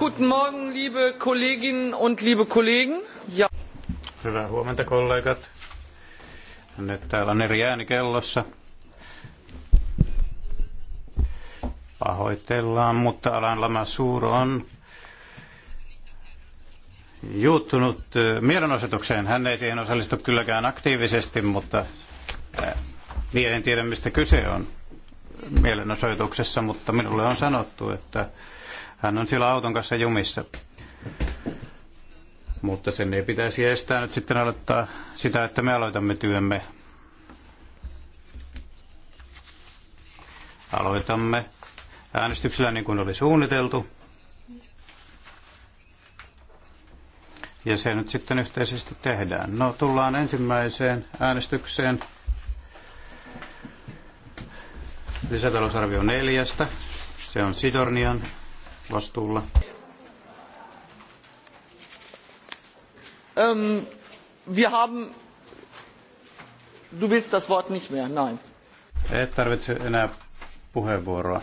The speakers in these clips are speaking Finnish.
Guten Morgen, liebe Kolleginnen und liebe Kollegen. Ja. Hyvää huomenta, kollegat. Nyt täällä on eri ääni kellossa. Pahoitellaan, mutta Alan Lama Suur on juuttunut mielenosoitukseen. Hän ei siihen osallistu kylläkään aktiivisesti, mutta niin en tiedä mistä kyse on mielenosoituksessa, mutta minulle on sanottu, että hän on siellä auton kanssa jumissa. Mutta sen ei pitäisi estää nyt sitten aloittaa sitä, että me aloitamme työmme. Aloitamme äänestyksellä niin kuin oli suunniteltu. Ja se nyt sitten yhteisesti tehdään. No tullaan ensimmäiseen äänestykseen. Lisätalousarvio neljästä. Se on Sidornian vastuulla? Ähm, wir haben... Du willst das Wort nicht mehr, nein. Et tarvitse enää puheenvuoroa.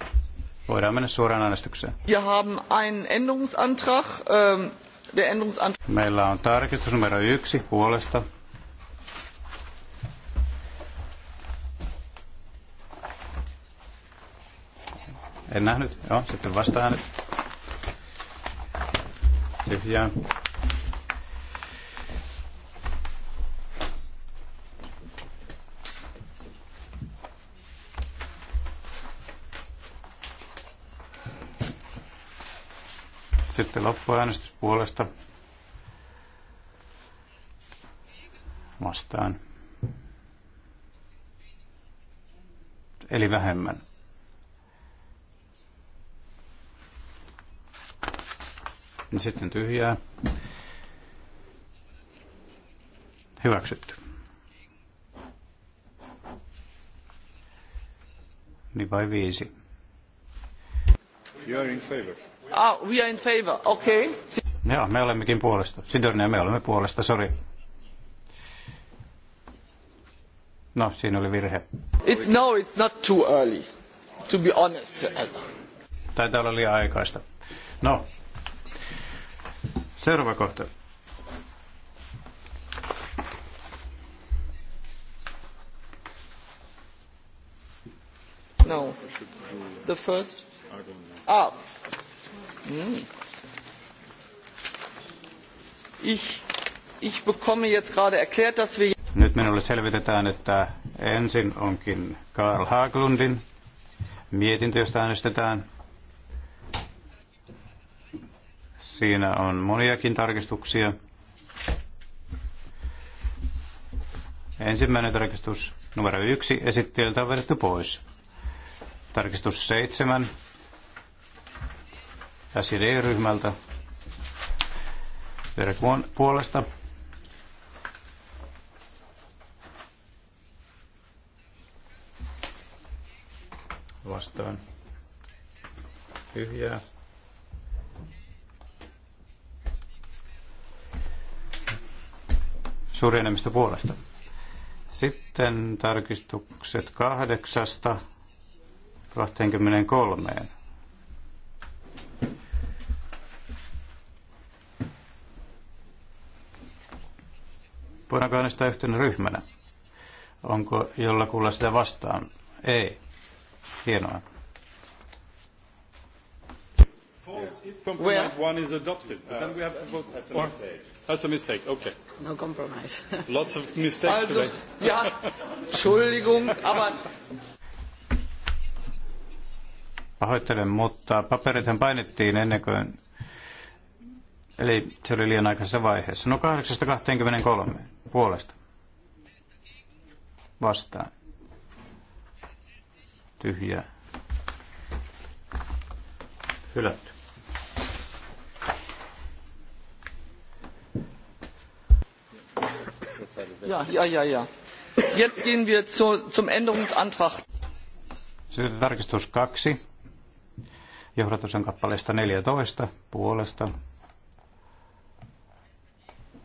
Voidaan mennä suoraan äänestykseen. Wir haben einen Änderungsantrag. Ähm, der Änderungsantrag... Meillä on tarkistus numero yksi puolesta. En nähnyt. Joo, sitten vasta äänet decía Sitten loppuäänestys puolesta vastaan. Eli vähemmän. Niin Sitten tyhjää. Hyväksytty. Niin vai viisi? We are in favor. Ah, we are in favor. Okay. Joo, me olemmekin puolesta. Sidonia, me olemme puolesta, Sorry. No, siinä oli virhe. It's, no, it's not too early, to be honest. Taitaa olla liian aikaista. No, Seuraava kohta. No. The first? Ah. Mm. Ich, ich bekomme jetzt gerade erklärt, dass wir... Nyt minulle selvitetään, että ensin onkin Karl Haglundin mietintö, josta äänestetään. Siinä on moniakin tarkistuksia. Ensimmäinen tarkistus numero yksi esittäjältä on vedetty pois. Tarkistus seitsemän SID-ryhmältä Derek puolesta. Vastaan tyhjää. suuri enemmistö puolesta. Sitten tarkistukset kahdeksasta 23. Voidaanko äänestää yhtenä ryhmänä? Onko jollakulla sitä vastaan? Ei. Hienoa. compromise Where? one is adopted, but uh, then we have to uh, vote. That's a or, mistake. That's a mistake. Okay. No compromise. Lots of mistakes also, today. ja, Entschuldigung, aber Pahoittelen, mutta paperithan painettiin ennen kuin... Eli se oli liian aikaisessa vaiheessa. No 8.23 puolesta. Vastaan. Tyhjää. Hylätty. Ja, ja, ja, ja. Jetzt gehen wir zu, zum Änderungsantrag. Sitten siis tarkistus kaksi. Johdatuksen kappaleesta 14 puolesta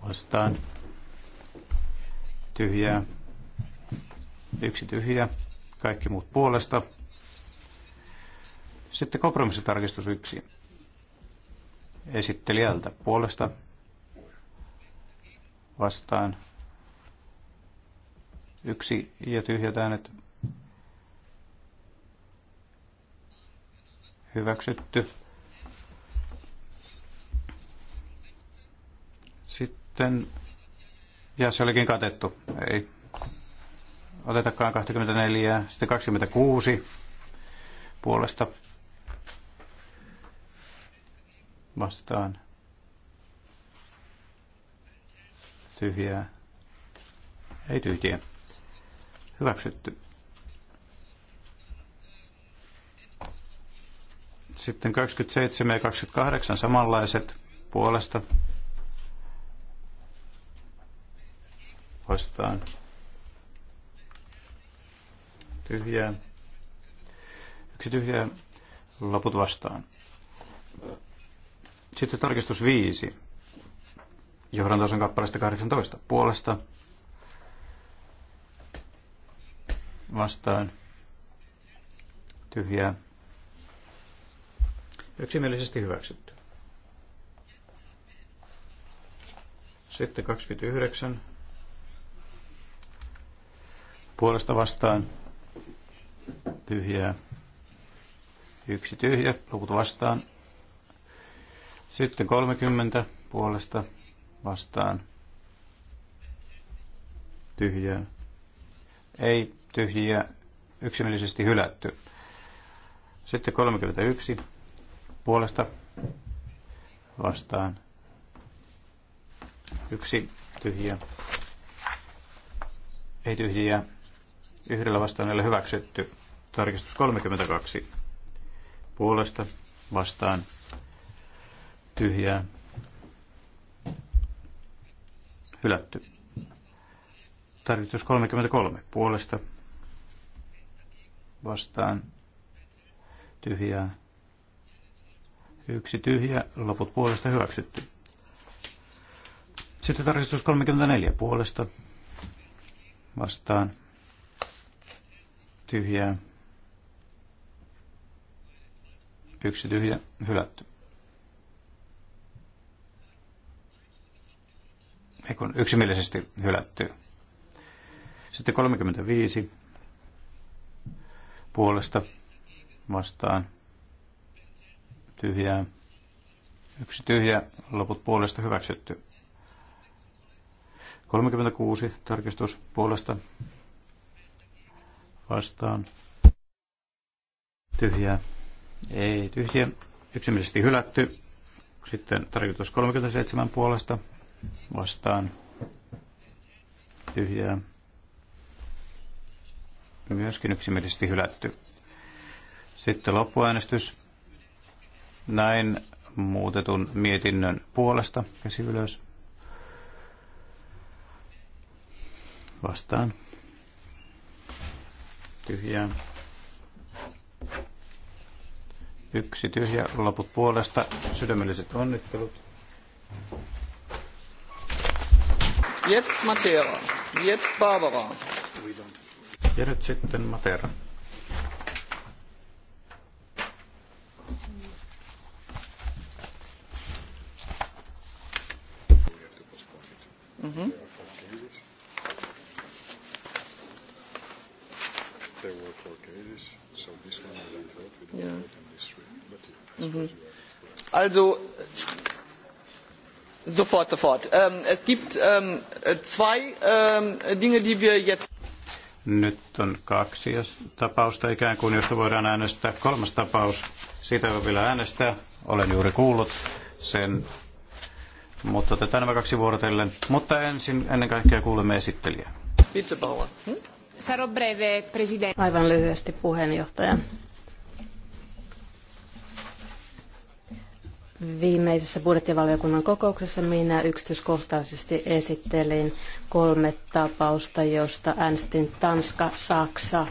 vastaan tyhjää, yksi tyhjä, kaikki muut puolesta. Sitten kompromissitarkistus yksi esittelijältä puolesta vastaan Yksi ja tyhjät äänet hyväksytty. Sitten, ja se olikin katettu, ei. Otetakaan 24, sitten 26 puolesta vastaan tyhjää, ei tyhjää. Hyväksytty. Sitten 27 ja 28 samanlaiset puolesta vastaan. Tyhjää. Yksi tyhjää, loput vastaan. Sitten tarkistus 5. Johdantosan kappaleesta 18 puolesta vastaan tyhjää yksimielisesti hyväksytty. Sitten 29 puolesta vastaan tyhjää yksi tyhjä, luvut vastaan. Sitten 30 puolesta vastaan tyhjää. Ei tyhjiä yksimielisesti hylätty. Sitten 31 puolesta vastaan yksi tyhjiä ei tyhjiä, yhdellä vastaanella hyväksytty. Tarkistus 32 puolesta vastaan tyhjää hylätty. Tarkistus 33 puolesta vastaan tyhjää. Yksi tyhjä, loput puolesta hyväksytty. Sitten tarkistus 34 puolesta vastaan tyhjää. Yksi tyhjä, hylätty. Eikun yksimielisesti hylätty. Sitten 35 puolesta vastaan tyhjää. Yksi tyhjä, loput puolesta hyväksytty. 36 tarkistus puolesta vastaan tyhjää. Ei tyhjä, yksimielisesti hylätty. Sitten tarkistus 37 puolesta vastaan tyhjää myöskin yksimielisesti hylätty. Sitten loppuäänestys. Näin muutetun mietinnön puolesta. Käsi ylös. Vastaan. Tyhjää. Yksi tyhjä, loput puolesta. Sydämelliset onnittelut. Jetzt Matera. Jetzt Barbara. Ja nyt sitten Matera. Mhm. Also, sofort, sofort. Ähm, es gibt ähm, zwei ähm, Dinge, die wir jetzt nyt on kaksi tapausta ikään kuin, josta voidaan äänestää. Kolmas tapaus, siitä ei vielä äänestää. Olen juuri kuullut sen, mutta otetaan nämä kaksi vuorotellen. Mutta ensin ennen kaikkea kuulemme esittelijää. Hmm? Sarò breve, president. Aivan lyhyesti puheenjohtaja. Viimeisessä budjettivaliokunnan kokouksessa minä yksityiskohtaisesti esittelin kolme tapausta, joista äänestin Tanska, Saksa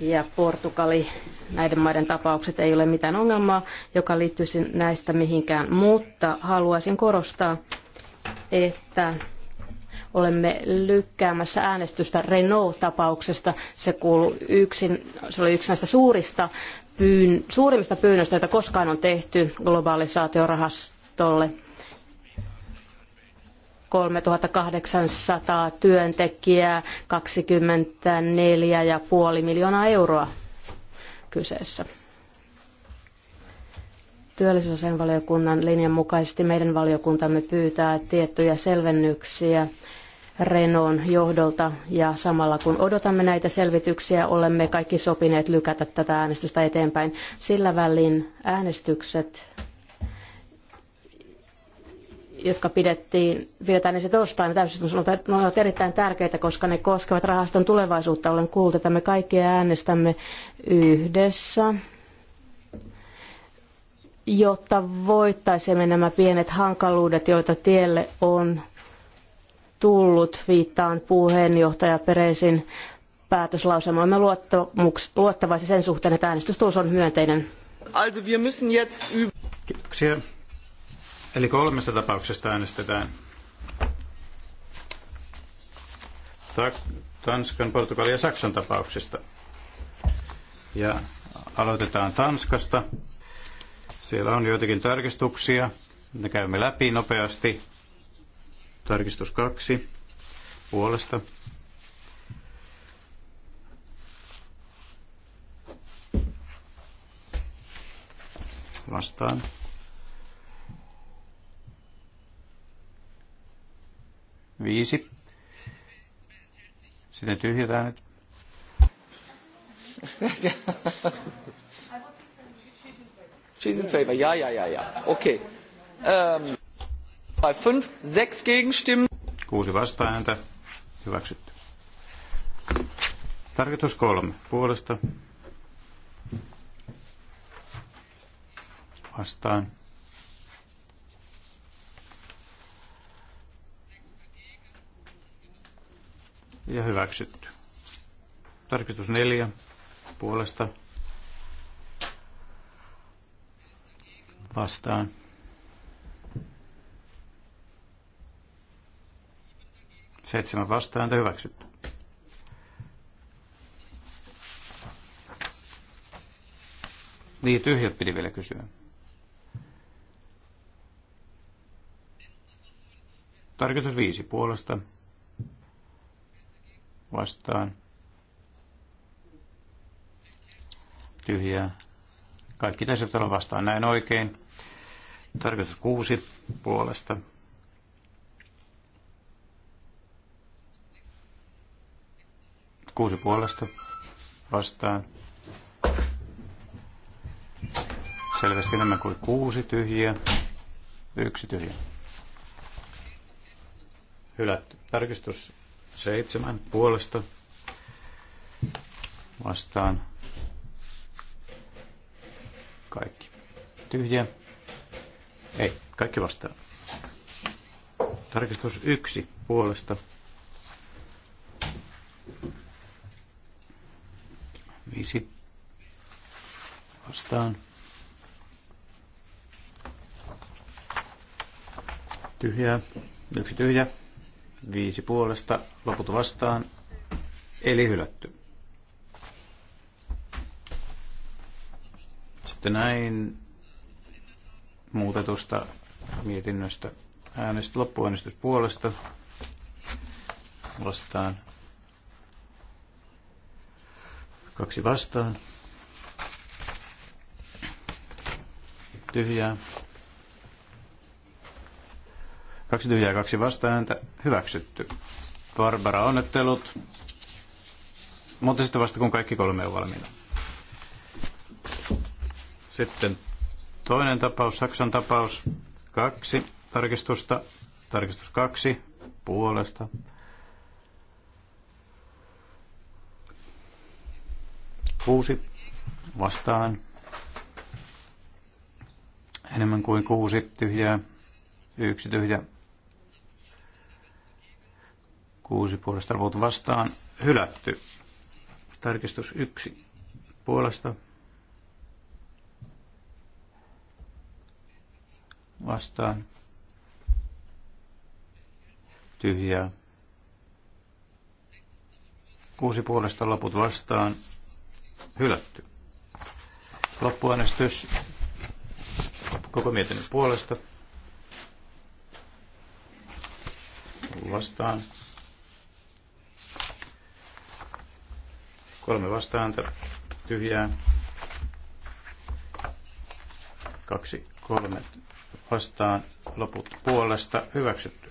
ja Portugali. Näiden maiden tapaukset ei ole mitään ongelmaa, joka liittyisi näistä mihinkään, mutta haluaisin korostaa, että olemme lykkäämässä äänestystä Renault-tapauksesta. Se, kuuluu yksin, se oli yksi näistä suurista pyyn, suurimmista pyynnöistä, joita koskaan on tehty globalisaatiorahastolle. 3800 työntekijää, 24,5 miljoonaa euroa kyseessä. Työllisyysasianvaliokunnan linjan mukaisesti meidän valiokuntamme pyytää tiettyjä selvennyksiä Renon johdolta ja samalla kun odotamme näitä selvityksiä, olemme kaikki sopineet lykätä tätä äänestystä eteenpäin. Sillä välin äänestykset, jotka pidettiin, pidetään niin se torstaina täysistunnossa, ne ovat erittäin tärkeitä, koska ne koskevat rahaston tulevaisuutta. Olen kuullut, että me kaikki äänestämme yhdessä jotta voittaisimme nämä pienet hankaluudet, joita tielle on tullut. Viittaan puheenjohtaja Peresin päätöslauselmaan. Me luottavaisia sen suhteen, että äänestystulos on myönteinen. Also wir müssen jetzt Kiitoksia. Eli kolmesta tapauksesta äänestetään. Tanskan, Portugalin ja Saksan tapauksista. Ja aloitetaan Tanskasta. Siellä on joitakin tarkistuksia. Ne käymme läpi nopeasti. Tarkistus kaksi puolesta. Vastaan. Viisi. Sitten tyhjätään nyt. She's in favor. Ja, ja, ja, ja. Okei. Okay. Um. Bei 5, 6 Gegenstimmen. Kuusi vastaääntä. Hyväksytty. Tarkoitus kolme. Puolesta. Vastaan. Ja hyväksytty. Tarkistus neljä. Puolesta. Vastaan. Seitsemän vastaan hyväksytty. Niin, tyhjät piti vielä kysyä. Tarkoitus viisi puolesta vastaan. Tyhjää. Kaikki tässä vastaan näin oikein. Tarkoitus kuusi puolesta Kuusi puolesta vastaan. Selvästi enemmän kuin kuusi tyhjiä. Yksi tyhjä. Hylätty. Tarkistus seitsemän puolesta vastaan. Kaikki. Tyhjä. Ei, kaikki vastaan. Tarkistus yksi puolesta Viisi vastaan. Tyhjää. Yksi tyhjä. Viisi puolesta. Loput vastaan. Eli hylätty. Sitten näin muutetusta mietinnöstä äänestä loppuäänestys puolesta vastaan Kaksi vastaan. Tyhjää. Kaksi tyhjää, kaksi vastaääntä. Hyväksytty. Barbara, onnettelut. Mutta sitten vasta kun kaikki kolme on valmiina. Sitten toinen tapaus, Saksan tapaus. Kaksi tarkistusta. Tarkistus kaksi puolesta Kuusi vastaan. Enemmän kuin kuusi tyhjää. Yksi tyhjä. Kuusi puolesta luvut vastaan. Hylätty. Tarkistus yksi puolesta. Vastaan. Tyhjää. Kuusi puolesta loput vastaan. Hylätty. Loppuäänestys koko mietinnön puolesta. Vastaan. Kolme vastaanta. Tyhjää. Kaksi, kolme vastaan. Loput puolesta. Hyväksytty.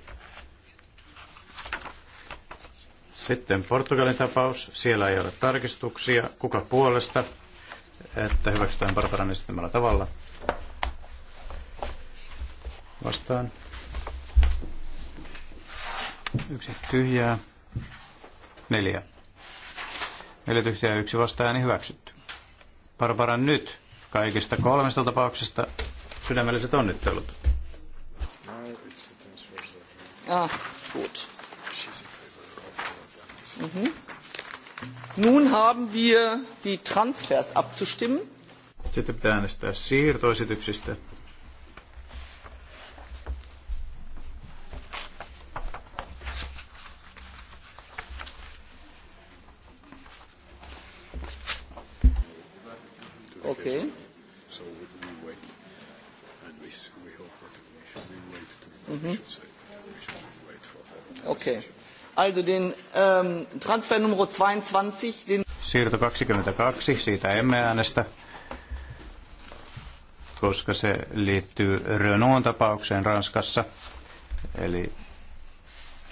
Sitten Portugalin tapaus. Siellä ei ole tarkistuksia. Kuka puolesta, että hyväksytään Barbaran esittämällä tavalla? Vastaan. Yksi tyhjää. Neljä. Neljä tyhjää yksi vastaan niin hyväksytty. Barbaran nyt kaikista kolmesta tapauksesta sydämelliset onnittelut. Ah, good gefunden. Mhm. Nun haben wir die Transfers abzustimmen. Sitten pitää äänestää siirtoesityksistä. also den ähm, Transfer numero 22, den... Siirto 22, siitä emme äänestä, koska se liittyy Renaultin tapaukseen Ranskassa. Eli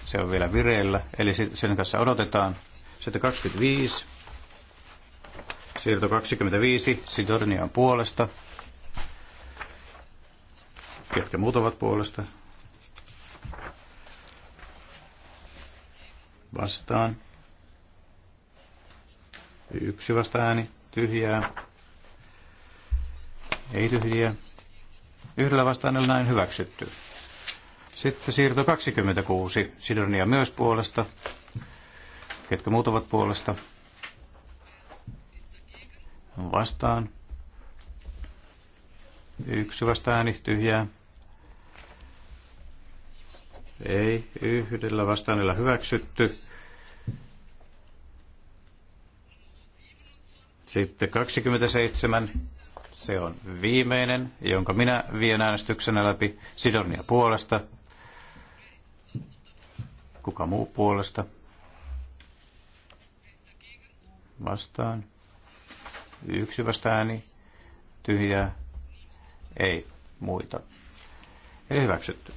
se on vielä vireillä, eli sen kanssa odotetaan. Sitten 25, siirto 25 Sidornian puolesta. Ketkä muut ovat puolesta? vastaan. Yksi vasta ääni tyhjää. Ei tyhjiä. Yhdellä on näin hyväksytty. Sitten siirto 26. Sidonia myös puolesta. Ketkä muut ovat puolesta? Vastaan. Yksi vasta ääni tyhjää. Ei, yhdellä vastaanella hyväksytty. Sitten 27, se on viimeinen, jonka minä vien äänestyksenä läpi Sidonia puolesta. Kuka muu puolesta? Vastaan. Yksi vasta ääni. Tyhjää. Ei muita. Eli hyväksytty.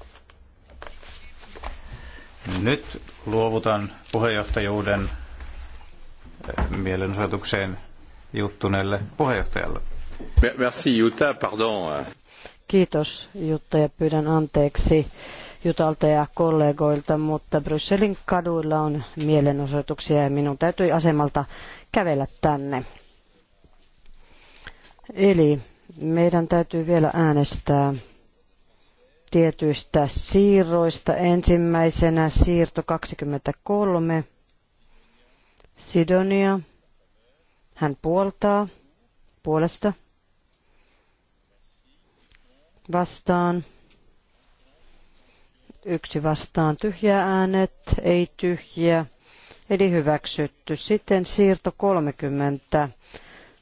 Nyt luovutan puheenjohtajuuden eh, mielenosoitukseen Juttunelle puheenjohtajalle. Merci Jutta, pardon. Kiitos Jutta ja pyydän anteeksi Jutalta ja kollegoilta, mutta Brysselin kaduilla on mielenosoituksia ja minun täytyi asemalta kävellä tänne. Eli meidän täytyy vielä äänestää tietyistä siirroista. Ensimmäisenä siirto 23, Sidonia. Hän puoltaa puolesta vastaan. Yksi vastaan tyhjä äänet, ei tyhjiä, eli hyväksytty. Sitten siirto 30.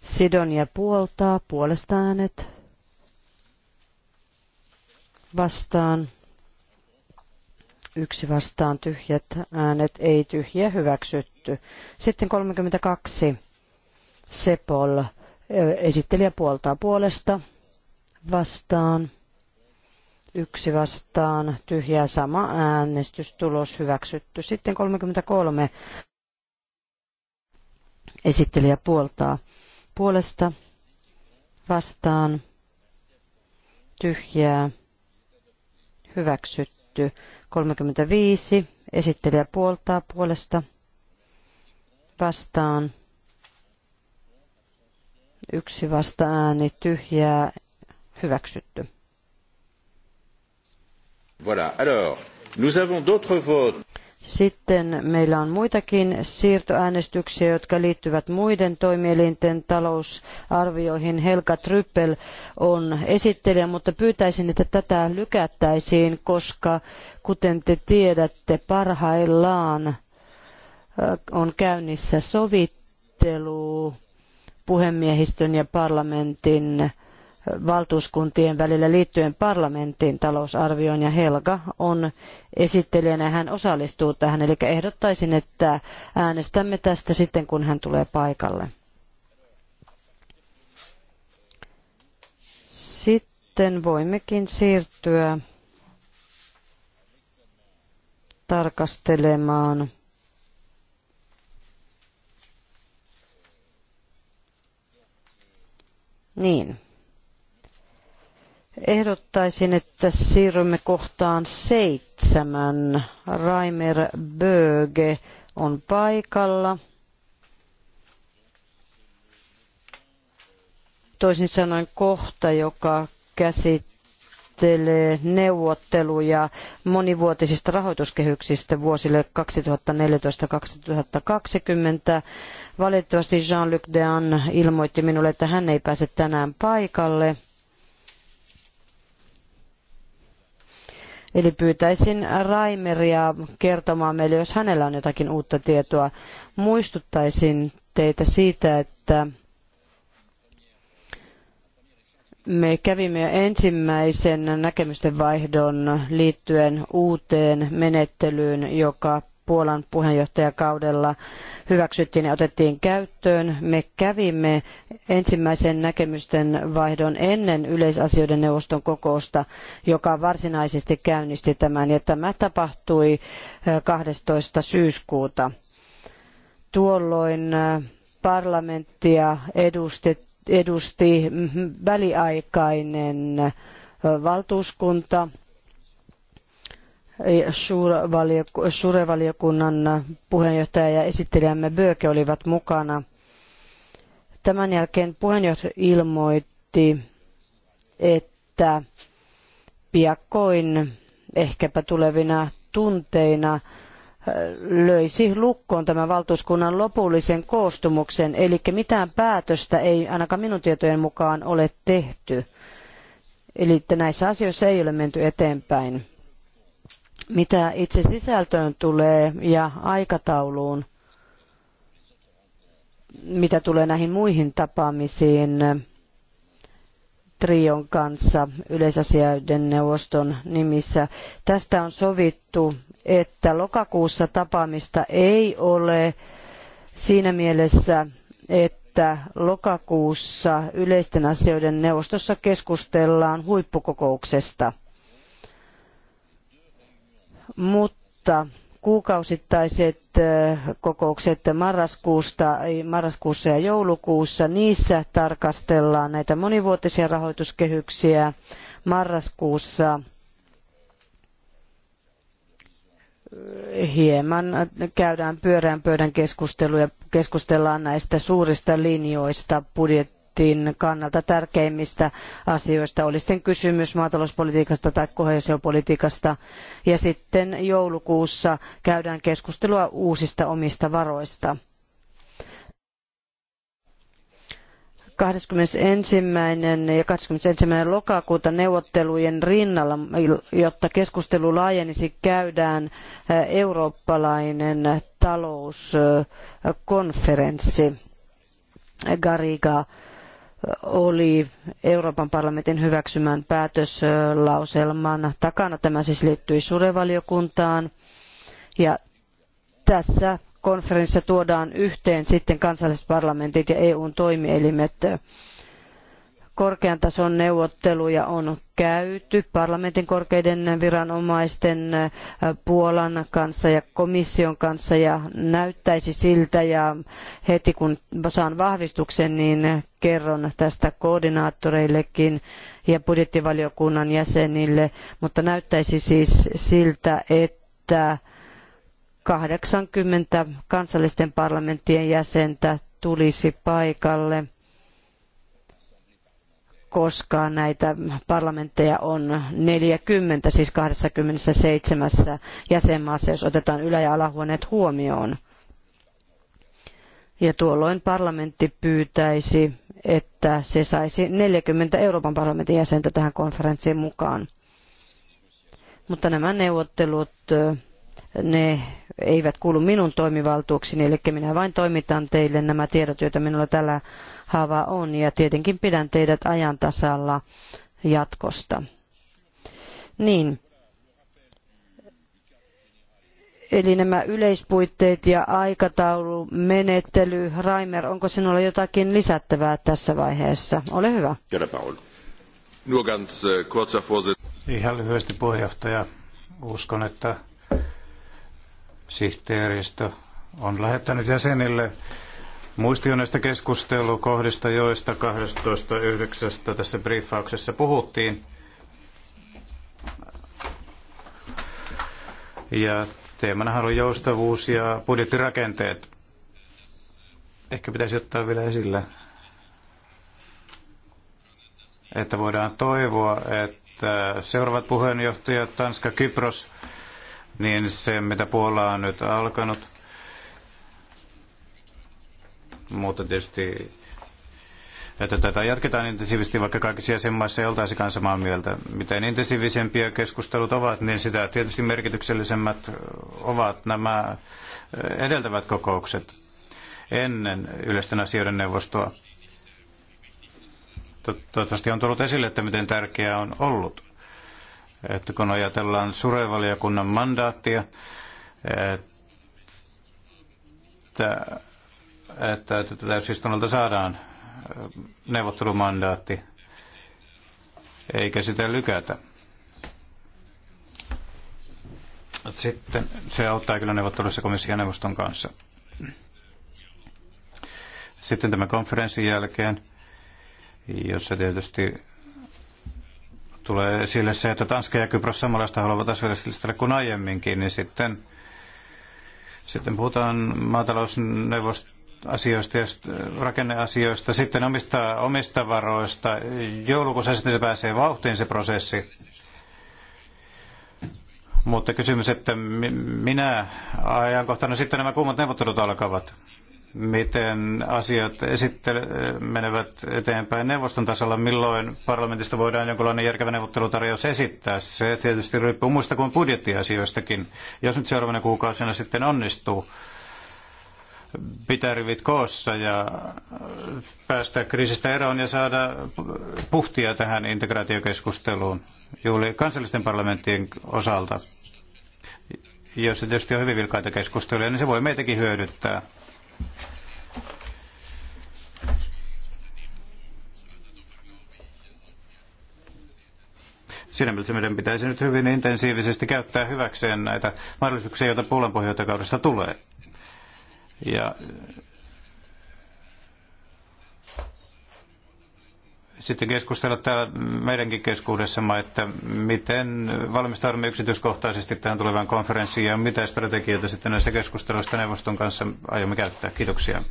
Sidonia puoltaa puolesta äänet vastaan. Yksi vastaan tyhjät äänet, ei tyhjiä, hyväksytty. Sitten 32. Sepol. Esittelijä puoltaa puolesta vastaan. Yksi vastaan. Tyhjää sama äänestystulos hyväksytty. Sitten 33. Esittelijä puoltaa puolesta vastaan. Tyhjää hyväksytty. 35. Esittelijä puoltaa puolesta vastaan Yksi vasta ääni tyhjää hyväksytty. Voilà. Alors, nous avons d'autres votes. Sitten meillä on muitakin siirtoäänestyksiä, jotka liittyvät muiden toimielinten talousarvioihin. Helka Tryppel on esittelijä, mutta pyytäisin, että tätä lykättäisiin, koska kuten te tiedätte, parhaillaan on käynnissä sovittelu puhemiehistön ja parlamentin eh, valtuuskuntien välillä liittyen parlamentin talousarvioon ja Helga on esittelijänä hän osallistuu tähän. Eli ehdottaisin, että äänestämme tästä sitten, kun hän tulee paikalle. Sitten voimmekin siirtyä tarkastelemaan Niin. Ehdottaisin, että siirrymme kohtaan seitsemän. Raimer Böge on paikalla. Toisin sanoen kohta, joka käsit valmistelee neuvotteluja monivuotisista rahoituskehyksistä vuosille 2014-2020. Valitettavasti Jean-Luc Dean ilmoitti minulle, että hän ei pääse tänään paikalle. Eli pyytäisin Raimeria kertomaan meille, jos hänellä on jotakin uutta tietoa. Muistuttaisin teitä siitä, että me kävimme ensimmäisen näkemysten vaihdon liittyen uuteen menettelyyn, joka Puolan puheenjohtajakaudella hyväksyttiin ja otettiin käyttöön. Me kävimme ensimmäisen näkemysten vaihdon ennen yleisasioiden neuvoston kokousta, joka varsinaisesti käynnisti tämän, ja tämä tapahtui 12. Eh, syyskuuta. Tuolloin eh, parlamenttia edustettiin edusti väliaikainen valtuuskunta suurevaliokunnan puheenjohtaja ja esittelijämme Böke olivat mukana. Tämän jälkeen puheenjohtaja ilmoitti, että piakkoin, ehkäpä tulevina tunteina, löisi lukkoon tämän valtuuskunnan lopullisen koostumuksen, eli mitään päätöstä ei ainakaan minun tietojen mukaan ole tehty. Eli että näissä asioissa ei ole menty eteenpäin. Mitä itse sisältöön tulee ja aikatauluun, mitä tulee näihin muihin tapaamisiin Trion kanssa yleisasioiden neuvoston nimissä, tästä on sovittu että lokakuussa tapaamista ei ole siinä mielessä, että lokakuussa yleisten asioiden neuvostossa keskustellaan huippukokouksesta. Mutta kuukausittaiset äh, kokoukset marraskuusta, marraskuussa ja joulukuussa. Niissä tarkastellaan näitä monivuotisia rahoituskehyksiä. Marraskuussa hieman käydään pyöreän pöydän keskusteluja, keskustellaan näistä suurista linjoista budjetti budjetin kannalta tärkeimmistä asioista, oli sitten kysymys maatalouspolitiikasta tai koheesiopolitiikasta Ja sitten joulukuussa käydään keskustelua uusista omista varoista. 21. ja 21. lokakuuta neuvottelujen rinnalla, jotta keskustelu laajenisi, käydään eh, eurooppalainen talouskonferenssi. Gariga eh, oli Euroopan parlamentin hyväksymän päätöslauselman takana. Tämä siis liittyi surevaliokuntaan. Ja tässä konferenssissa tuodaan yhteen sitten kansalliset parlamentit ja EUn toimielimet. Korkean tason neuvotteluja on käyty parlamentin korkeiden viranomaisten Puolan kanssa ja komission kanssa ja näyttäisi siltä ja heti kun saan vahvistuksen, niin kerron tästä koordinaattoreillekin ja budjettivaliokunnan jäsenille, mutta näyttäisi siis siltä, että 80 kansallisten parlamenttien jäsentä tulisi paikalle, koska näitä parlamentteja on 40, siis 27 jäsenmaassa, jos otetaan ylä- ja alahuoneet huomioon. Ja tuolloin parlamentti pyytäisi, että se saisi 40 Euroopan parlamentin jäsentä tähän konferenssiin mukaan. Mutta nämä neuvottelut ne eivät kuulu minun toimivaltuuksini, eli minä vain toimitan teille nämä tiedot, joita minulla tällä haavaa on, ja tietenkin pidän teidät ajan tasalla jatkosta. Niin. Eli nämä yleispuitteet ja aikataulumenettely. Raimer, onko sinulla jotakin lisättävää tässä vaiheessa? Ole hyvä. Äh, Ihan lyhyesti puheenjohtaja. Uskon, että Sihteeristö on lähettänyt jäsenille muistion näistä keskustelukohdista, joista 12.9. tässä briefauksessa puhuttiin. Ja teemana on joustavuus ja budjettirakenteet. Ehkä pitäisi ottaa vielä esille, että voidaan toivoa, että seuraavat puheenjohtajat Tanska, Kypros niin se, mitä Puola on nyt alkanut, mutta tietysti että tätä jatketaan intensiivisesti, vaikka kaikissa jäsenmaissa ei oltaisikaan samaa mieltä. Miten intensiivisempiä keskustelut ovat, niin sitä tietysti merkityksellisemmät ovat nämä eh, edeltävät kokoukset ennen yleisten asioiden neuvostoa. Toivottavasti on tullut esille, että miten tärkeää on ollut että kun ajatellaan surevaliokunnan mandaattia, että, että, että täysistunnolta saadaan neuvottelumandaatti, eikä sitä lykätä. Sitten se auttaa kyllä neuvotteluissa komission neuvoston kanssa. Sitten tämän konferenssin jälkeen, jossa tietysti tulee esille se, että Tanska ja Kypros samanlaista haluavat asfaltilistalle kuin aiemminkin, niin sitten, sitten puhutaan maatalousneuvostosta asioista ja rakenneasioista, sitten omista, omista varoista. Joulukuussa sitten se pääsee vauhtiin se prosessi. Mutta kysymys, että minä ajankohtana sitten nämä kuumat neuvottelut alkavat miten asiat esittele- menevät eteenpäin neuvoston tasolla, milloin parlamentista voidaan jonkinlainen järkevä neuvottelutarjous esittää. Se tietysti riippuu muista kuin budjettiasioistakin. Jos nyt seuraavana kuukausina sitten onnistuu pitää rivit koossa ja päästä kriisistä eroon ja saada puhtia tähän integraatiokeskusteluun juuri kansallisten parlamenttien osalta, jossa tietysti on hyvin vilkaita keskusteluja, niin se voi meitäkin hyödyttää Siinä mielessä meidän pitäisi nyt hyvin intensiivisesti käyttää hyväkseen näitä mahdollisuuksia, joita puolen pohjoitakaudesta tulee. Ja sitten keskustella täällä meidänkin keskuudessamme, että miten valmistaudumme yksityiskohtaisesti tähän tulevaan konferenssiin ja mitä strategioita sitten näissä keskusteluissa neuvoston kanssa aiomme käyttää. Kiitoksia.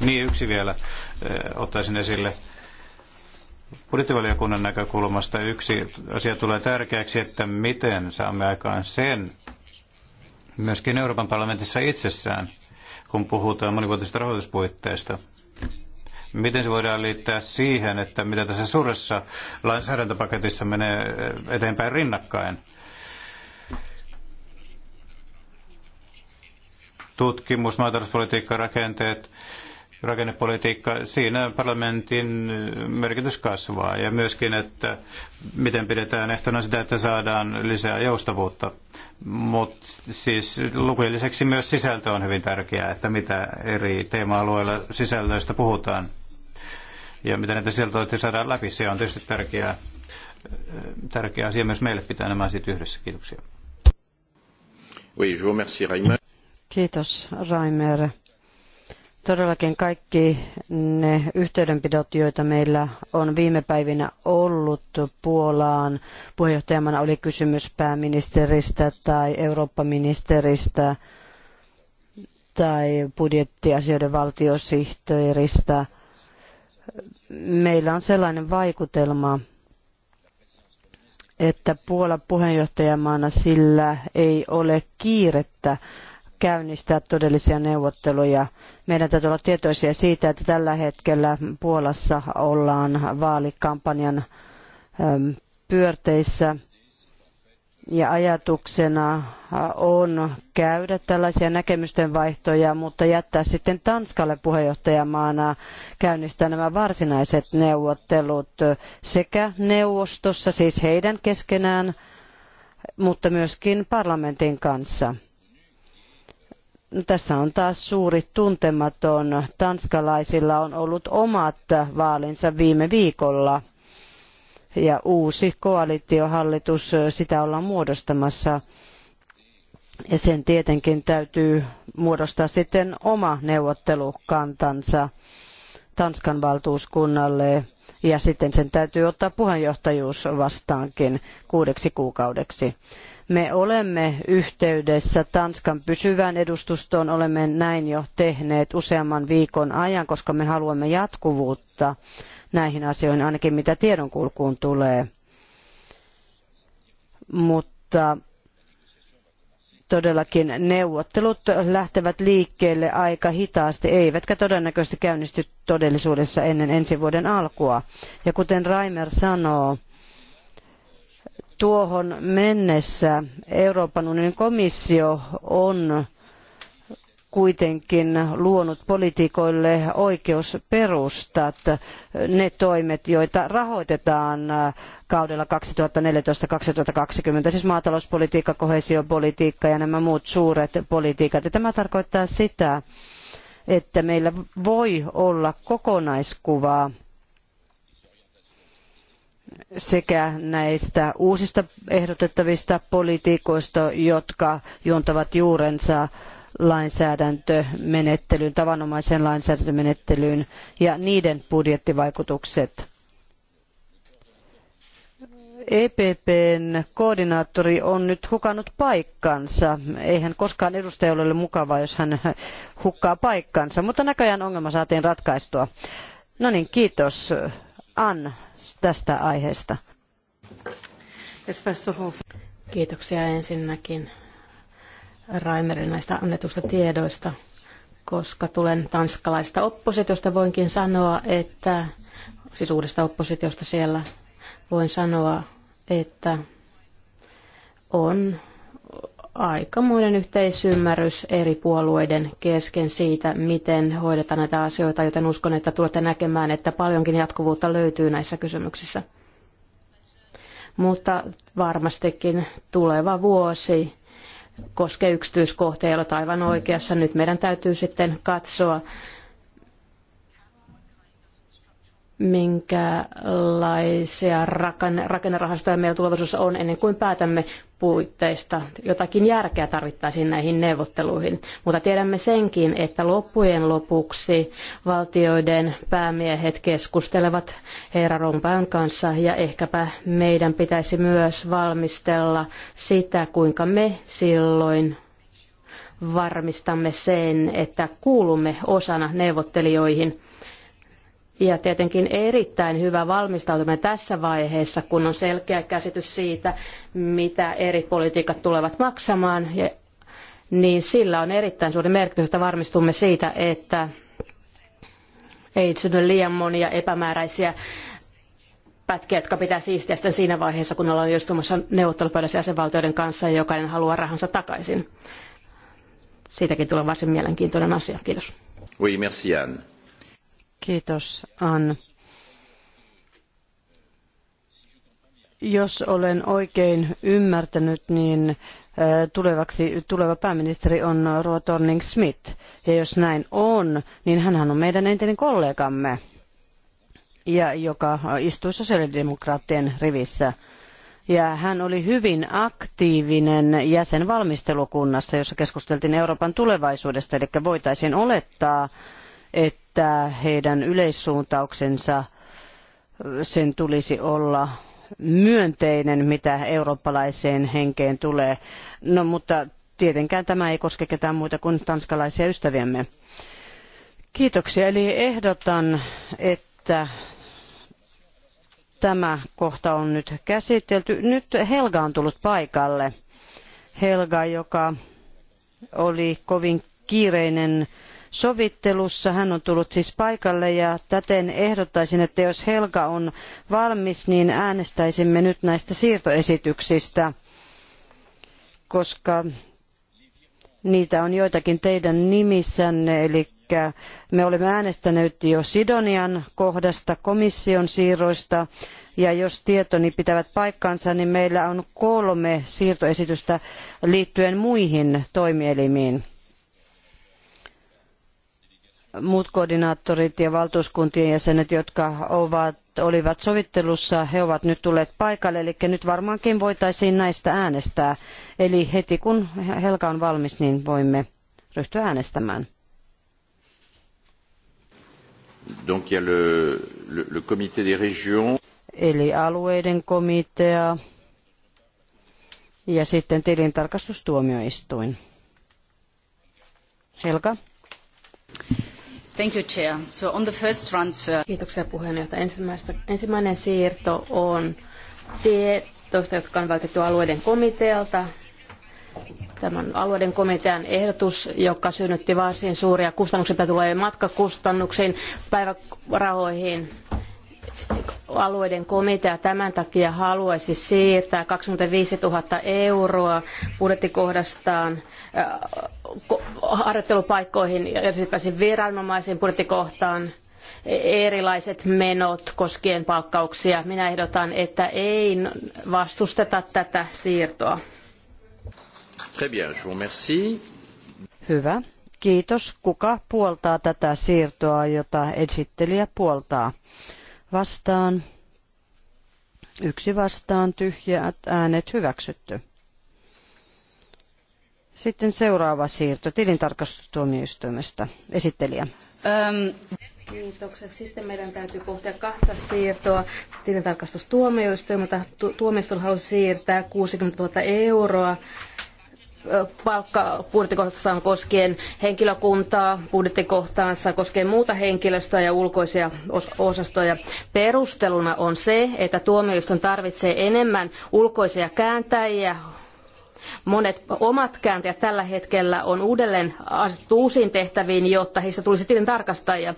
Niin yksi vielä eh, ottaisin esille. Budjettivaliokunnan näkökulmasta yksi asia tulee tärkeäksi, että miten saamme aikaan sen myöskin Euroopan parlamentissa itsessään, kun puhutaan monivuotisesta rahoituspuitteista – Miten se voidaan liittää siihen, että mitä tässä suuressa lainsäädäntöpaketissa menee eteenpäin rinnakkain? Tutkimus, maatalouspolitiikka, rakenteet, rakennepolitiikka, siinä parlamentin merkitys kasvaa ja myöskin, että miten pidetään ehtona sitä, että saadaan lisää joustavuutta. Mutta siis lukujen lisäksi myös sisältö on hyvin tärkeää, että mitä eri teema-alueilla sisällöistä puhutaan ja miten näitä sisältöitä saadaan läpi. Se on tietysti tärkeää, tärkeä asia myös meille pitää nämä asiat yhdessä. Kiitoksia. Oui, je vous remercie, Raimer. Kiitos, Raimer. Todellakin kaikki ne yhteydenpidot, joita meillä on viime päivinä ollut Puolaan, puheenjohtajamana oli kysymys pääministeristä tai eurooppaministeristä tai budjettiasioiden valtiosihteeristä. Meillä on sellainen vaikutelma, että Puola puheenjohtajamaana sillä ei ole kiirettä käynnistää todellisia neuvotteluja meidän täytyy olla tietoisia siitä, että tällä hetkellä Puolassa ollaan vaalikampanjan pyörteissä ja ajatuksena on käydä tällaisia näkemysten vaihtoja, mutta jättää sitten Tanskalle puheenjohtajamaana käynnistää nämä varsinaiset neuvottelut sekä neuvostossa, siis heidän keskenään, mutta myöskin parlamentin kanssa tässä on taas suuri tuntematon. Tanskalaisilla on ollut omat vaalinsa viime viikolla ja uusi koalitiohallitus, sitä ollaan muodostamassa. Ja sen tietenkin täytyy muodostaa sitten oma neuvottelukantansa Tanskan valtuuskunnalle ja sitten sen täytyy ottaa puheenjohtajuus vastaankin kuudeksi kuukaudeksi. Me olemme yhteydessä Tanskan pysyvään edustustoon, olemme näin jo tehneet useamman viikon ajan, koska me haluamme jatkuvuutta näihin asioihin, ainakin mitä tiedonkulkuun tulee. Mutta todellakin neuvottelut lähtevät liikkeelle aika hitaasti, eivätkä todennäköisesti käynnisty todellisuudessa ennen ensi vuoden alkua. Ja kuten Raimer sanoo, tuohon mennessä Euroopan unionin komissio on kuitenkin luonut poliitikoille oikeusperustat, ne toimet, joita rahoitetaan kaudella 2014-2020, siis maatalouspolitiikka, koheesiopolitiikka ja nämä muut suuret politiikat. Ja tämä tarkoittaa sitä, että meillä voi olla kokonaiskuvaa sekä näistä uusista ehdotettavista politiikoista, jotka juontavat juurensa lainsäädäntömenettelyyn, tavanomaiseen lainsäädäntömenettelyyn ja niiden budjettivaikutukset. EPPn koordinaattori on nyt hukannut paikkansa. Eihän koskaan edustaja ole mukavaa, jos hän hukkaa paikkansa, mutta näköjään ongelma saatiin ratkaistua. No niin, kiitos tästä aiheesta. Kiitoksia ensinnäkin Raimerin näistä annetusta tiedoista. Koska tulen tanskalaisesta oppositiosta, voinkin sanoa, että, siis uudesta oppositiosta siellä, voin sanoa, että on aikamoinen yhteisymmärrys eri puolueiden kesken siitä, miten hoidetaan näitä asioita, joten uskon, että tulette näkemään, että paljonkin jatkuvuutta löytyy näissä kysymyksissä. Mutta varmastikin tuleva vuosi koskee yksityiskohtia, joilla aivan oikeassa. Nyt meidän täytyy sitten katsoa, minkälaisia rakennerahastoja meillä tulevaisuudessa on ennen kuin päätämme puitteista. Jotakin järkeä tarvittaisiin näihin neuvotteluihin, mutta tiedämme senkin, että loppujen lopuksi valtioiden päämiehet keskustelevat Herra Rompäyn kanssa ja ehkäpä meidän pitäisi myös valmistella sitä, kuinka me silloin varmistamme sen, että kuulumme osana neuvottelijoihin ja tietenkin erittäin hyvä valmistautuminen tässä vaiheessa, kun on selkeä käsitys siitä, mitä eri politiikat tulevat maksamaan, niin sillä on erittäin suuri merkitys, että varmistumme siitä, että ei synny liian monia epämääräisiä pätkiä, jotka pitää siistiä sitten siinä vaiheessa, kun ollaan istumassa neuvottelupöydässä jäsenvaltioiden kanssa ja jokainen haluaa rahansa takaisin. Siitäkin tulee varsin mielenkiintoinen asia. Kiitos. Oui, merci Anne. Kiitos, Ann. Jos olen oikein ymmärtänyt, niin tulevaksi, tuleva pääministeri on Roa Torning Smith. Ja jos näin on, niin hän on meidän entinen kollegamme, ja joka istui sosiaalidemokraattien rivissä. Ja hän oli hyvin aktiivinen jäsen valmistelukunnassa, jossa keskusteltiin Euroopan tulevaisuudesta, eli voitaisiin olettaa, että että heidän yleissuuntauksensa sen tulisi olla myönteinen, mitä eurooppalaiseen henkeen tulee. No mutta tietenkään tämä ei koske ketään muita kuin tanskalaisia ystäviämme. Kiitoksia. Eli ehdotan, että tämä kohta on nyt käsitelty. Nyt Helga on tullut paikalle. Helga, joka oli kovin kiireinen sovittelussa. Hän on tullut siis paikalle ja täten ehdottaisin, että jos Helga on valmis, niin äänestäisimme nyt näistä siirtoesityksistä, koska niitä on joitakin teidän nimissänne, eli me olemme äänestäneet jo Sidonian kohdasta, komission siirroista, ja jos tietoni pitävät paikkansa, niin meillä on kolme siirtoesitystä liittyen muihin toimielimiin muut koordinaattorit ja valtuuskuntien jäsenet, jotka ovat, olivat sovittelussa, he ovat nyt tulleet paikalle, eli nyt varmaankin voitaisiin näistä äänestää. Eli heti kun Helka on valmis, niin voimme ryhtyä äänestämään. Donc, le, le, le comité des régions. Eli alueiden komitea ja sitten tilintarkastustuomioistuin. Helka? Thank you, Chair. So on the first transfer... Kiitoksia puheenjohtaja. Ensimmäistä, ensimmäinen siirto on tietoista, jotka on vältetty alueiden komitealta. Tämän alueiden komitean ehdotus, joka synnytti varsin suuria kustannuksia, tulee matkakustannuksiin, päivärahoihin, alueiden komitea tämän takia haluaisi siirtää 25 000 euroa budjettikohdastaan äh, harjoittelupaikkoihin ja esittäisin viranomaisiin budjettikohtaan erilaiset menot koskien palkkauksia. Minä ehdotan, että ei vastusteta tätä siirtoa. Hyvä. Kiitos. Kuka puoltaa tätä siirtoa, jota esittelijä puoltaa? vastaan, yksi vastaan, tyhjät äänet hyväksytty. Sitten seuraava siirto tilintarkastustuomioistuimesta. Esittelijä. Öm, kiitokset. Sitten meidän täytyy pohtia kahta siirtoa tilintarkastustuomioistuimelta. tuomioistuin halusi siirtää 60 000 euroa palkka koskien henkilökuntaa, budjettikohtaansa koskien muuta henkilöstöä ja ulkoisia osastoja. Perusteluna on se, että tuomioistuin tarvitsee enemmän ulkoisia kääntäjiä monet omat kääntäjät tällä hetkellä on uudelleen asetettu uusiin tehtäviin, jotta heistä tulisi tilin tarkastajia.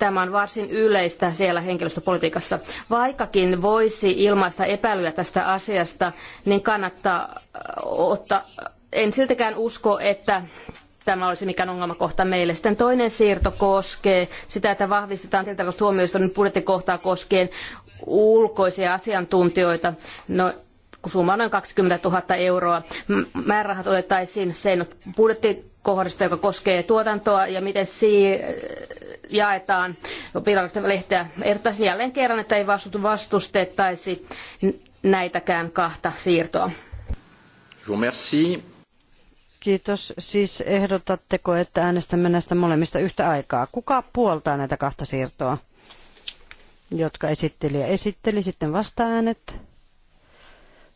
Tämä on varsin yleistä siellä henkilöstöpolitiikassa. Vaikkakin voisi ilmaista epäilyjä tästä asiasta, niin kannattaa ottaa, en siltikään usko, että tämä olisi mikään ongelmakohta meille. Sitten toinen siirto koskee sitä, että vahvistetaan tilintarkastustuomioistuimen budjettikohtaa koskien ulkoisia asiantuntijoita. No, summa on noin 20 000 euroa. Määrärahat otettaisiin sen budjettikohdasta, joka koskee tuotantoa ja miten si- jaetaan virallista lehteä. Ehdottaisin jälleen kerran, että ei vastustettaisi näitäkään kahta siirtoa. Kiitos. Siis ehdotatteko, että äänestämme näistä molemmista yhtä aikaa? Kuka puoltaa näitä kahta siirtoa, jotka esittelijä esitteli? Sitten vasta-äänet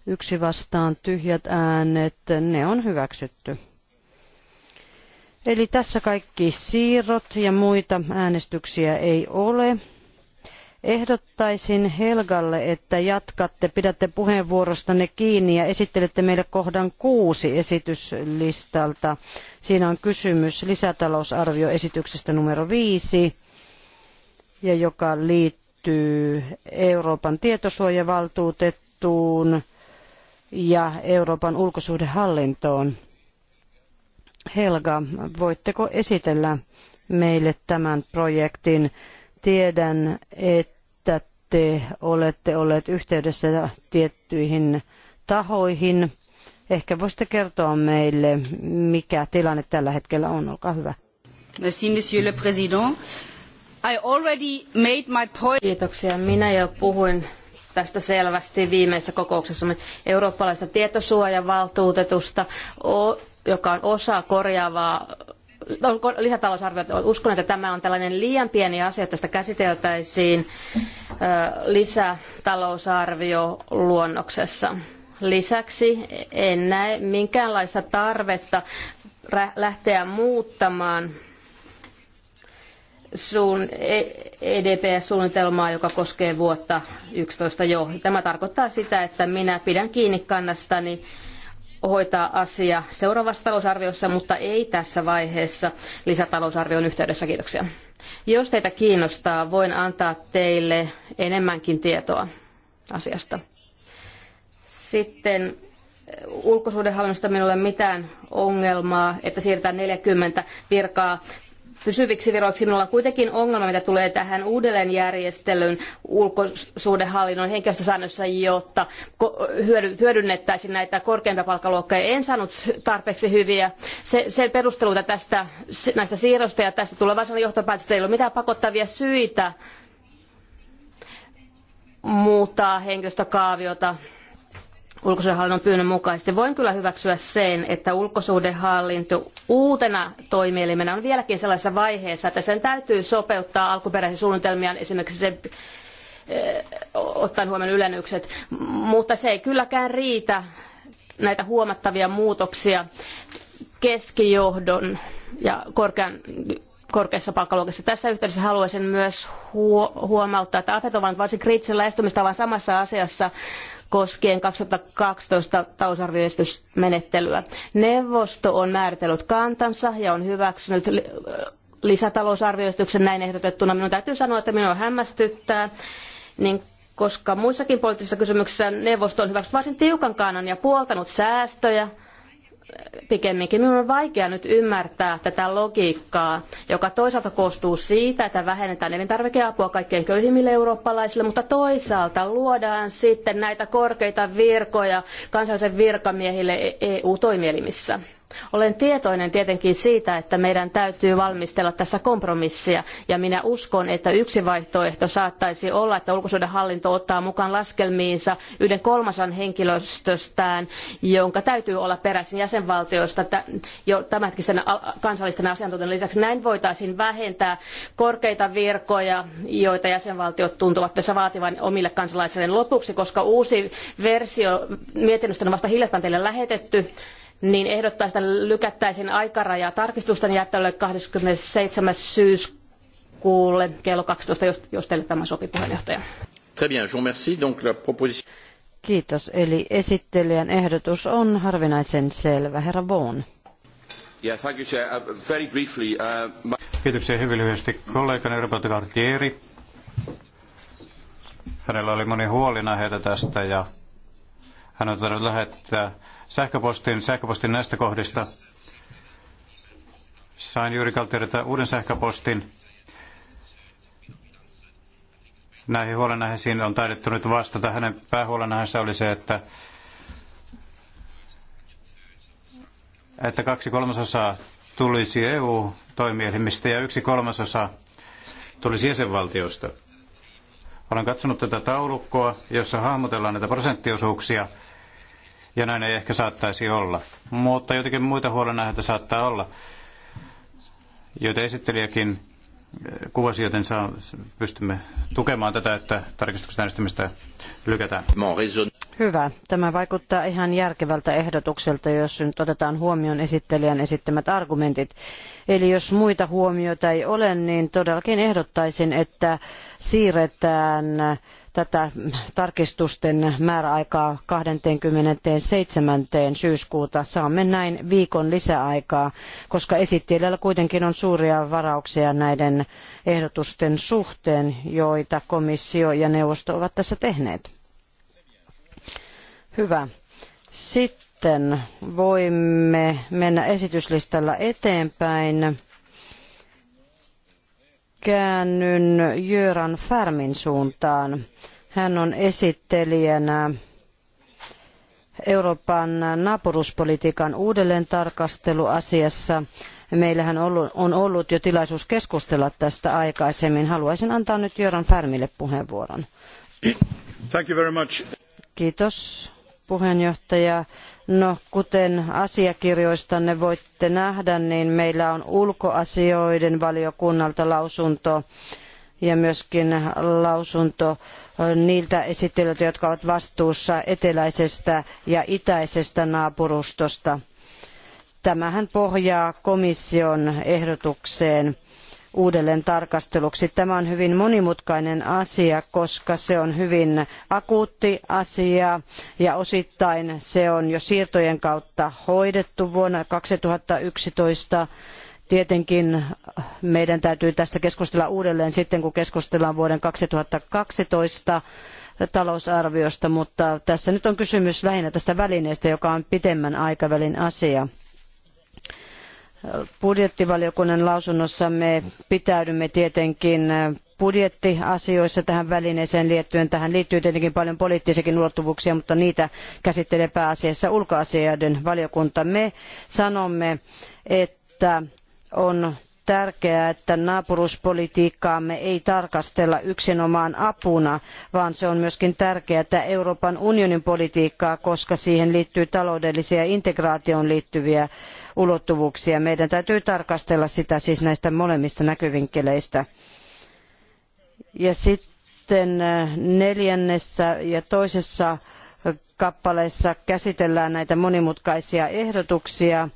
yksi vastaan tyhjät äänet, ne on hyväksytty. Eli tässä kaikki siirrot ja muita äänestyksiä ei ole. Ehdottaisin Helgalle, että jatkatte, pidätte puheenvuorostanne kiinni ja esittelette meille kohdan kuusi esityslistalta. Siinä on kysymys lisätalousarvioesityksestä numero viisi, ja joka liittyy Euroopan tietosuojavaltuutettuun ja Euroopan ulkosuhdehallintoon. Helga, voitteko esitellä meille tämän projektin? Tiedän, että te olette olleet yhteydessä tiettyihin tahoihin. Ehkä voisitte kertoa meille, mikä tilanne tällä hetkellä on. Olkaa hyvä. Merci, monsieur le président. I already made my point. Kiitoksia. Minä jo puhuin tästä selvästi viimeisessä kokouksessamme eurooppalaista tietosuojavaltuutetusta, joka on osa korjaavaa no, lisätalousarviota. Uskon, että tämä on tällainen liian pieni asia, että sitä käsiteltäisiin lisätalousarvioluonnoksessa. Lisäksi en näe minkäänlaista tarvetta lähteä muuttamaan suun, EDP-suunnitelmaa, e joka koskee vuotta 11 jo. Tämä tarkoittaa sitä, että minä pidän kiinni kannastani hoitaa asia seuraavassa talousarviossa, mutta ei tässä vaiheessa lisätalousarvion yhteydessä. Kiitoksia. Jos teitä kiinnostaa, voin antaa teille enemmänkin tietoa asiasta. Sitten ulkosuhdehallinnosta minulle mitään ongelmaa, että siirretään 40 virkaa pysyviksi viroiksi. Minulla on kuitenkin ongelma, mitä tulee tähän uudelleenjärjestelyyn ulkosuhdehallinnon henkilöstösäännössä, jotta hyödynnettäisiin näitä korkeampia palkkaluokkia. En saanut tarpeeksi hyviä se, sen perusteluita tästä, näistä siirroista ja tästä tulevaisuuden johtopäätöstä. Ei ole mitään pakottavia syitä muuttaa henkilöstökaaviota ulkosuhdehallinnon pyynnön mukaisesti. Voin kyllä hyväksyä sen, että ulkosuhdehallinto uutena toimielimenä on vieläkin sellaisessa vaiheessa, että sen täytyy sopeuttaa alkuperäisiä suunnitelmiaan esimerkiksi se eh, ottaen huomioon ylennykset, mutta se ei kylläkään riitä näitä huomattavia muutoksia keskijohdon ja korkean korkeassa palkkaluokassa. Tässä yhteydessä haluaisin myös huomauttaa, että Afet ovat varsin kriittisellä estymistavan samassa asiassa koskien 2012 talousarvioesitysmenettelyä. Neuvosto on määritellyt kantansa ja on hyväksynyt lisätalousarvioesityksen näin ehdotettuna. Minun täytyy sanoa, että minua hämmästyttää, niin koska muissakin poliittisissa kysymyksissä neuvosto on hyväksynyt varsin tiukan kannan ja puoltanut säästöjä – pikemminkin. Minun on vaikea nyt ymmärtää tätä logiikkaa, joka toisaalta koostuu siitä, että vähennetään elintarvikeapua kaikkein köyhimmille eurooppalaisille, mutta toisaalta luodaan sitten näitä korkeita virkoja kansallisen virkamiehille EU-toimielimissä. E olen tietoinen tietenkin siitä, että meidän täytyy valmistella tässä kompromissia, ja minä uskon, että yksi vaihtoehto saattaisi olla, että ulkosuhdehallinto ottaa mukaan laskelmiinsa yhden kolmasan henkilöstöstään, jonka täytyy olla peräisin jäsenvaltioista jo tämänhetkisten kansallisten asiantuntijoiden lisäksi. Näin voitaisiin vähentää korkeita virkoja, joita jäsenvaltiot tuntuvat tässä vaativan omille kansalaisilleen lopuksi, koska uusi versio mietinnöstä on vasta hiljattain teille lähetetty niin ehdottaa sitä lykättäisiin aikaraja tarkistusten jättäjälle 27. syyskuulle kello 12, jos, jos teille tämä sopii puheenjohtaja. Très bien, je Donc la proposition... Kiitos. Eli esittelijän ehdotus on harvinaisen selvä. Herra Vaughan. Yeah, thank you, Chair. Uh, very briefly, uh, my... Kiitoksia hyvin lyhyesti. Kollegani Roberto Gartieri. Hänellä oli moni huolinaiheita tästä ja hän on todennut lähettää sähköpostin, sähköpostin näistä kohdista. Sain juuri Kalterilta uuden sähköpostin. Näihin huolenaiheisiin on taidettu nyt vastata. Hänen päähuolenaiheensa oli se, että että kaksi kolmasosaa tulisi EU-toimielimistä ja yksi kolmasosa tulisi jäsenvaltioista. Olen katsonut tätä taulukkoa, jossa hahmotellaan näitä prosenttiosuuksia – ja näin ei ehkä saattaisi olla. Mutta jotenkin muita huolenaiheita saattaa olla, joita esittelijäkin eh, kuvasi, joten saa, pystymme tukemaan tätä, että tarkistuksen äänestämistä lykätään. Hyvä. Tämä vaikuttaa ihan järkevältä ehdotukselta, jos nyt otetaan huomioon esittelijän esittämät argumentit. Eli jos muita huomioita ei ole, niin todellakin ehdottaisin, että siirretään tätä tarkistusten määräaikaa 27. syyskuuta. Saamme näin viikon lisäaikaa, koska esittelijällä kuitenkin on suuria varauksia näiden ehdotusten suhteen, joita komissio ja neuvosto ovat tässä tehneet. Hyvä. Sitten voimme mennä esityslistalla eteenpäin käännyn Jöran Färmin suuntaan. Hän on esittelijänä Euroopan naapuruspolitiikan uudelleen tarkasteluasiassa. Meillähän on ollut jo tilaisuus keskustella tästä aikaisemmin. Haluaisin antaa nyt Jöran Färmille puheenvuoron. Kiitos puheenjohtaja. No, kuten ne voitte nähdä, niin meillä on ulkoasioiden valiokunnalta lausunto ja myöskin lausunto niiltä esittelijöiltä, jotka ovat vastuussa eteläisestä ja itäisestä naapurustosta. Tämähän pohjaa komission ehdotukseen uudelleen tarkasteluksi. Tämä on hyvin monimutkainen asia, koska se on hyvin akuutti asia ja osittain se on jo siirtojen kautta hoidettu vuonna 2011 tietenkin meidän täytyy tästä keskustella uudelleen sitten, kun keskustellaan vuoden 2012 talousarviosta, mutta tässä nyt on kysymys lähinnä tästä välineestä, joka on pitemmän aikavälin asia budjettivaliokunnan lausunnossa me pitäydymme tietenkin äh, budjettiasioissa tähän välineeseen liittyen. Tähän liittyy tietenkin paljon poliittisiakin ulottuvuuksia, mutta niitä käsittelee pääasiassa ulkoasioiden valiokunta. Me sanomme, että on tärkeää, että naapuruuspolitiikkaamme ei tarkastella yksinomaan apuna, vaan se on myöskin tärkeää Euroopan unionin politiikkaa, koska siihen liittyy taloudellisia integraatioon liittyviä ulottuvuuksia. Meidän täytyy tarkastella sitä siis näistä molemmista näkövinkkeleistä. Ja sitten äh, neljännessä ja toisessa kappaleessa käsitellään näitä monimutkaisia ehdotuksia.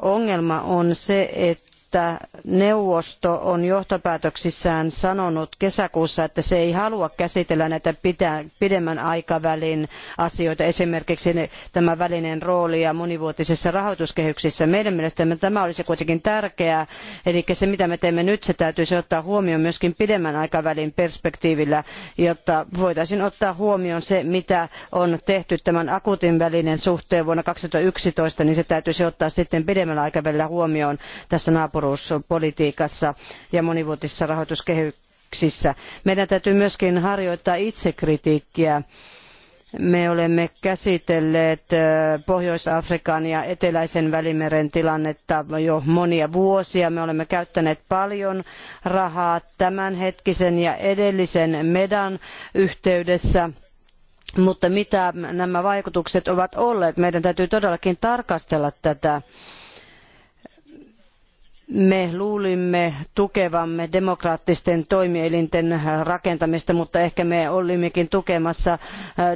Ongelma on se, että että neuvosto on johtopäätöksissään sanonut kesäkuussa, että se ei halua käsitellä näitä pidemmän aikavälin asioita, esimerkiksi tämä välineen roolia monivuotisissa rahoituskehyksissä. Meidän mielestämme tämä olisi kuitenkin tärkeää, eli se mitä me teemme nyt, se täytyisi ottaa huomioon myöskin pidemmän aikavälin perspektiivillä, jotta voitaisiin ottaa huomioon se, mitä on tehty tämän akuutin välinen suhteen vuonna 2011, niin se täytyisi ottaa sitten pidemmällä aikavälillä huomioon tässä naapurissa naapuruuspolitiikassa ja monivuotisissa rahoituskehyksissä. Meidän täytyy myöskin harjoittaa itsekritiikkiä. Me olemme käsitelleet Pohjois-Afrikan ja Eteläisen välimeren tilannetta jo monia vuosia. Me olemme käyttäneet paljon rahaa tämänhetkisen ja edellisen medan yhteydessä mutta mitä nämä vaikutukset ovat olleet. Meidän täytyy todellakin tarkastella tätä. Me luulimme tukevamme demokraattisten toimielinten rakentamista, mutta ehkä me olimmekin tukemassa äh,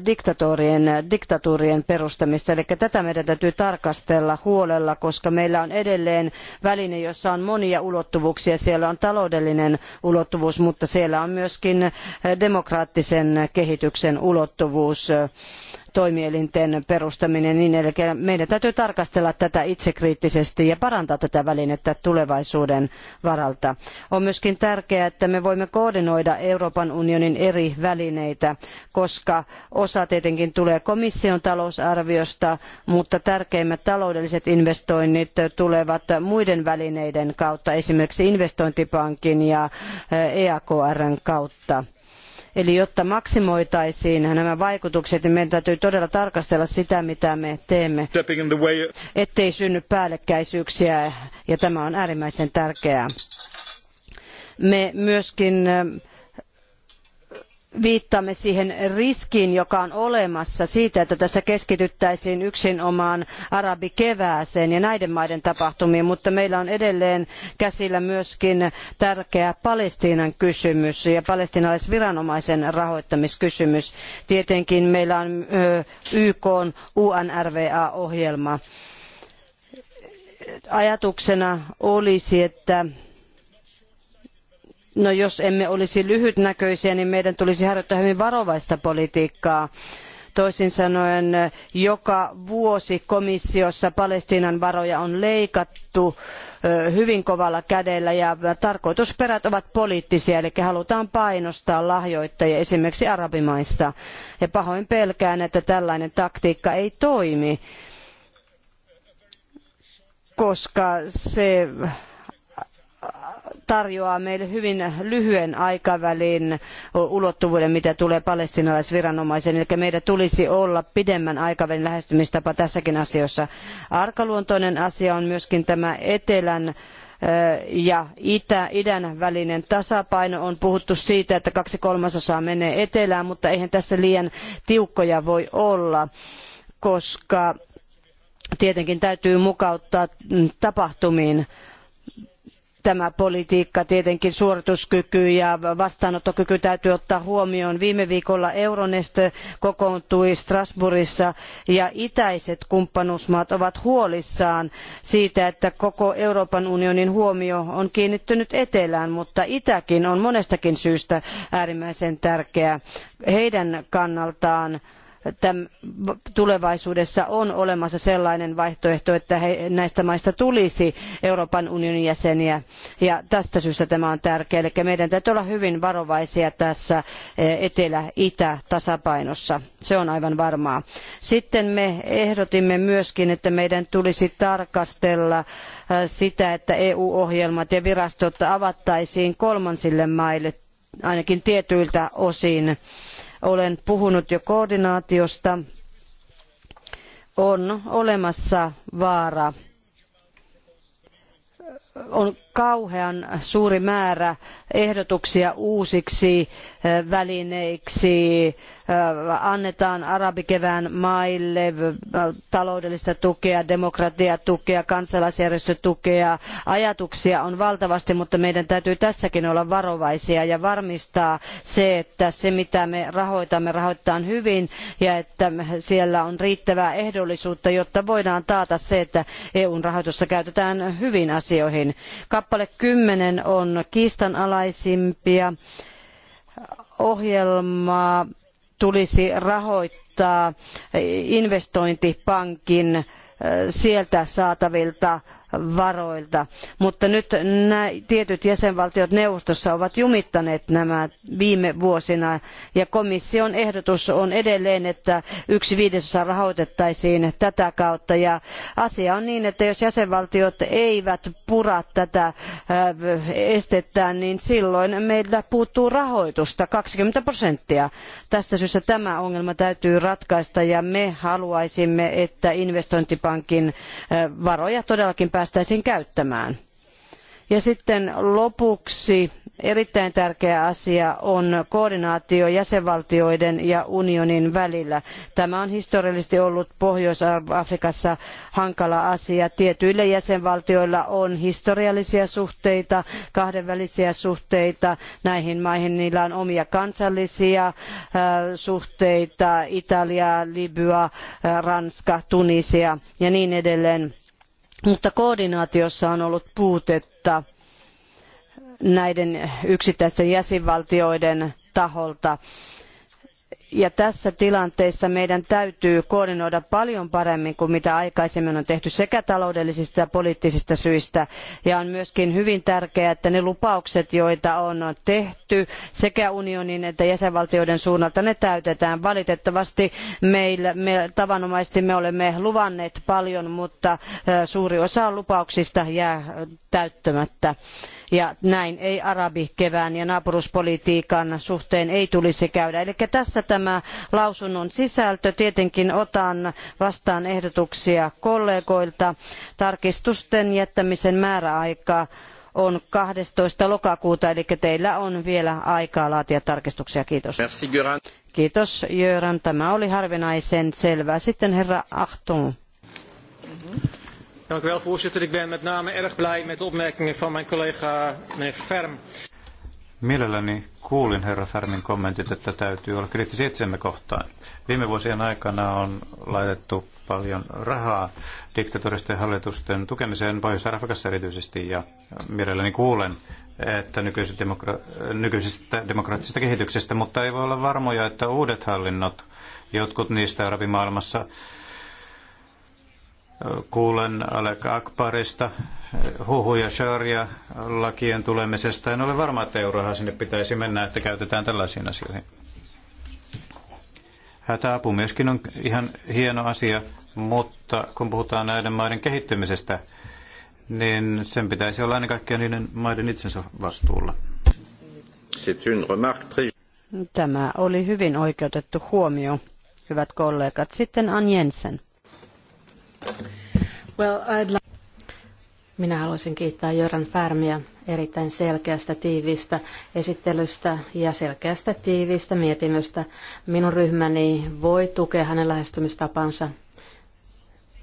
diktatuurien, äh, diktatuurien perustamista. Eli tätä meidän täytyy tarkastella huolella, koska meillä on edelleen väline, jossa on monia ulottuvuuksia. Siellä on taloudellinen ulottuvuus, mutta siellä on myöskin äh, demokraattisen kehityksen ulottuvuus toimielinten perustaminen niin edelleen. Meidän täytyy tarkastella tätä itsekriittisesti ja parantaa tätä välinettä tulevaisuuden varalta. On myöskin tärkeää, että me voimme koordinoida Euroopan unionin eri välineitä, koska osa tietenkin tulee komission talousarviosta, mutta tärkeimmät taloudelliset investoinnit tulevat muiden välineiden kautta, esimerkiksi investointipankin ja EAKRn eh, e kautta Eli jotta maksimoitaisiin nämä vaikutukset, niin meidän täytyy todella tarkastella sitä, mitä me teemme, ettei synny päällekkäisyyksiä, ja tämä on äärimmäisen tärkeää. Me myöskin viittaamme siihen riskiin, joka on olemassa siitä, että tässä keskityttäisiin yksin omaan arabikevääseen ja näiden maiden tapahtumiin, mutta meillä on edelleen käsillä myöskin tärkeä Palestiinan kysymys ja palestiinalaisviranomaisen rahoittamiskysymys. Tietenkin meillä on YK UNRWA-ohjelma. Ajatuksena olisi, että No jos emme olisi lyhytnäköisiä, niin meidän tulisi harjoittaa hyvin varovaista politiikkaa. Toisin sanoen, joka vuosi komissiossa Palestiinan varoja on leikattu hyvin kovalla kädellä ja tarkoitusperät ovat poliittisia, eli halutaan painostaa lahjoittajia esimerkiksi arabimaista. Ja pahoin pelkään, että tällainen taktiikka ei toimi koska se tarjoaa meille hyvin lyhyen aikavälin ulottuvuuden, mitä tulee palestinalaisviranomaisen. Eli meidän tulisi olla pidemmän aikavälin lähestymistapa tässäkin asiassa. Arkaluontoinen asia on myöskin tämä etelän ja itä, idän välinen tasapaino. On puhuttu siitä, että kaksi kolmasosaa menee etelään, mutta eihän tässä liian tiukkoja voi olla, koska tietenkin täytyy mukauttaa tapahtumiin tämä politiikka, tietenkin suorituskyky ja vastaanottokyky täytyy ottaa huomioon. Viime viikolla Euronest kokoontui Strasbourgissa ja itäiset kumppanuusmaat ovat huolissaan siitä, että koko Euroopan unionin huomio on kiinnittynyt etelään, mutta itäkin on monestakin syystä äärimmäisen tärkeä heidän kannaltaan täm, tulevaisuudessa on olemassa sellainen vaihtoehto, että he, näistä maista tulisi Euroopan unionin jäseniä. Ja tästä syystä tämä on tärkeää. Eli meidän täytyy olla hyvin varovaisia tässä e, etelä-itä-tasapainossa. Se on aivan varmaa. Sitten me ehdotimme myöskin, että meidän tulisi tarkastella e, sitä, että EU-ohjelmat ja virastot avattaisiin kolmansille maille ainakin tietyiltä osin olen puhunut jo koordinaatiosta, on olemassa vaara on kauhean suuri määrä ehdotuksia uusiksi äh, välineiksi. Äh, annetaan arabikevään maille äh, taloudellista tukea, demokratiatukea, kansalaisjärjestötukea. Ajatuksia on valtavasti, mutta meidän täytyy tässäkin olla varovaisia ja varmistaa se, että se mitä me rahoitamme, rahoitetaan hyvin ja että siellä on riittävää ehdollisuutta, jotta voidaan taata se, että EUn rahoitusta käytetään hyvin asioihin kappale kymmenen on kiistanalaisimpia. Ohjelmaa tulisi rahoittaa investointipankin äh, sieltä saatavilta varoilta. Mutta nyt tietyt jäsenvaltiot neuvostossa ovat jumittaneet nämä viime vuosina ja komission ehdotus on edelleen, että yksi viidesosa rahoitettaisiin tätä kautta ja asia on niin, että jos jäsenvaltiot eivät pura tätä äh, estettään, niin silloin meiltä puuttuu rahoitusta 20 prosenttia. Tästä syystä tämä ongelma täytyy ratkaista ja me haluaisimme, että investointipankin äh, varoja todellakin päästäisiin käyttämään. Ja sitten lopuksi erittäin tärkeä asia on koordinaatio jäsenvaltioiden ja unionin välillä. Tämä on historiallisesti ollut Pohjois-Afrikassa hankala asia. Tietyillä jäsenvaltioilla on historiallisia suhteita, kahdenvälisiä suhteita näihin maihin. Niillä on omia kansallisia äh, suhteita, Italia, Libya, äh, Ranska, Tunisia ja niin edelleen mutta koordinaatiossa on ollut puutetta näiden yksittäisten jäsenvaltioiden taholta ja tässä tilanteessa meidän täytyy koordinoida paljon paremmin kuin mitä aikaisemmin on tehty sekä taloudellisista että poliittisista syistä. Ja on myöskin hyvin tärkeää, että ne lupaukset, joita on tehty sekä unionin että jäsenvaltioiden suunnalta, ne täytetään. Valitettavasti meillä, me, tavanomaisesti me olemme luvanneet paljon, mutta suuri osa lupauksista jää täyttämättä ja näin ei arabikevään ja naapuruspolitiikan suhteen ei tulisi käydä. Eli tässä tämä lausunnon sisältö. Tietenkin otan vastaan ehdotuksia kollegoilta. Tarkistusten jättämisen määräaika on 12. lokakuuta, eli teillä on vielä aikaa laatia tarkistuksia. Kiitos. Merci, Göran. Kiitos, Jöran. Tämä oli harvinaisen selvää. Sitten herra Ahtun. Mm -hmm. Dank u wel, voorzitter. Ik ben met name erg blij met de opmerkingen van mijn collega meneer Ferm. Mielelläni kuulin herra Färmin kommentit, että täytyy olla kriittisiä itsemme kohtaan. Viime vuosien aikana on laitettu paljon rahaa diktatoristen hallitusten tukemiseen Pohjois-Afrikassa erityisesti, ja mielelläni kuulen, että nykyisestä, demokra- nykyisestä demokraattisesta kehityksestä, mutta ei voi olla varmoja, että uudet hallinnot, jotkut niistä arabimaailmassa, maailmassa Kuulen Alek Akbarista, huhuja sharia lakien tulemisesta. En ole varma, että euroraha sinne pitäisi mennä, että käytetään tällaisiin asioihin. Hätäapu myöskin on ihan hieno asia, mutta kun puhutaan näiden maiden kehittymisestä, niin sen pitäisi olla ennen kaikkea niiden maiden itsensä vastuulla. Tämä oli hyvin oikeutettu huomio, hyvät kollegat. Sitten Ann Jensen. Well, I'd like... Minä haluaisin kiittää Jöran Färmiä erittäin selkeästä tiiviistä esittelystä ja selkeästä tiiviistä mietinnöstä. Minun ryhmäni voi tukea hänen lähestymistapansa.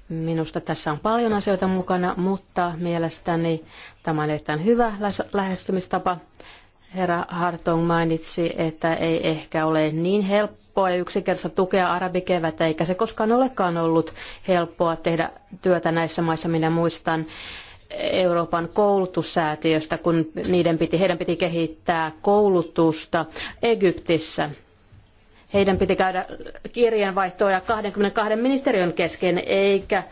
Minusta tässä on paljon asioita mukana, mutta mielestäni tämä on erittäin hyvä lähestymistapa. Herra Hartong mainitsi, että ei ehkä ole niin helppoa ja yksinkertaista tukea arabikevätä, eikä se koskaan olekaan ollut helppoa tehdä työtä näissä maissa. Minä muistan Euroopan koulutussäätiöstä, kun niiden piti, heidän piti kehittää koulutusta Egyptissä heidän piti käydä kirjeenvaihtoja 22 ministeriön kesken, eikä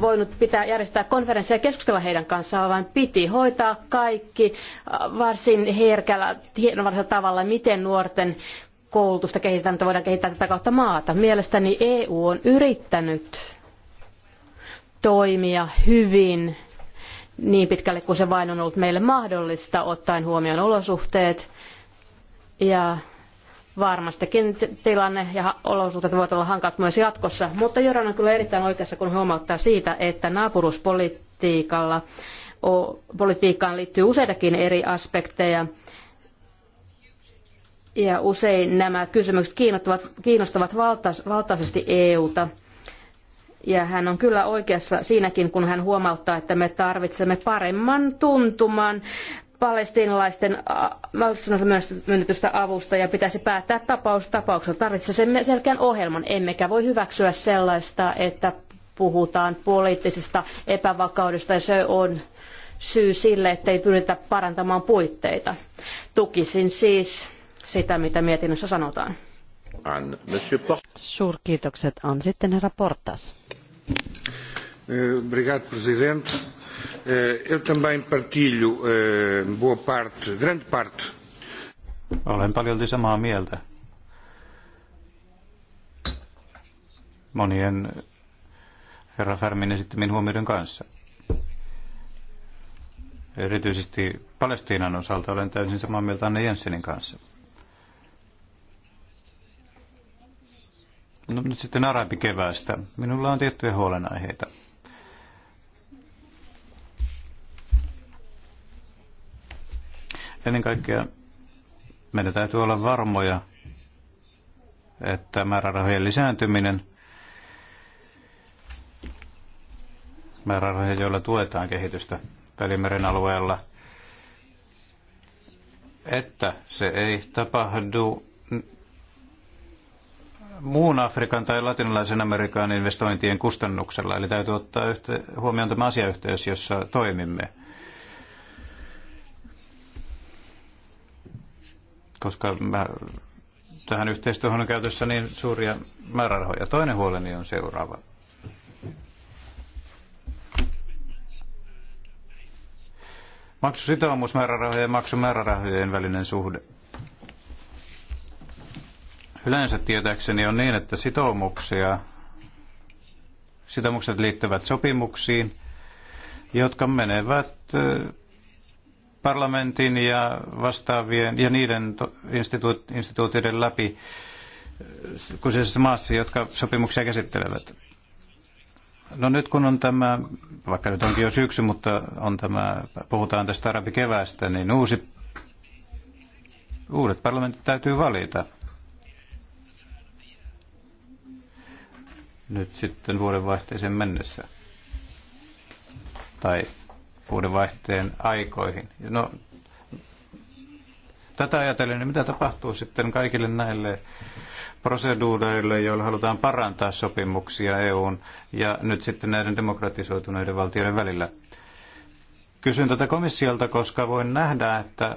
voinut pitää järjestää konferenssia ja keskustella heidän kanssaan, vaan piti hoitaa kaikki äh, varsin herkällä, hienovaraisella tavalla, miten nuorten koulutusta kehitetään, mutta voidaan kehittää tätä kautta maata. Mielestäni EU on yrittänyt toimia hyvin niin pitkälle kuin se vain on ollut meille mahdollista, ottaen huomioon olosuhteet ja Varmastikin tilanne ja olosuhteet voivat olla hankalat myös jatkossa, mutta Joran on kyllä erittäin oikeassa, kun huomauttaa siitä, että naapuruspolitiikalla politiikkaan liittyy useitakin eri aspekteja. Ja usein nämä kysymykset kiinnostavat, kiinnostavat valtais, valtaisesti EUta. Ja hän on kyllä oikeassa siinäkin, kun hän huomauttaa, että me tarvitsemme paremman tuntuman palestiinalaisten myönnetystä avusta ja pitäisi päättää tapaus tapaukselta. Tarvitsemme selkeän ohjelman, emmekä voi hyväksyä sellaista, että puhutaan poliittisesta epävakaudesta ja se on syy sille, ettei pyritä parantamaan puitteita. Tukisin siis sitä, mitä mietinnössä sanotaan. Suurkiitokset on sitten herra Portas. Eh, president. Eh, eu também partilho eh, boa parte, grande parte. Olen paljolti samaa mieltä monien herra Färmin esittämien huomioiden kanssa. Erityisesti Palestiinan osalta olen täysin samaa mieltä Anne Jensenin kanssa. No nyt sitten arabikeväästä. Minulla on tiettyjä huolenaiheita. Ennen kaikkea meidän täytyy olla varmoja, että määrärahojen lisääntyminen, määrärahoja, joilla tuetaan kehitystä Välimeren alueella, että se ei tapahdu muun Afrikan tai latinalaisen Amerikan investointien kustannuksella. Eli täytyy ottaa yhte, huomioon tämä asiayhteys, jossa toimimme. koska mä tähän yhteistyöhön on käytössä niin suuria määrärahoja. Toinen huoleni on seuraava. Maksusitoumusmäärärahojen ja maksumäärärahojen välinen suhde. Yleensä tietääkseni on niin, että sitoumuksia, sitoumukset liittyvät sopimuksiin, jotka menevät parlamentin ja vastaavien ja niiden instituutioiden läpi kyseisessä maassa, jotka sopimuksia käsittelevät. No nyt kun on tämä, vaikka nyt onkin jo syksy, mutta on tämä, puhutaan tästä arabikeväästä, niin uusi, uudet parlamentit täytyy valita. Nyt sitten vuodenvaihteeseen mennessä. Tai vuodenvaihteen aikoihin. No, tätä ajatellen, niin mitä tapahtuu sitten kaikille näille proseduureille, joilla halutaan parantaa sopimuksia EUn ja nyt sitten näiden demokratisoituneiden valtioiden välillä? Kysyn tätä komissiolta, koska voin nähdä, että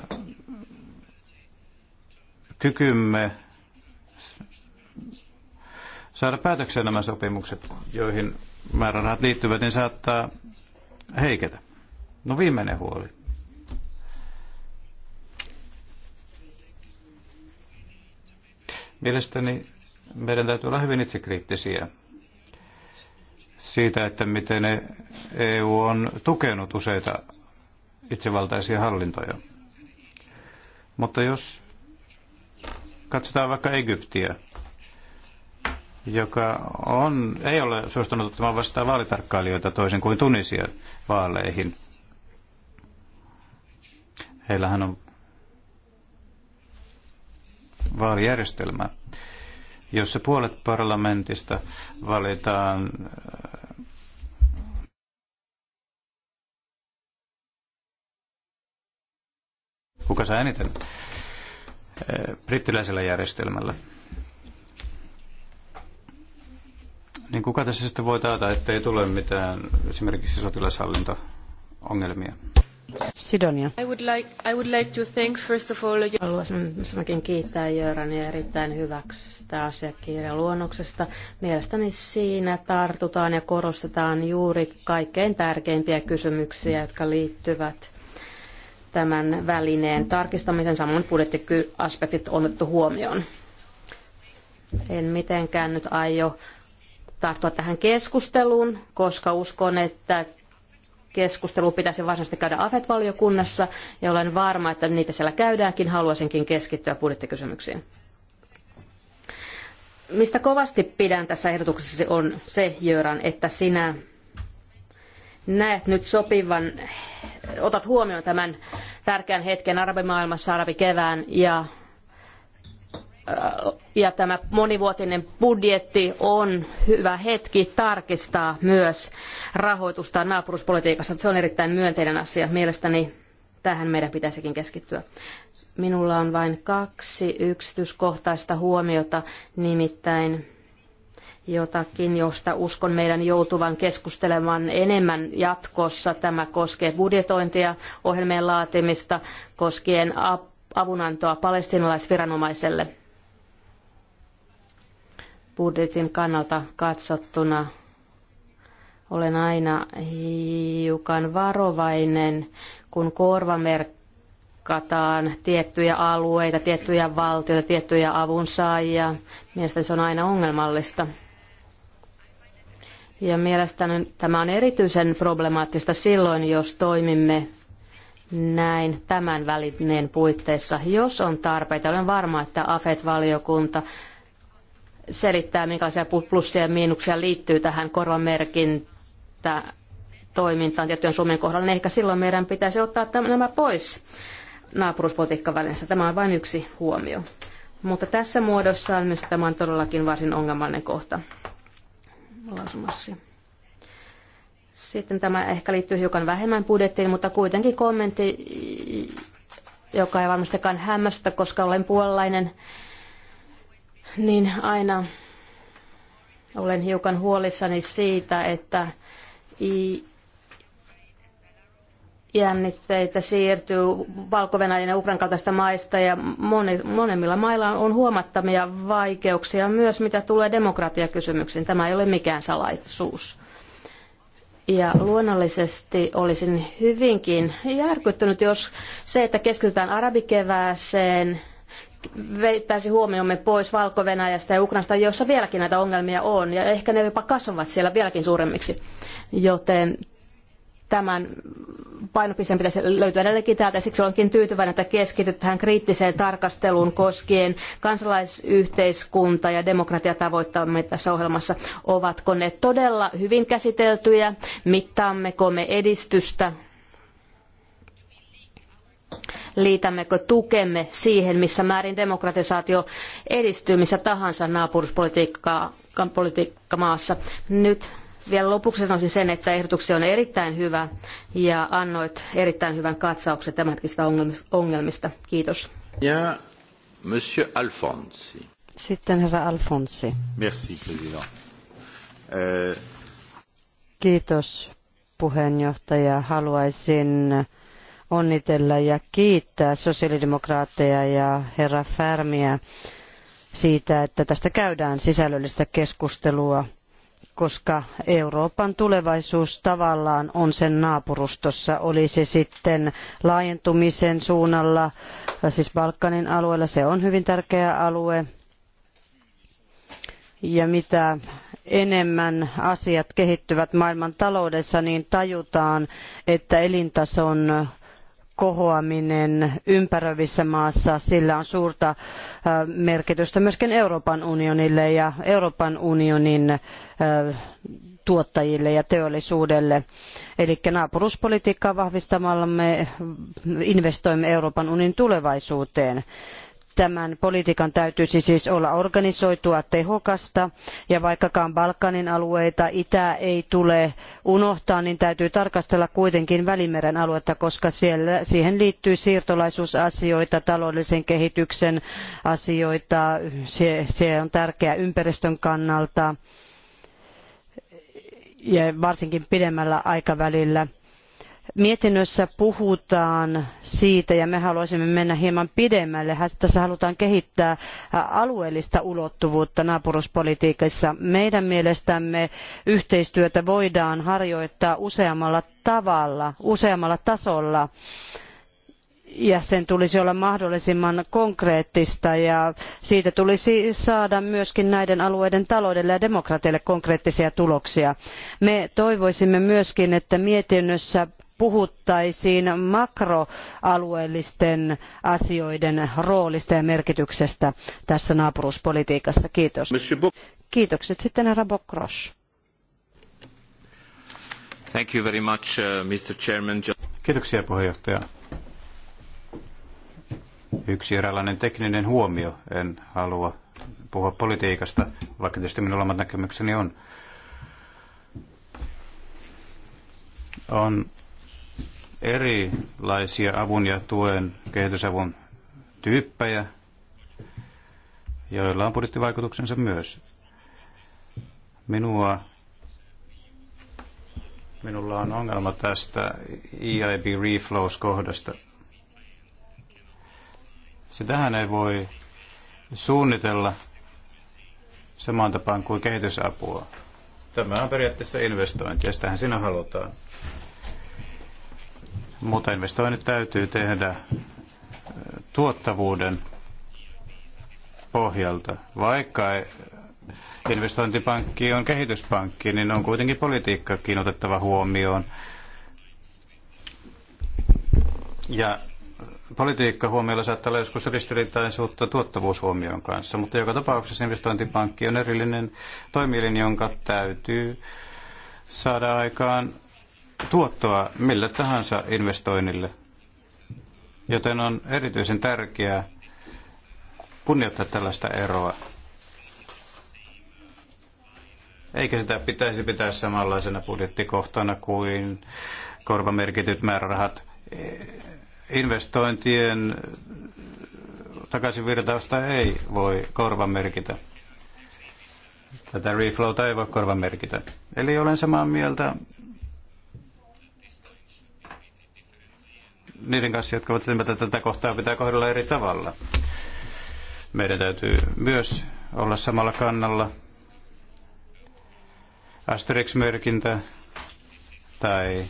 kykymme saada päätökseen nämä sopimukset, joihin määrärahat liittyvät, niin saattaa heiketä. No viimeinen huoli. Mielestäni meidän täytyy olla hyvin itsekriittisiä siitä, että miten EU e on tukenut useita itsevaltaisia hallintoja. Mutta jos katsotaan vaikka Egyptiä, joka on, ei ole suostunut ottamaan vastaan vaalitarkkailijoita toisin kuin Tunisia vaaleihin – Heillähän on vaalijärjestelmä, jossa puolet parlamentista valitaan äh, kuka saa eniten äh, brittiläisellä järjestelmällä. Niin kuka tässä sitten voi taata, ettei tule mitään esimerkiksi sotilashallinto-ongelmia? Sidonia. I would like, I would like to thank first of all... Haluaisin kiittää Jörania erittäin hyvästä asiakirjaluonnoksesta. Mielestäni siinä tartutaan ja korostetaan juuri kaikkein tärkeimpiä kysymyksiä, jotka liittyvät tämän välineen tarkistamisen. Samoin budjettiaspektit on otettu huomioon. En mitenkään nyt aio tarttua tähän keskusteluun, koska uskon, että keskustelu pitäisi varsinaisesti käydä AFET-valiokunnassa ja olen varma, että niitä siellä käydäänkin. Haluaisinkin keskittyä budjettikysymyksiin. Mistä kovasti pidän tässä ehdotuksessa on se, Jöran, että sinä näet nyt sopivan, otat huomioon tämän tärkeän hetken arabimaailmassa, arabikevään ja Äh, ja tämä monivuotinen budjetti on hyvä hetki tarkistaa myös rahoitusta naapuruspolitiikassa. Se on erittäin myönteinen asia. Mielestäni tähän meidän pitäisikin keskittyä. Minulla on vain kaksi yksityiskohtaista huomiota, nimittäin jotakin, josta uskon meidän joutuvan keskustelemaan enemmän jatkossa. Tämä koskee budjetointia, ohjelmien laatimista, koskien avunantoa palestinalaisviranomaiselle budjetin kannalta katsottuna olen aina hiukan varovainen, kun korvamerkataan tiettyjä alueita, tiettyjä valtioita, tiettyjä avunsaajia. Mielestäni se on aina ongelmallista. Ja mielestäni tämä on erityisen problemaattista silloin, jos toimimme näin tämän välineen puitteissa, jos on tarpeita. Olen varma, että AFET-valiokunta selittää, minkälaisia plussia ja miinuksia liittyy tähän korvamerkintä toimintaan tiettyjen Suomen kohdalla, niin ehkä silloin meidän pitäisi ottaa nämä pois naapuruspolitiikka välissä. Tämä on vain yksi huomio. Mutta tässä on myös tämä on todellakin varsin ongelmallinen kohta lausumassa. Sitten tämä ehkä liittyy hiukan vähemmän budjettiin, mutta kuitenkin kommentti, joka ei varmastikaan hämmästä, koska olen puolalainen, niin aina olen hiukan huolissani siitä, että jännitteitä siirtyy valko ja Ukran kaltaista maista ja moni monemmilla mailla on huomattavia vaikeuksia myös mitä tulee demokratiakysymyksiin. Tämä ei ole mikään salaisuus. Ja luonnollisesti olisin hyvinkin järkyttynyt, jos se, että keskitytään arabikevääseen – vetäisi huomiomme pois Valko-Venäjästä ja Ukrainasta, joissa vieläkin näitä ongelmia on, ja ehkä ne jopa kasvavat siellä vieläkin suuremmiksi. Joten tämän painopisteen pitäisi löytyä edelleenkin täältä, ja siksi olenkin tyytyväinen, että keskityt tähän kriittiseen tarkasteluun koskien kansalaisyhteiskunta- ja demokratiatavoittamme tässä ohjelmassa. Ovatko ne todella hyvin käsiteltyjä? Mittaammeko me edistystä liitämmekö tukemme siihen, missä määrin demokratisaatio edistyy missä tahansa naapuruspolitiikkamaassa. Nyt vielä lopuksi sanoisin sen, että ehdotuksia on erittäin hyvä ja annoit erittäin hyvän katsauksen tämänhetkisistä ongelmista. Kiitos. Ja, Monsieur Alfonsi. Sitten herra Alfonsi. Merci, president. Kiitos puheenjohtaja. Haluaisin onnitella ja kiittää sosiaalidemokraatteja ja herra Färmiä siitä, että tästä käydään sisällöllistä keskustelua, koska Euroopan tulevaisuus tavallaan on sen naapurustossa. Oli se sitten laajentumisen suunnalla, siis Balkanin alueella, se on hyvin tärkeä alue. Ja mitä enemmän asiat kehittyvät maailman taloudessa, niin tajutaan, että elintason kohoaminen ympäröivissä maassa, sillä on suurta merkitystä myöskin Euroopan unionille ja Euroopan unionin tuottajille ja teollisuudelle. Eli naapuruspolitiikkaa vahvistamalla me investoimme Euroopan unionin tulevaisuuteen. Tämän politiikan täytyisi siis olla organisoitua tehokasta ja vaikkakaan Balkanin alueita itä ei tule unohtaa, niin täytyy tarkastella kuitenkin Välimeren aluetta, koska siellä, siihen liittyy siirtolaisuusasioita, taloudellisen kehityksen asioita, se, se on tärkeää ympäristön kannalta ja varsinkin pidemmällä aikavälillä Mietinnössä puhutaan siitä, ja me haluaisimme mennä hieman pidemmälle. Tässä halutaan kehittää alueellista ulottuvuutta naapuruspolitiikassa. Meidän mielestämme yhteistyötä voidaan harjoittaa useammalla tavalla, useammalla tasolla ja sen tulisi olla mahdollisimman konkreettista ja siitä tulisi saada myöskin näiden alueiden taloudelle ja demokratialle konkreettisia tuloksia. Me toivoisimme myöskin, että mietinnössä puhuttaisiin makroalueellisten asioiden roolista ja merkityksestä tässä naapuruuspolitiikassa. Kiitos. Kiitokset sitten herra Bokros. Thank you very much, uh, Mr. Chairman. Kiitoksia puheenjohtaja. Yksi eräänlainen tekninen huomio. En halua puhua politiikasta, vaikka tietysti minulla omat näkemykseni on. On erilaisia avun ja tuen kehitysavun tyyppejä, joilla on budjettivaikutuksensa myös. Minua, minulla on ongelma tästä EIB Reflows-kohdasta. Sitähän ei voi suunnitella samaan tapaan kuin kehitysapua. Tämä on periaatteessa investointi ja sitähän sinä halutaan. Mutta investoinnit täytyy tehdä tuottavuuden pohjalta. Vaikka investointipankki on kehityspankki, niin on kuitenkin politiikkakin otettava huomioon. Ja politiikka huomioilla saattaa olla joskus ristiriitaisuutta tuottavuushuomion kanssa, mutta joka tapauksessa investointipankki on erillinen toimielin, jonka täytyy saada aikaan tuottoa millä tahansa investoinnille. Joten on erityisen tärkeää kunnioittaa tällaista eroa. Eikä sitä pitäisi pitää samanlaisena budjettikohtana kuin korvamerkityt määrärahat. Investointien takaisinvirtausta ei voi korvamerkitä. Tätä reflowta ei voi korvamerkitä. Eli olen samaa mieltä niiden kanssa, jotka ovat sitä että tätä kohtaa pitää kohdella eri tavalla. Meidän täytyy myös olla samalla kannalla. Asterix-merkintä tai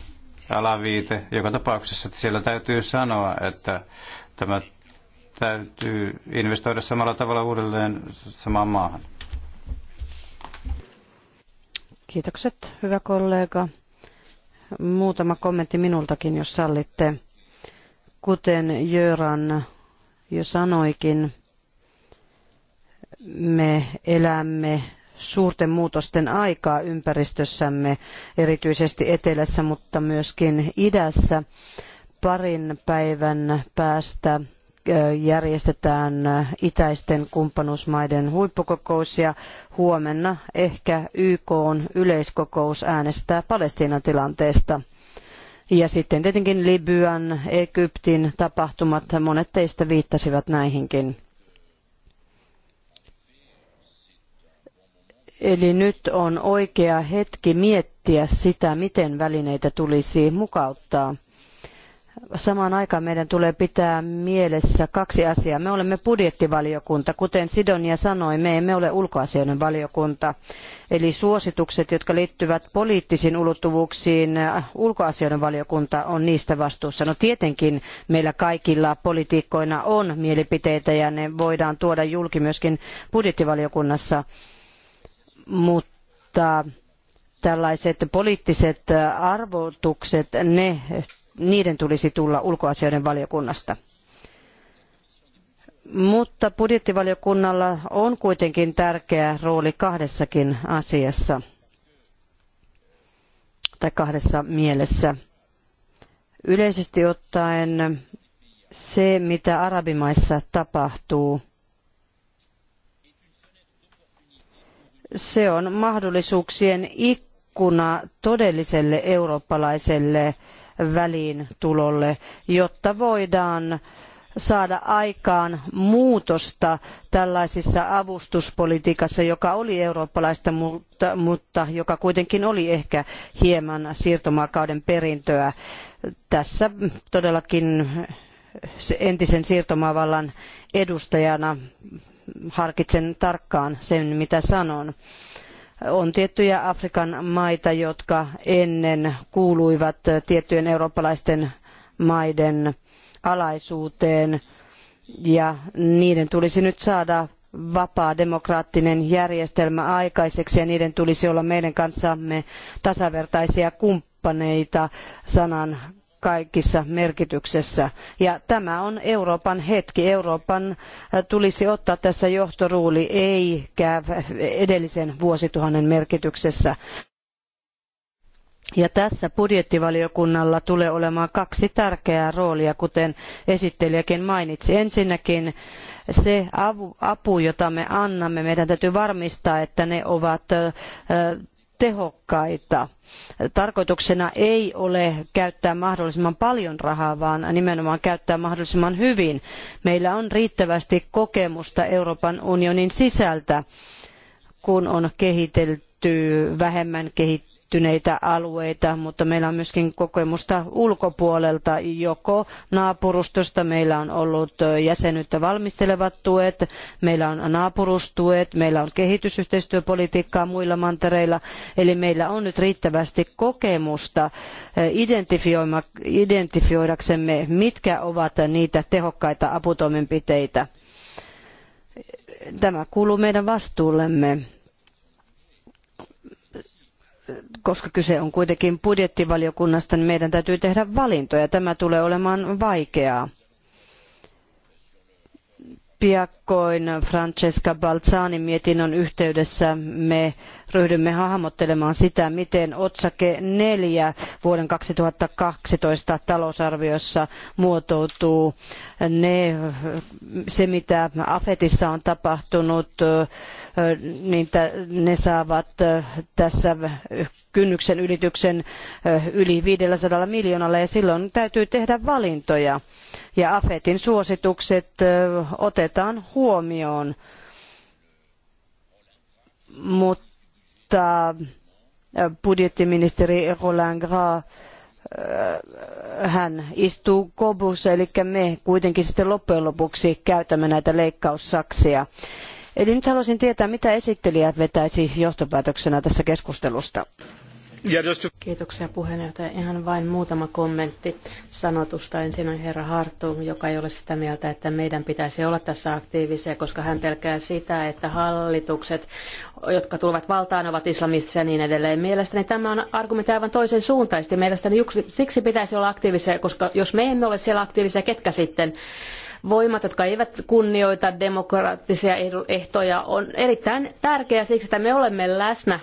alaviite, joka tapauksessa siellä täytyy sanoa, että tämä täytyy investoida samalla tavalla uudelleen samaan maahan. Kiitokset, hyvä kollega. Muutama kommentti minultakin, jos sallitte. Kuten Jöran jo sanoikin, me elämme suurten muutosten aikaa ympäristössämme, erityisesti etelässä, mutta myöskin idässä. Parin päivän päästä järjestetään itäisten kumppanuusmaiden huippukokous ja huomenna ehkä YK on yleiskokous äänestää Palestiinan tilanteesta. Ja sitten tietenkin Libyan, Egyptin tapahtumat, monet teistä viittasivat näihinkin. Eli nyt on oikea hetki miettiä sitä, miten välineitä tulisi mukauttaa – Samaan aikaan meidän tulee pitää mielessä kaksi asiaa. Me olemme budjettivaliokunta. Kuten Sidonia sanoi, me emme ole ulkoasioiden valiokunta. Eli suositukset, jotka liittyvät poliittisiin ulottuvuuksiin, äh, ulkoasioiden valiokunta on niistä vastuussa. No tietenkin meillä kaikilla politiikkoina on mielipiteitä ja ne voidaan tuoda julki myöskin budjettivaliokunnassa. Mutta tällaiset poliittiset äh, arvotukset, ne niiden tulisi tulla ulkoasioiden valiokunnasta. Mutta budjettivaliokunnalla on kuitenkin tärkeä rooli kahdessakin asiassa tai kahdessa mielessä. Yleisesti ottaen se, mitä arabimaissa tapahtuu, se on mahdollisuuksien ikkuna todelliselle eurooppalaiselle väliin tulolle, jotta voidaan saada aikaan muutosta tällaisessa avustuspolitiikassa, joka oli eurooppalaista, mutta, mutta joka kuitenkin oli ehkä hieman siirtomaakauden perintöä. Tässä todellakin entisen siirtomaavallan edustajana harkitsen tarkkaan sen, mitä sanon on tiettyjä Afrikan maita, jotka ennen kuuluivat tiettyjen eurooppalaisten maiden alaisuuteen ja niiden tulisi nyt saada vapaa demokraattinen järjestelmä aikaiseksi ja niiden tulisi olla meidän kanssamme tasavertaisia kumppaneita sanan kaikissa merkityksessä. Ja tämä on Euroopan hetki. Euroopan äh, tulisi ottaa tässä johtoruuli eikä edellisen vuosituhannen merkityksessä. Ja tässä budjettivaliokunnalla tulee olemaan kaksi tärkeää roolia, kuten esittelijäkin mainitsi. Ensinnäkin se apu, jota me annamme, meidän täytyy varmistaa, että ne ovat äh, tehokkaita. Tarkoituksena ei ole käyttää mahdollisimman paljon rahaa, vaan nimenomaan käyttää mahdollisimman hyvin. Meillä on riittävästi kokemusta Euroopan unionin sisältä, kun on kehitelty vähemmän kehittyneitä kehittyneitä alueita, mutta meillä on myöskin kokemusta ulkopuolelta, joko naapurustosta, meillä on ollut jäsenyyttä valmistelevat tuet, meillä on naapurustuet, meillä on kehitysyhteistyöpolitiikkaa muilla mantereilla, eli meillä on nyt riittävästi kokemusta eh, identifioidaksemme, mitkä ovat niitä tehokkaita aputoimenpiteitä. Tämä kuuluu meidän vastuullemme koska kyse on kuitenkin budjettivaliokunnasta, niin meidän täytyy tehdä valintoja. Tämä tulee olemaan vaikeaa. Piak tarkoin Francesca Balzanin mietinnön yhteydessä me ryhdymme hahmottelemaan sitä, miten otsake 4 vuoden 2012 talousarviossa muotoutuu ne, se, mitä Afetissa on tapahtunut, niin ne saavat tässä kynnyksen ylityksen yli 500 miljoonalla ja silloin täytyy tehdä valintoja. Ja Afetin suositukset otetaan huomioon huomioon, mutta budjettiministeri Roland Gras hän istuu kobussa, eli me kuitenkin sitten loppujen lopuksi käytämme näitä leikkaussaksia. Eli nyt haluaisin tietää, mitä esittelijät vetäisi johtopäätöksenä tässä keskustelusta. Kiitoksia puheenjohtaja. Ihan vain muutama kommentti sanotusta. Ensin on herra Hartung, joka ei ole sitä mieltä, että meidän pitäisi olla tässä aktiivisia, koska hän pelkää sitä, että hallitukset, jotka tulevat valtaan, ovat islamistisia ja niin edelleen. Mielestäni tämä on argumentti aivan toisen suuntaisesti. Mielestäni siksi pitäisi olla aktiivisia, koska jos me emme ole siellä aktiivisia, ketkä sitten? voimat, jotka eivät kunnioita demokraattisia ehtoja, on erittäin tärkeää siksi, että me olemme läsnä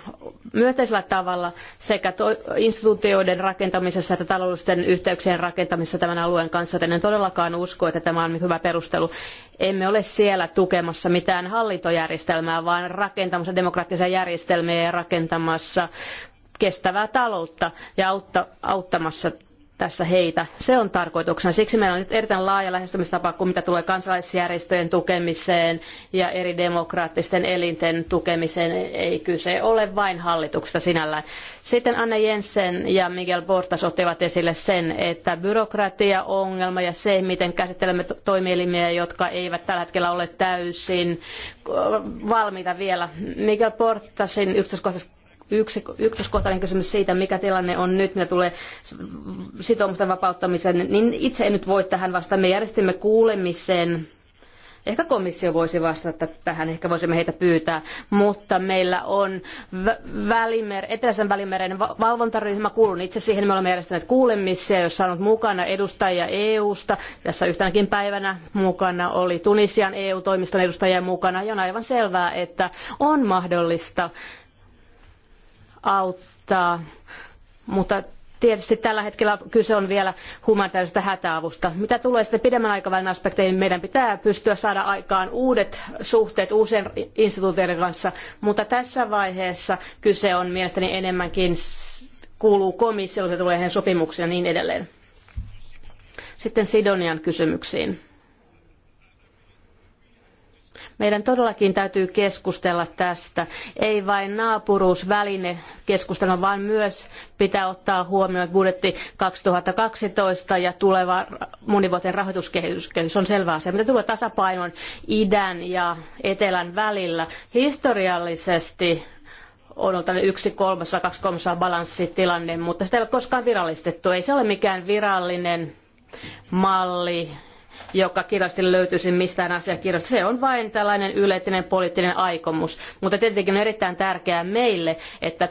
myönteisellä tavalla sekä instituutioiden rakentamisessa että taloudellisten yhteyksien rakentamisessa tämän alueen kanssa, joten en todellakaan usko, että tämä on hyvä perustelu. Emme ole siellä tukemassa mitään hallintojärjestelmää, vaan rakentamassa demokraattisia järjestelmiä ja rakentamassa kestävää taloutta ja auttamassa tässä heitä. Se on tarkoituksena. Siksi meillä on nyt erittäin laaja lähestymistapa, kun mitä tulee kansalaisjärjestöjen tukemiseen ja eri demokraattisten elinten tukemiseen. Ei kyse ole vain hallituksesta sinällään. Sitten Anne Jensen ja Miguel Portas ottivat esille sen, että byrokratiaongelma ja se, miten käsittelemme toimielimiä, jotka eivät tällä hetkellä ole täysin valmiita vielä. Miguel Portasin yksityiskohtaisessa yksi, yksityiskohtainen kysymys siitä, mikä tilanne on nyt, mitä tulee sitoumusten vapauttamiseen, niin itse en nyt voi tähän vastata. Me järjestimme kuulemisen. Ehkä komissio voisi vastata tähän, ehkä voisimme heitä pyytää, mutta meillä on välimer, Eteläisen välimeren valvontaryhmä, kuulun itse siihen, me olemme järjestäneet kuulemisia, jossa on ollut mukana edustajia EU-sta. Tässä yhtenäkin päivänä mukana oli Tunisian EU-toimiston edustajia mukana, ja on aivan selvää, että on mahdollista auttaa. Mutta tietysti tällä hetkellä kyse on vielä humanitaarisesta hätäavusta. Mitä tulee sitten pidemmän aikavälin aspekteihin, meidän pitää pystyä saada aikaan uudet suhteet uusien instituutioiden kanssa, mutta tässä vaiheessa kyse on mielestäni enemmänkin kuuluu komissiolle, se tulee heidän sopimuksiin ja niin edelleen. Sitten Sidonian kysymyksiin. Meidän todellakin täytyy keskustella tästä. Ei vain naapuruusväline keskustella, vaan myös pitää ottaa huomioon budjetti 2012 ja tuleva monivuotinen rahoituskehys on selvä asia. Mitä tulee tasapainon idän ja etelän välillä? Historiallisesti on ollut tällainen yksi kolmasosa, kaksi kolmasosa balanssitilanne, mutta sitä ei ole koskaan virallistettu. Ei se ole mikään virallinen malli joka kirjallisesti löytyisi mistään asiakirjasta. Se on vain tällainen yleinen poliittinen aikomus. Mutta tietenkin on erittäin tärkeää meille, että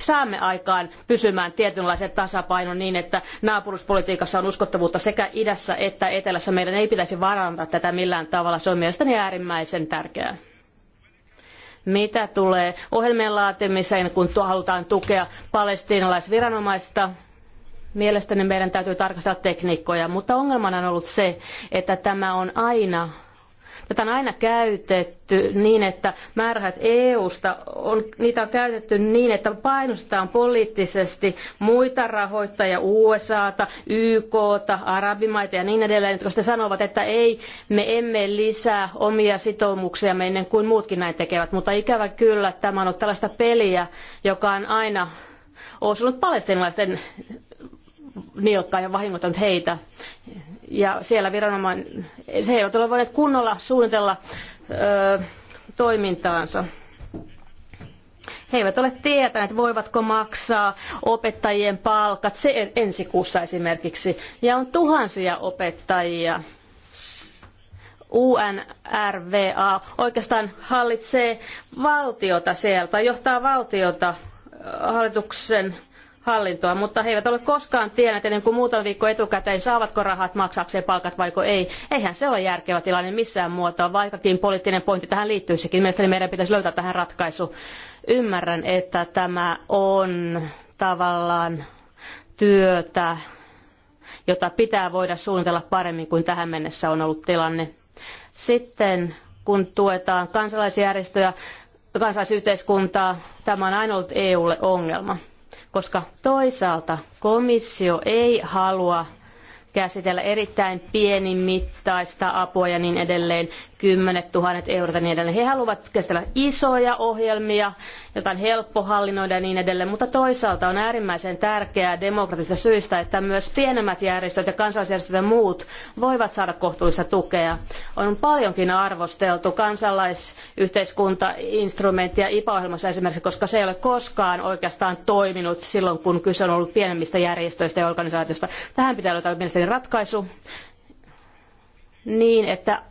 saamme aikaan pysymään tietynlaisen tasapainon niin, että naapuruspolitiikassa on uskottavuutta sekä idässä että etelässä. Meidän ei pitäisi varantaa tätä millään tavalla. Se on mielestäni äärimmäisen tärkeää mitä tulee ohjelmien laatimiseen, kun halutaan tukea palestiinalaisviranomaista. Mielestäni meidän täytyy tarkastella tekniikkoja, mutta ongelmana on ollut se, että tämä on aina Tätä on aina käytetty niin, että määrät EU-sta on, niitä on käytetty niin, että painostetaan poliittisesti muita rahoittajia, USAta, YKta, arabimaita ja niin edelleen, jotka sitten sanovat, että ei, me emme lisää omia sitoumuksia ennen kuin muutkin näin tekevät. Mutta ikävä kyllä tämä on ollut tällaista peliä, joka on aina osunut palestinalaisten nilkkaan ja vahingoittanut heitä. Ja siellä viranomainen, se eivät ole voineet kunnolla suunnitella ö, toimintaansa. He eivät ole tietäneet, voivatko maksaa opettajien palkat se ensi kuussa esimerkiksi. Ja on tuhansia opettajia. UNRWA oikeastaan hallitsee valtiota siellä tai johtaa valtiota hallituksen hallintoa, mutta he eivät ole koskaan tienneet ennen kuin muutama viikko etukäteen, saavatko rahat maksakseen palkat vai ei. Eihän se ole järkevä tilanne missään muotoa, vaikkakin poliittinen pointti tähän liittyisikin. Mielestäni meidän pitäisi löytää tähän ratkaisu. Ymmärrän, että tämä on tavallaan työtä, jota pitää voida suunnitella paremmin kuin tähän mennessä on ollut tilanne. Sitten kun tuetaan kansalaisjärjestöjä, kansalaisyhteiskuntaa, tämä on aina ollut EUlle ongelma koska toisaalta komissio ei halua käsitellä erittäin pienimittaista apua ja niin edelleen, kymmenet tuhannet eurot ja niin edelleen. He haluavat käsitellä isoja ohjelmia, jotain helppo hallinnoida ja niin edelleen, mutta toisaalta on äärimmäisen tärkeää demokratista syistä, että myös pienemmät järjestöt ja kansalaisjärjestöt ja muut voivat saada kohtuullista tukea. On paljonkin arvosteltu kansalaisyhteiskuntainstrumenttia IPA-ohjelmassa esimerkiksi, koska se ei ole koskaan oikeastaan toiminut silloin, kun kyse on ollut pienemmistä järjestöistä ja organisaatioista. Tähän pitää löytää mielestäni ratkaisu niin, että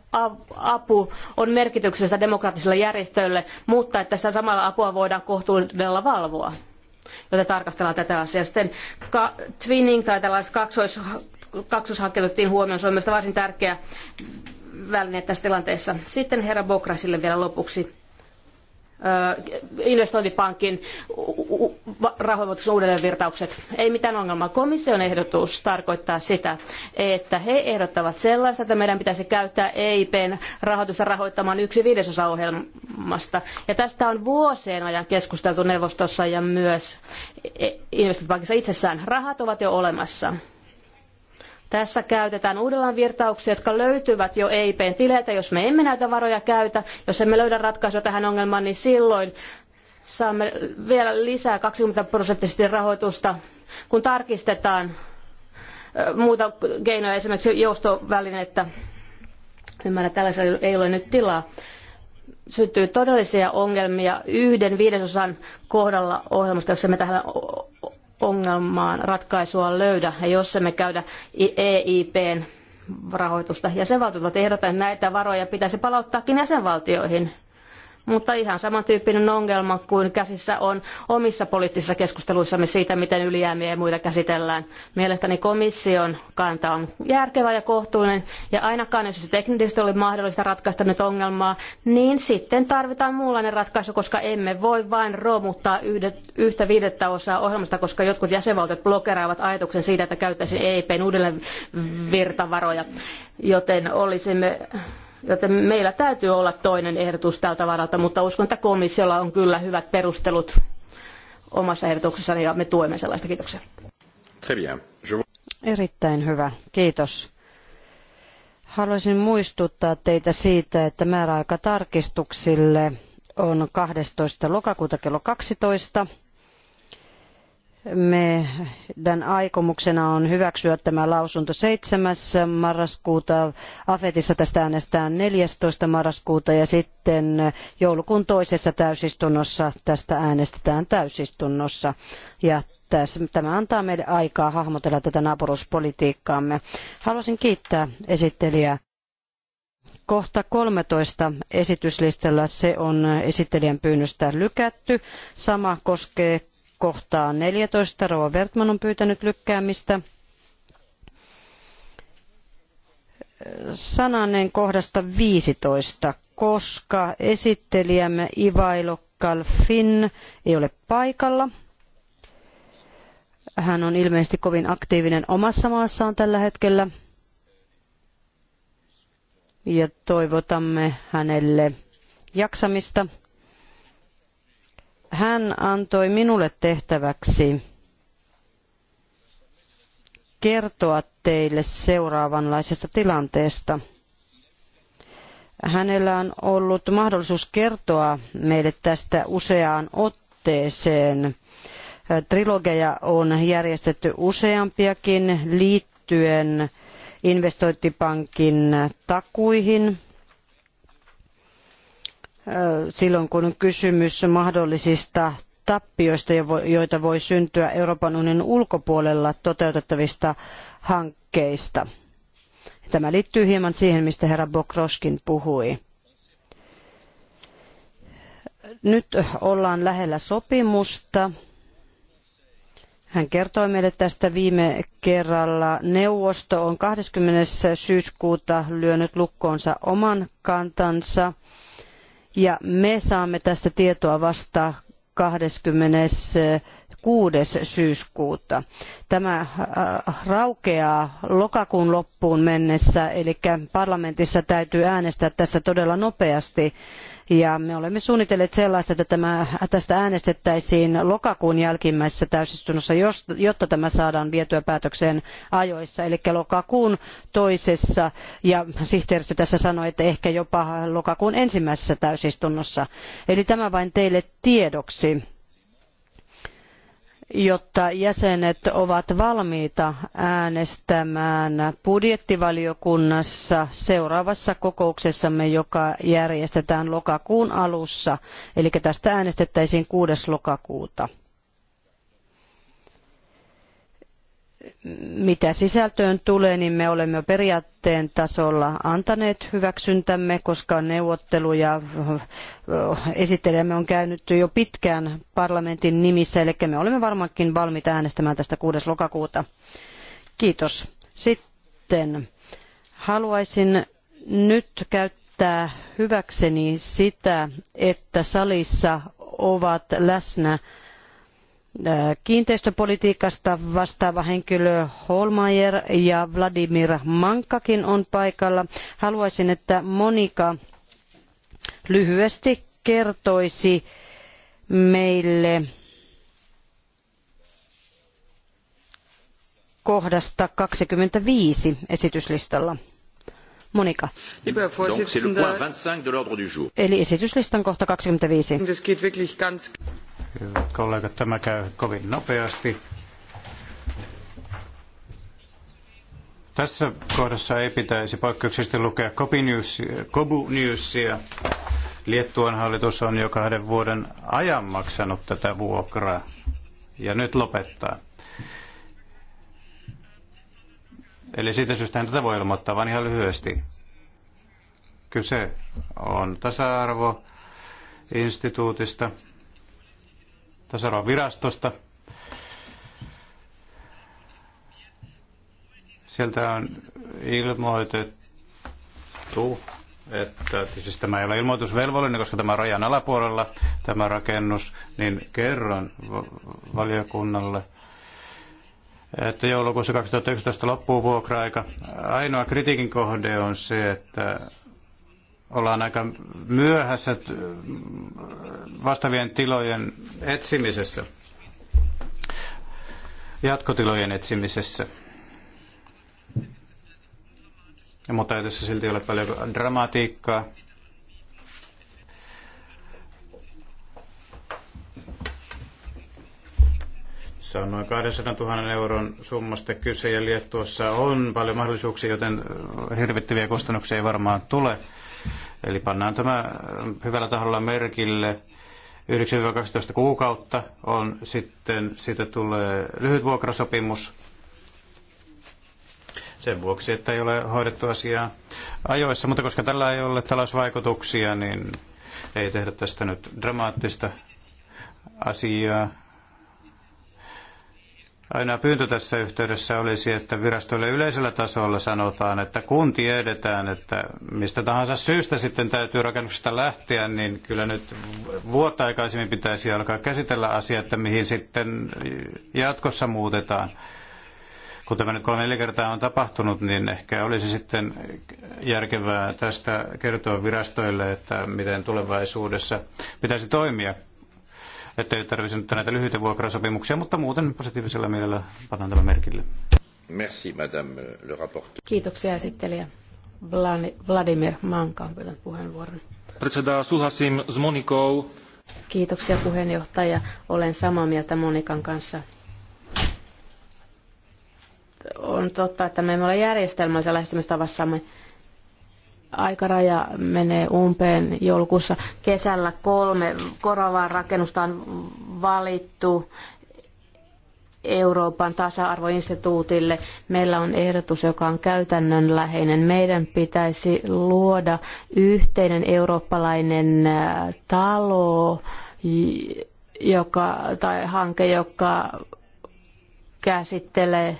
apu on merkityksellistä demokraattiselle järjestölle, mutta että sitä samalla apua voidaan kohtuudella valvoa. Joten tarkastellaan tätä asiaa. Sitten twinning tai tällaiset kaksois, otettiin huomioon. Se on mielestäni varsin tärkeä väline tässä tilanteessa. Sitten herra Bokrasille vielä lopuksi investointipankin rahoituksen uudelleenvirtaukset. Ei mitään ongelmaa. Komission ehdotus tarkoittaa sitä, että he ehdottavat sellaista, että meidän pitäisi käyttää EIPn rahoitusta rahoittamaan yksi viidesosa ohjelmasta. Ja tästä on vuosien ajan keskusteltu neuvostossa ja myös e, investointipankissa itsessään. Rahat ovat jo olemassa. Tässä käytetään uudelleenvirtauksia, jotka löytyvät jo EIPn tileiltä. Jos me emme näitä varoja käytä, jos emme löydä ratkaisua tähän ongelmaan, niin silloin saamme vielä lisää 20 prosenttisesti rahoitusta, kun tarkistetaan muuta keinoja, esimerkiksi joustovälinettä. Ymmärrän, tällaisella ei ole nyt tilaa. Syntyy todellisia ongelmia yhden viidesosan kohdalla ohjelmasta, jos emme tähän ongelmaan ratkaisua löydä, ja jos emme käydä EIPn rahoitusta. Jäsenvaltiot ehdottaneet, että näitä varoja pitäisi palauttaakin jäsenvaltioihin mutta ihan samantyyppinen ongelma kuin käsissä on omissa poliittisissa keskusteluissamme siitä, miten ylijäämiä ja muita käsitellään. Mielestäni komission kanta on järkevä ja kohtuullinen, ja ainakaan jos se teknisesti oli mahdollista ratkaista nyt ongelmaa, niin sitten tarvitaan muunlainen ratkaisu, koska emme voi vain romuttaa yhdet, yhtä viidettä osaa ohjelmasta, koska jotkut jäsenvaltiot blokeraavat ajatuksen siitä, että käyttäisiin EIPn uudelleen virtavaroja, joten olisimme Joten meillä täytyy olla toinen ehdotus tältä varalta, mutta uskon, että komissiolla on kyllä hyvät perustelut omassa ehdotuksessaan ja me tuemme sellaista. Kiitoksia. Erittäin hyvä. Kiitos. Haluaisin muistuttaa teitä siitä, että määräaika tarkistuksille on 12. lokakuuta kello 12. Meidän aikomuksena on hyväksyä tämä lausunto 7. marraskuuta. Afetissa tästä äänestetään 14. marraskuuta ja sitten joulukuun toisessa täysistunnossa tästä äänestetään täysistunnossa. Ja Tämä antaa meille aikaa hahmotella tätä naapuruspolitiikkaamme. Haluaisin kiittää esittelijää. Kohta 13 esityslistalla se on esittelijän pyynnöstä lykätty. Sama koskee kohtaa 14. Rova Bertman on pyytänyt lykkäämistä. Sananen kohdasta 15, koska esittelijämme Ivailo Kalfin ei ole paikalla. Hän on ilmeisesti kovin aktiivinen omassa maassaan tällä hetkellä. Ja toivotamme hänelle jaksamista hän antoi minulle tehtäväksi kertoa teille seuraavanlaisesta tilanteesta. Hänellä on ollut mahdollisuus kertoa meille tästä useaan otteeseen. Trilogeja on järjestetty useampiakin liittyen investointipankin takuihin silloin, kun on kysymys mahdollisista tappioista, joita voi syntyä Euroopan unionin ulkopuolella toteutettavista hankkeista. Tämä liittyy hieman siihen, mistä herra Bokroskin puhui. Nyt ollaan lähellä sopimusta. Hän kertoi meille tästä viime kerralla. Neuvosto on 20. syyskuuta lyönyt lukkoonsa oman kantansa ja me saamme tästä tietoa vasta 26. syyskuuta. Tämä äh, raukeaa lokakuun loppuun mennessä, eli parlamentissa täytyy äänestää tästä todella nopeasti ja me olemme suunnitelleet sellaista, että tämä, tästä äänestettäisiin lokakuun jälkimmäisessä täysistunnossa, jotta tämä saadaan vietyä päätökseen ajoissa, eli lokakuun toisessa. Ja sihteeristö tässä sanoi, että ehkä jopa lokakuun ensimmäisessä täysistunnossa. Eli tämä vain teille tiedoksi jotta jäsenet ovat valmiita äänestämään budjettivaliokunnassa seuraavassa kokouksessamme, joka järjestetään lokakuun alussa. Eli tästä äänestettäisiin 6. lokakuuta. mitä sisältöön tulee, niin me olemme periaatteen tasolla antaneet hyväksyntämme, koska neuvotteluja eh, esittelemme on käynyt jo pitkään parlamentin nimissä, eli me olemme varmaankin valmiita äänestämään tästä 6. lokakuuta. Kiitos. Sitten haluaisin nyt käyttää hyväkseni sitä, että salissa ovat läsnä Äh, kiinteistöpolitiikasta vastaava henkilö Holmeier ja Vladimir Mankakin on paikalla. Haluaisin, että Monika lyhyesti kertoisi meille kohdasta 25 esityslistalla. Monika. Eh Eli esityslistan kohta 25. Hyvät kollegat, tämä käy kovin nopeasti. Tässä kohdassa ei pitäisi poikkeuksellisesti lukea Kobu Newsia. Liettuan hallitus on jo kahden vuoden ajan maksanut tätä vuokraa ja nyt lopettaa. Eli siitä syystä tätä voi ilmoittaa vain ihan lyhyesti. Kyse on tasa-arvo instituutista, tasa-arvovirastosta. Sieltä on ilmoitettu, että siis tämä ei ole ilmoitusvelvollinen, koska tämä rajan alapuolella tämä rakennus, niin kerron valiokunnalle, että joulukuussa 2011 loppuu vuokra-aika. Ainoa kritiikin kohde on se, että ollaan aika myöhässä vastaavien tilojen etsimisessä, jatkotilojen etsimisessä. Ja, mutta ei tässä silti ole paljon dramatiikkaa. Se on noin 200 000 euron summasta kyse ja Liettuossa on paljon mahdollisuuksia, joten hirvittäviä kustannuksia ei varmaan tule. Eli pannaan tämä hyvällä taholla merkille. 9-12 kuukautta on sitten, siitä tulee lyhyt vuokrasopimus sen vuoksi, että ei ole hoidettu asiaa ajoissa, mutta koska tällä ei ole talousvaikutuksia, niin ei tehdä tästä nyt dramaattista asiaa. Aina pyyntö tässä yhteydessä olisi, että virastoille yleisellä tasolla sanotaan, että kun tiedetään, että mistä tahansa syystä sitten täytyy rakennuksesta lähteä, niin kyllä nyt vuotta aikaisemmin pitäisi alkaa käsitellä asiaa, että mihin sitten jatkossa muutetaan. Kun tämä nyt kolme neljä kertaa on tapahtunut, niin ehkä olisi sitten järkevää tästä kertoa virastoille, että miten tulevaisuudessa pitäisi toimia ei tarvitsisi nyt näitä lyhyitä vuokrasopimuksia, mutta muuten positiivisella mielellä pannaan tämä merkille. Merci, madame le rapporteur. Kiitoksia esittelijä. Vladimir Manka on pyytänyt puheenvuoron. z Monikou. Kiitoksia puheenjohtaja. Olen samaa mieltä Monikan kanssa. On totta, että me emme ole järjestelmällisellä lähestymistavassamme aikaraja menee umpeen joulukuussa. Kesällä kolme korvaavaa rakennusta on valittu Euroopan tasa-arvoinstituutille. Meillä on ehdotus, joka on käytännönläheinen. Meidän pitäisi luoda yhteinen eurooppalainen äh, talo joka, tai hanke, joka käsittelee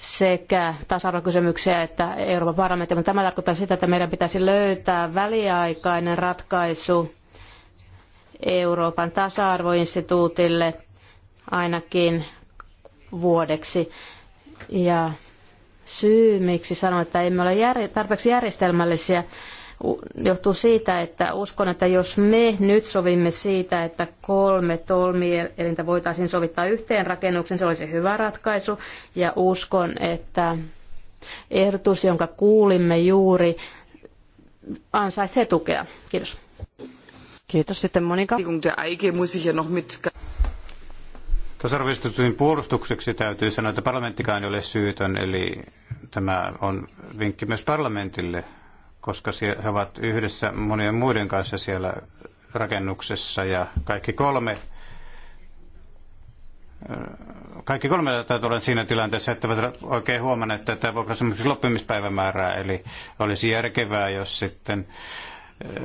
sekä tasa-arvokysymyksiä että Euroopan parlamentti. Mutta tämä tarkoittaa sitä, että meidän pitäisi löytää väliaikainen ratkaisu Euroopan tasa-arvoinstituutille ainakin vuodeksi. Ja syy, miksi sanon, että emme ole tarpeeksi järjestelmällisiä, johtuu siitä, että uskon, että jos me nyt sovimme siitä, että kolme tolmielintä voitaisiin sovittaa yhteen rakennuksen, se olisi hyvä ratkaisu. Ja uskon, että ehdotus, jonka kuulimme juuri, ansaitsee tukea. Kiitos. Kiitos sitten Monika. tasa puolustukseksi täytyy sanoa, että parlamenttikaan ei ole syytön, eli tämä on vinkki myös parlamentille koska he ovat yhdessä monien muiden kanssa siellä rakennuksessa ja kaikki kolme kaikki kolme taitaa olla siinä tilanteessa, että ovat oikein huomanneet tätä vuokrasopimuksen loppumispäivämäärää, eli olisi järkevää, jos sitten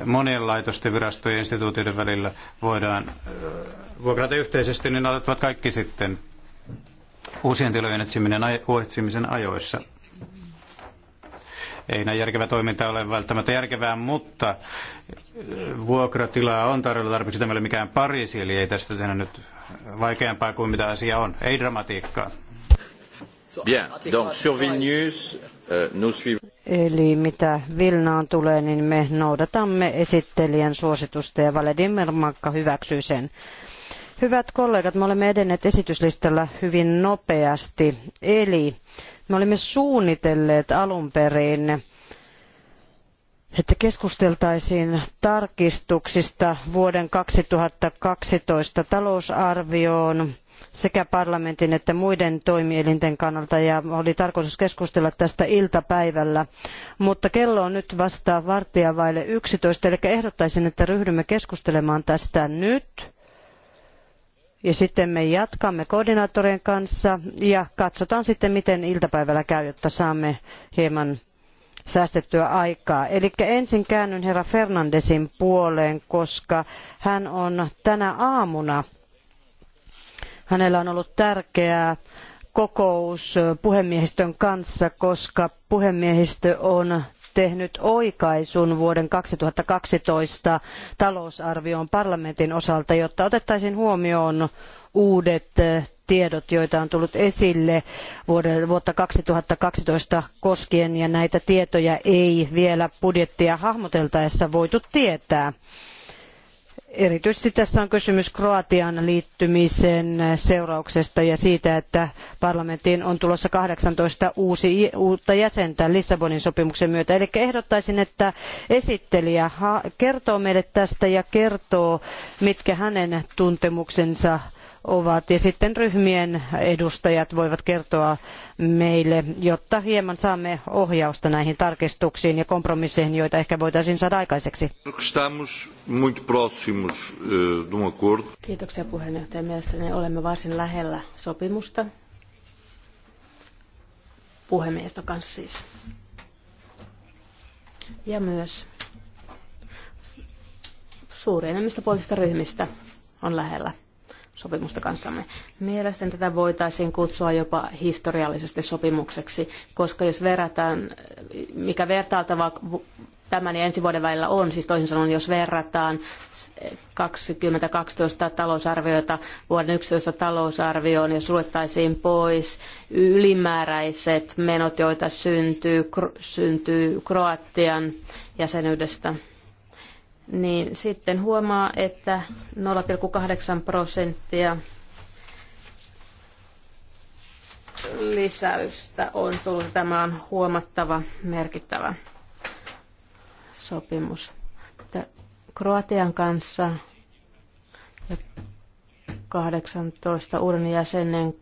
monien laitosten, virastojen ja instituutioiden välillä voidaan vuokrata yhteisesti, niin aloittavat kaikki sitten uusien tilojen etsiminen, etsimisen ajoissa. Ei näin järkevä toiminta ole välttämättä järkevää, mutta äh, vuokratilaa on tarjolla tarpeeksi. Tämä mikään Pariisi, eli ei tästä tehdä nyt vaikeampaa kuin mitä asia on. Ei dramatiikkaa. Bien, donc sur Vilnius, euh, nous suivons. Eli mitä Vilnaan tulee, niin me noudatamme esittelijän suositusta ja Vladimir Makka hyväksyy sen. Hyvät kollegat, me olemme edenneet esityslistalla hyvin nopeasti. Eli me olimme suunnitelleet alun perin, että keskusteltaisiin tarkistuksista vuoden 2012 talousarvioon sekä parlamentin että muiden toimielinten kannalta ja oli tarkoitus keskustella tästä iltapäivällä. Mutta kello on nyt vasta varttia vaille 11, eli ehdottaisin, että ryhdymme keskustelemaan tästä nyt ja sitten me jatkamme koordinaattorien kanssa ja katsotaan sitten, miten iltapäivällä käy, jotta saamme hieman säästettyä aikaa. Eli ensin käännyn herra Fernandesin puoleen, koska hän on tänä aamuna Hänellä on ollut tärkeää kokous puhemiehistön kanssa, koska puhemiehistö on tehnyt oikaisun vuoden 2012 talousarvioon parlamentin osalta, jotta otettaisiin huomioon uudet tiedot, joita on tullut esille vuotta 2012 koskien, ja näitä tietoja ei vielä budjettia hahmoteltaessa voitu tietää. Erityisesti tässä on kysymys Kroatian liittymisen seurauksesta ja siitä, että parlamenttiin on tulossa 18 uusi, uutta jäsentä Lissabonin sopimuksen myötä. Eli ehdottaisin, että esittelijä kertoo meille tästä ja kertoo, mitkä hänen tuntemuksensa ovat. Ja sitten ryhmien edustajat voivat kertoa meille, jotta hieman saamme ohjausta näihin tarkistuksiin ja kompromisseihin, joita ehkä voitaisiin saada aikaiseksi. Eh, um Kiitoksia puheenjohtaja. Mielestäni olemme varsin lähellä sopimusta puhemiestön kanssa siis. Ja myös suuri enemmistö puolista ryhmistä on lähellä sopimusta kanssamme. Mielestäni tätä voitaisiin kutsua jopa historiallisesti sopimukseksi, koska jos verrataan, mikä vertailtava, tämän ja ensi vuoden välillä on, siis toisin sanoen jos verrataan 2012 talousarvioita vuoden 11 talousarvioon ja suljettaisiin pois ylimääräiset menot, joita syntyy, syntyy Kroatian jäsenyydestä niin sitten huomaa, että 0,8 prosenttia lisäystä on tullut. Tämä on huomattava, merkittävä sopimus. Kroatian kanssa 18 uuden jäsenen,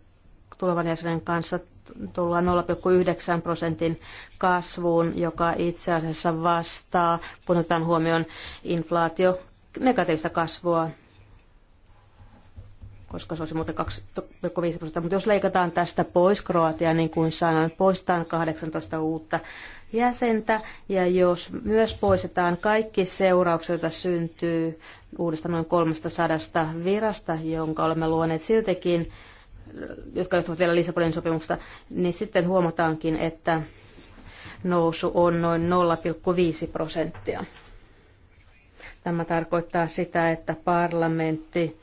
tulevan jäsenen kanssa tullaan 0,9 prosentin kasvuun, joka itse asiassa vastaa, kun otetaan huomioon inflaatio, negatiivista kasvua, koska se olisi muuten 2,5 prosenttia. Mutta jos leikataan tästä pois Kroatia, niin kuin sanoin, poistetaan 18 uutta jäsentä. Ja jos myös poistetaan kaikki seuraukset, joita syntyy uudesta noin 300 virasta, jonka olemme luoneet siltikin, jotka johtuvat vielä Lissabonin sopimusta, niin sitten huomataankin, että nousu on noin 0,5 prosenttia. Tämä tarkoittaa sitä, että parlamentti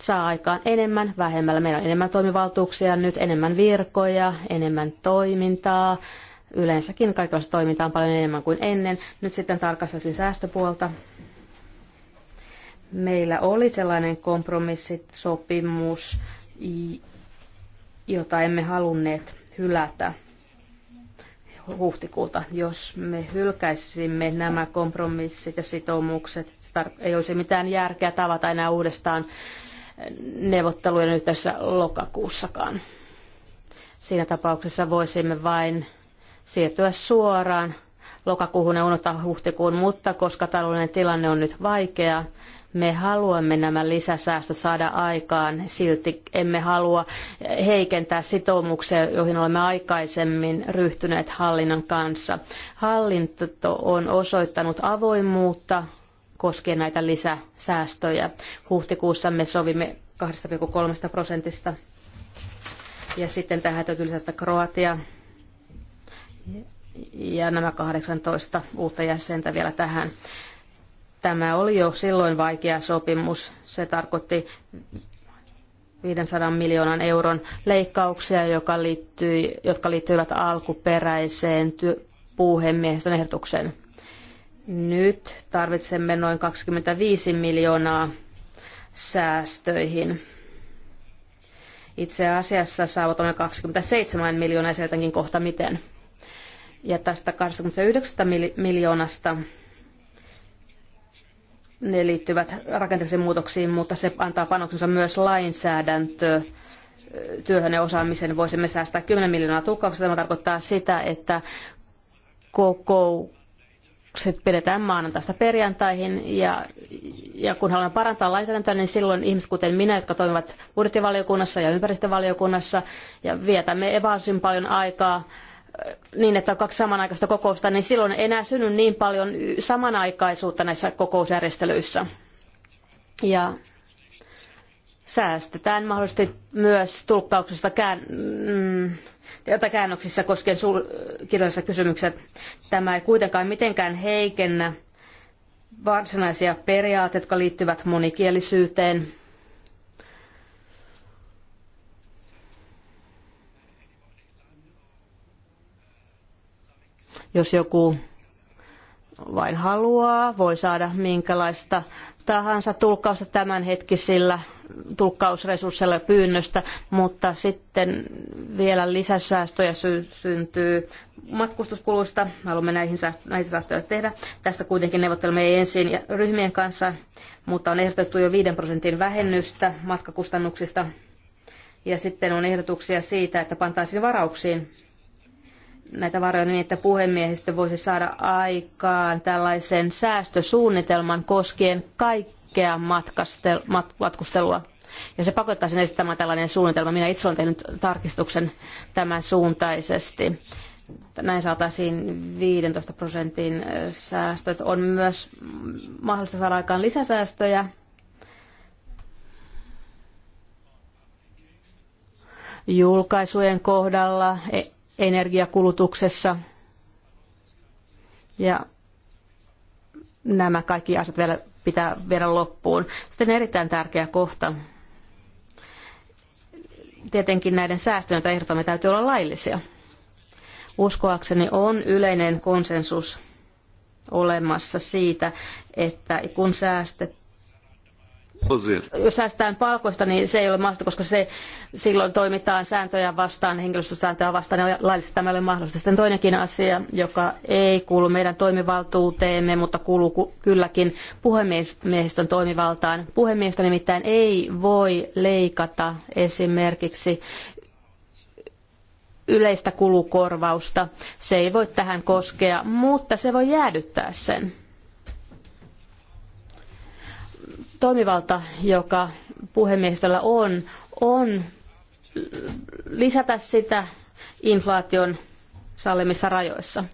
saa aikaan enemmän vähemmällä. Meillä on enemmän toimivaltuuksia nyt, enemmän virkoja, enemmän toimintaa. Yleensäkin kaikenlaista toimintaa on paljon enemmän kuin ennen. Nyt sitten tarkastaisin säästöpuolta. Meillä oli sellainen kompromissisopimus, jota emme halunneet hylätä huhtikuuta. Jos me hylkäisimme nämä kompromissit ja sitoumukset, ei olisi mitään järkeä tavata enää uudestaan nyt tässä lokakuussakaan. Siinä tapauksessa voisimme vain siirtyä suoraan lokakuuhun ja unohtaa huhtikuun, mutta koska taloudellinen tilanne on nyt vaikea, me haluamme nämä lisäsäästöt saada aikaan, silti emme halua heikentää sitoumuksia, joihin olemme aikaisemmin ryhtyneet hallinnon kanssa. Hallinto on osoittanut avoimuutta koskien näitä lisäsäästöjä. Huhtikuussa me sovimme 2,3 prosentista. Ja sitten tähän täytyy lisätä Kroatia ja nämä 18 uutta jäsentä vielä tähän. Tämä oli jo silloin vaikea sopimus. Se tarkoitti 500 miljoonan euron leikkauksia, joka liittyi, jotka liittyivät alkuperäiseen ty- puuhemiehistön ehdotukseen. Nyt tarvitsemme noin 25 miljoonaa säästöihin. Itse asiassa saavutamme 27 miljoonaa, sieltäkin kohta miten. Ja tästä 29 miljoonasta ne liittyvät rakenteellisiin muutoksiin, mutta se antaa panoksensa myös lainsäädäntöön työhön ja osaamisen. Voisimme säästää 10 miljoonaa tulkkauksesta. Tämä tarkoittaa sitä, että kokoukset pidetään maanantaista perjantaihin ja, ja kun haluamme parantaa lainsäädäntöä, niin silloin ihmiset kuten minä, jotka toimivat budjettivaliokunnassa ja ympäristövaliokunnassa ja vietämme varsin paljon aikaa niin, että on kaksi samanaikaista kokousta, niin silloin ei enää synny niin paljon samanaikaisuutta näissä kokousjärjestelyissä. Ja säästetään mahdollisesti myös tulkkauksesta kään, mm, käännöksissä koskien sul- kysymyksiä. Tämä ei kuitenkaan mitenkään heikennä varsinaisia periaatteita, jotka liittyvät monikielisyyteen Jos joku vain haluaa, voi saada minkälaista tahansa tulkkausta tämänhetkisillä tulkkausresursseilla pyynnöstä, mutta sitten vielä lisäsäästöjä sy- syntyy matkustuskuluista. Haluamme näihin säästö- säästöjä tehdä. Tästä kuitenkin neuvottelemme ensin ryhmien kanssa, mutta on ehdotettu jo 5 prosentin vähennystä matkakustannuksista. Ja sitten on ehdotuksia siitä, että pantaisiin varauksiin näitä varoja niin, että puhemiehistö voisi saada aikaan tällaisen säästösuunnitelman koskien kaikkea matkustelua. Ja se pakottaisi esittämään tällainen suunnitelma. Minä itse olen tehnyt tarkistuksen tämän suuntaisesti. Näin saataisiin 15 prosentin säästöt. On myös mahdollista saada aikaan lisäsäästöjä julkaisujen kohdalla, energiakulutuksessa. Ja nämä kaikki asiat vielä pitää viedä loppuun. Sitten erittäin tärkeä kohta. Tietenkin näiden säästöjen, joita ehdotamme, täytyy olla laillisia. Uskoakseni on yleinen konsensus olemassa siitä, että kun säästet jos säästetään palkoista, niin se ei ole mahdollista, koska se silloin toimitaan sääntöjä vastaan, henkilöstösääntöjä vastaan, ja laillisesti tämä ei ole mahdollista. Sitten toinenkin asia, joka ei kuulu meidän toimivaltuuteemme, mutta kuuluu kylläkin puhemiehistön toimivaltaan. Puhemiehistö nimittäin ei voi leikata esimerkiksi yleistä kulukorvausta. Se ei voi tähän koskea, mutta se voi jäädyttää sen. toimivalta, joka puhemiehistöllä on, on lisätä sitä inflaation sallimissa rajoissa.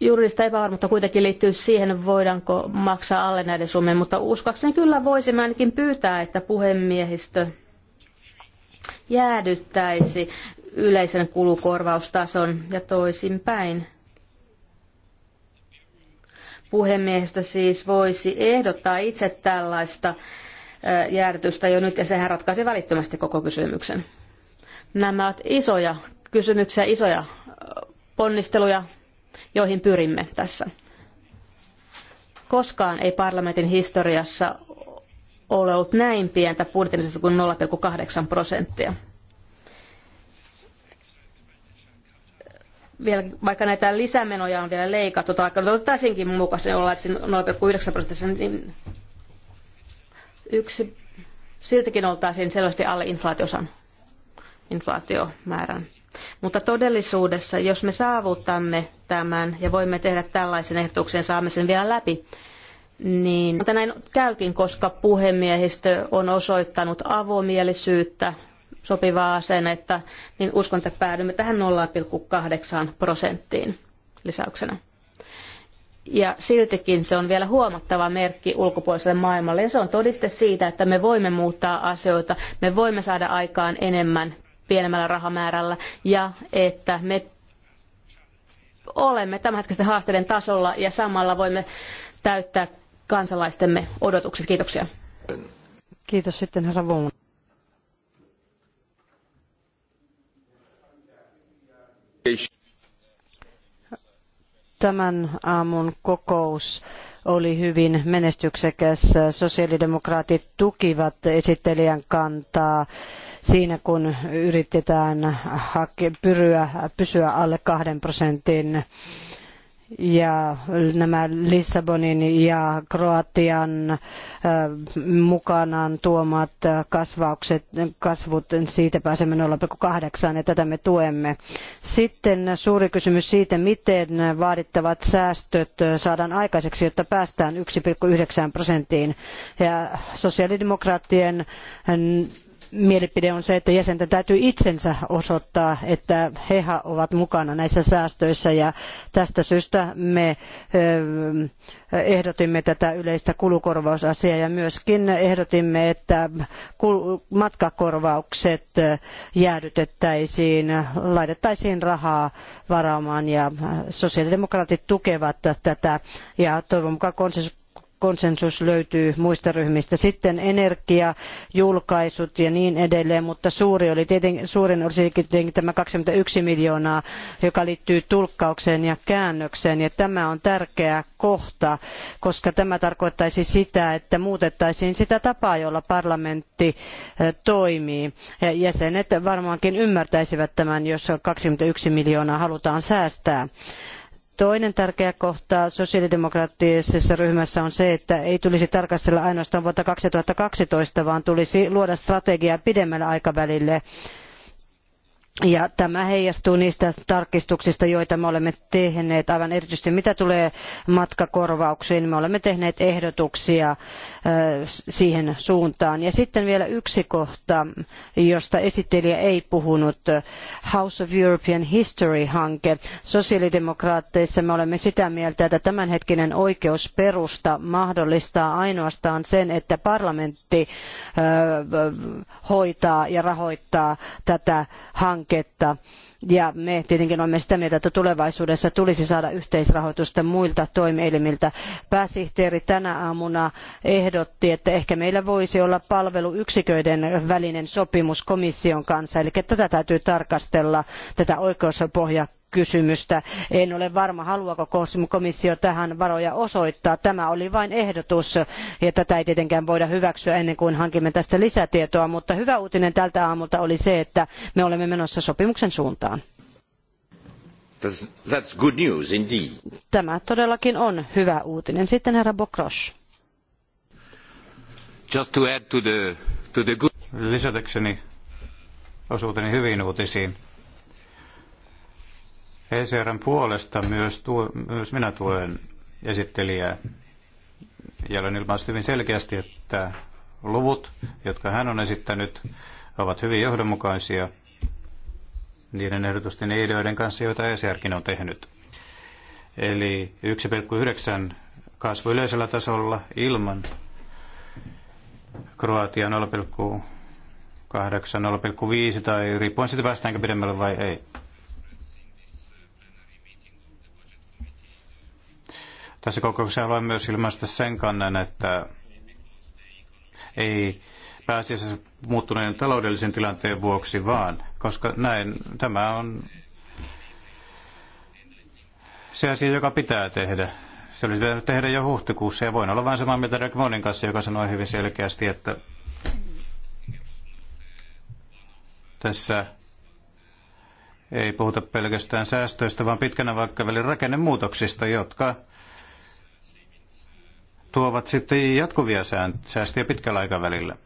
Juridista epävarmuutta kuitenkin liittyy siihen, voidaanko maksaa alle näiden summien, mutta uskoakseni kyllä voisimme ainakin pyytää, että puhemiehistö jäädyttäisi yleisen kulukorvaustason ja toisinpäin. Puhemiehistö siis voisi ehdottaa itse tällaista jäädytystä jo nyt, ja sehän ratkaisi välittömästi koko kysymyksen. Nämä ovat isoja kysymyksiä, isoja ponnisteluja, joihin pyrimme tässä. Koskaan ei parlamentin historiassa ole ollut näin pientä budjetissa kuin 0,8 prosenttia. vielä, vaikka näitä lisämenoja on vielä leikattu, tai otettaisiinkin mukaan se olla 0,9 prosentissa, niin yksi, siltikin oltaisiin selvästi alle inflaatiosan, inflaatiomäärän. Mutta todellisuudessa, jos me saavutamme tämän ja voimme tehdä tällaisen ehdotuksen, saamme sen vielä läpi, niin mutta näin käykin, koska puhemiehistö on osoittanut avomielisyyttä sopivaa asennetta, niin uskon, että päädymme tähän 0,8 prosenttiin lisäyksenä. Ja siltikin se on vielä huomattava merkki ulkopuoliselle maailmalle ja se on todiste siitä, että me voimme muuttaa asioita, me voimme saada aikaan enemmän pienemmällä rahamäärällä ja että me olemme tämänhetkisten haasteiden tasolla ja samalla voimme täyttää kansalaistemme odotukset. Kiitoksia. Kiitos sitten herra Vuon. Tämän aamun kokous oli hyvin menestyksekäs. Sosiaalidemokraatit tukivat esittelijän kantaa siinä, kun yritetään pysyä alle kahden prosentin ja nämä Lissabonin ja Kroatian mukanaan tuomat kasvaukset, kasvut, siitä pääsemme 0,8 ja tätä me tuemme. Sitten suuri kysymys siitä, miten vaadittavat säästöt saadaan aikaiseksi, jotta päästään 1,9 prosenttiin. Ja sosiaalidemokraattien mielipide on se, että jäsenten täytyy itsensä osoittaa, että he ovat mukana näissä säästöissä ja tästä syystä me ehdotimme tätä yleistä kulukorvausasiaa ja myöskin ehdotimme, että matkakorvaukset jäädytettäisiin, laitettaisiin rahaa varaamaan ja sosiaalidemokraatit tukevat tätä ja toivon mukaan konsensus konsensus löytyy muista ryhmistä. Sitten energia, julkaisut ja niin edelleen, mutta suuri oli tietenkin, suurin olisi tietenkin tämä 21 miljoonaa, joka liittyy tulkkaukseen ja käännökseen. Ja tämä on tärkeä kohta, koska tämä tarkoittaisi sitä, että muutettaisiin sitä tapaa, jolla parlamentti toimii. Ja jäsenet varmaankin ymmärtäisivät tämän, jos 21 miljoonaa halutaan säästää. Toinen tärkeä kohta sosiaalidemokraattisessa ryhmässä on se, että ei tulisi tarkastella ainoastaan vuotta 2012, vaan tulisi luoda strategia pidemmälle aikavälille ja tämä heijastuu niistä tarkistuksista, joita me olemme tehneet, aivan erityisesti mitä tulee matkakorvauksiin. Me olemme tehneet ehdotuksia siihen suuntaan. Ja sitten vielä yksi kohta, josta esittelijä ei puhunut, House of European History-hanke. Sosiaalidemokraatteissa me olemme sitä mieltä, että tämänhetkinen oikeusperusta mahdollistaa ainoastaan sen, että parlamentti hoitaa ja rahoittaa tätä hanketta hanketta. Ja me tietenkin olemme sitä mieltä, että tulevaisuudessa tulisi saada yhteisrahoitusta muilta toimielimiltä. Pääsihteeri tänä aamuna ehdotti, että ehkä meillä voisi olla palveluyksiköiden välinen sopimus komission kanssa. Eli tätä täytyy tarkastella, tätä oikeuspohjaa kysymystä. En ole varma, haluaako komissio tähän varoja osoittaa. Tämä oli vain ehdotus, ja tätä ei tietenkään voida hyväksyä ennen kuin hankimme tästä lisätietoa, mutta hyvä uutinen tältä aamulta oli se, että me olemme menossa sopimuksen suuntaan. That's good news indeed. Tämä todellakin on hyvä uutinen. Sitten herra Bokros. Just to add to the, to the good... Lisätäkseni osuuteni hyviin uutisiin ECRn puolesta myös, tuo, myös minä tuen esittelijää. Ja olen ilmaissut hyvin selkeästi, että luvut, jotka hän on esittänyt, ovat hyvin johdonmukaisia niiden ehdotusten ideoiden kanssa, joita ECRkin on tehnyt. Eli 1,9 kasvu yleisellä tasolla ilman Kroatia 0,8, 0,5 tai riippuen siitä päästäänkö pidemmälle vai ei. Tässä kokouksessa haluan myös ilmaista sen kannan, että ei pääasiassa muuttuneen taloudellisen tilanteen vuoksi vaan, koska näin tämä on se asia, joka pitää tehdä. Se olisi pitänyt tehdä jo huhtikuussa ja voin olla vain samaa mieltä Rick Monin kanssa, joka sanoi hyvin selkeästi, että tässä ei puhuta pelkästään säästöistä, vaan pitkänä vaikkavälin rakennemuutoksista, jotka tuovat sitten jatkuvia säästöjä pitkällä aikavälillä.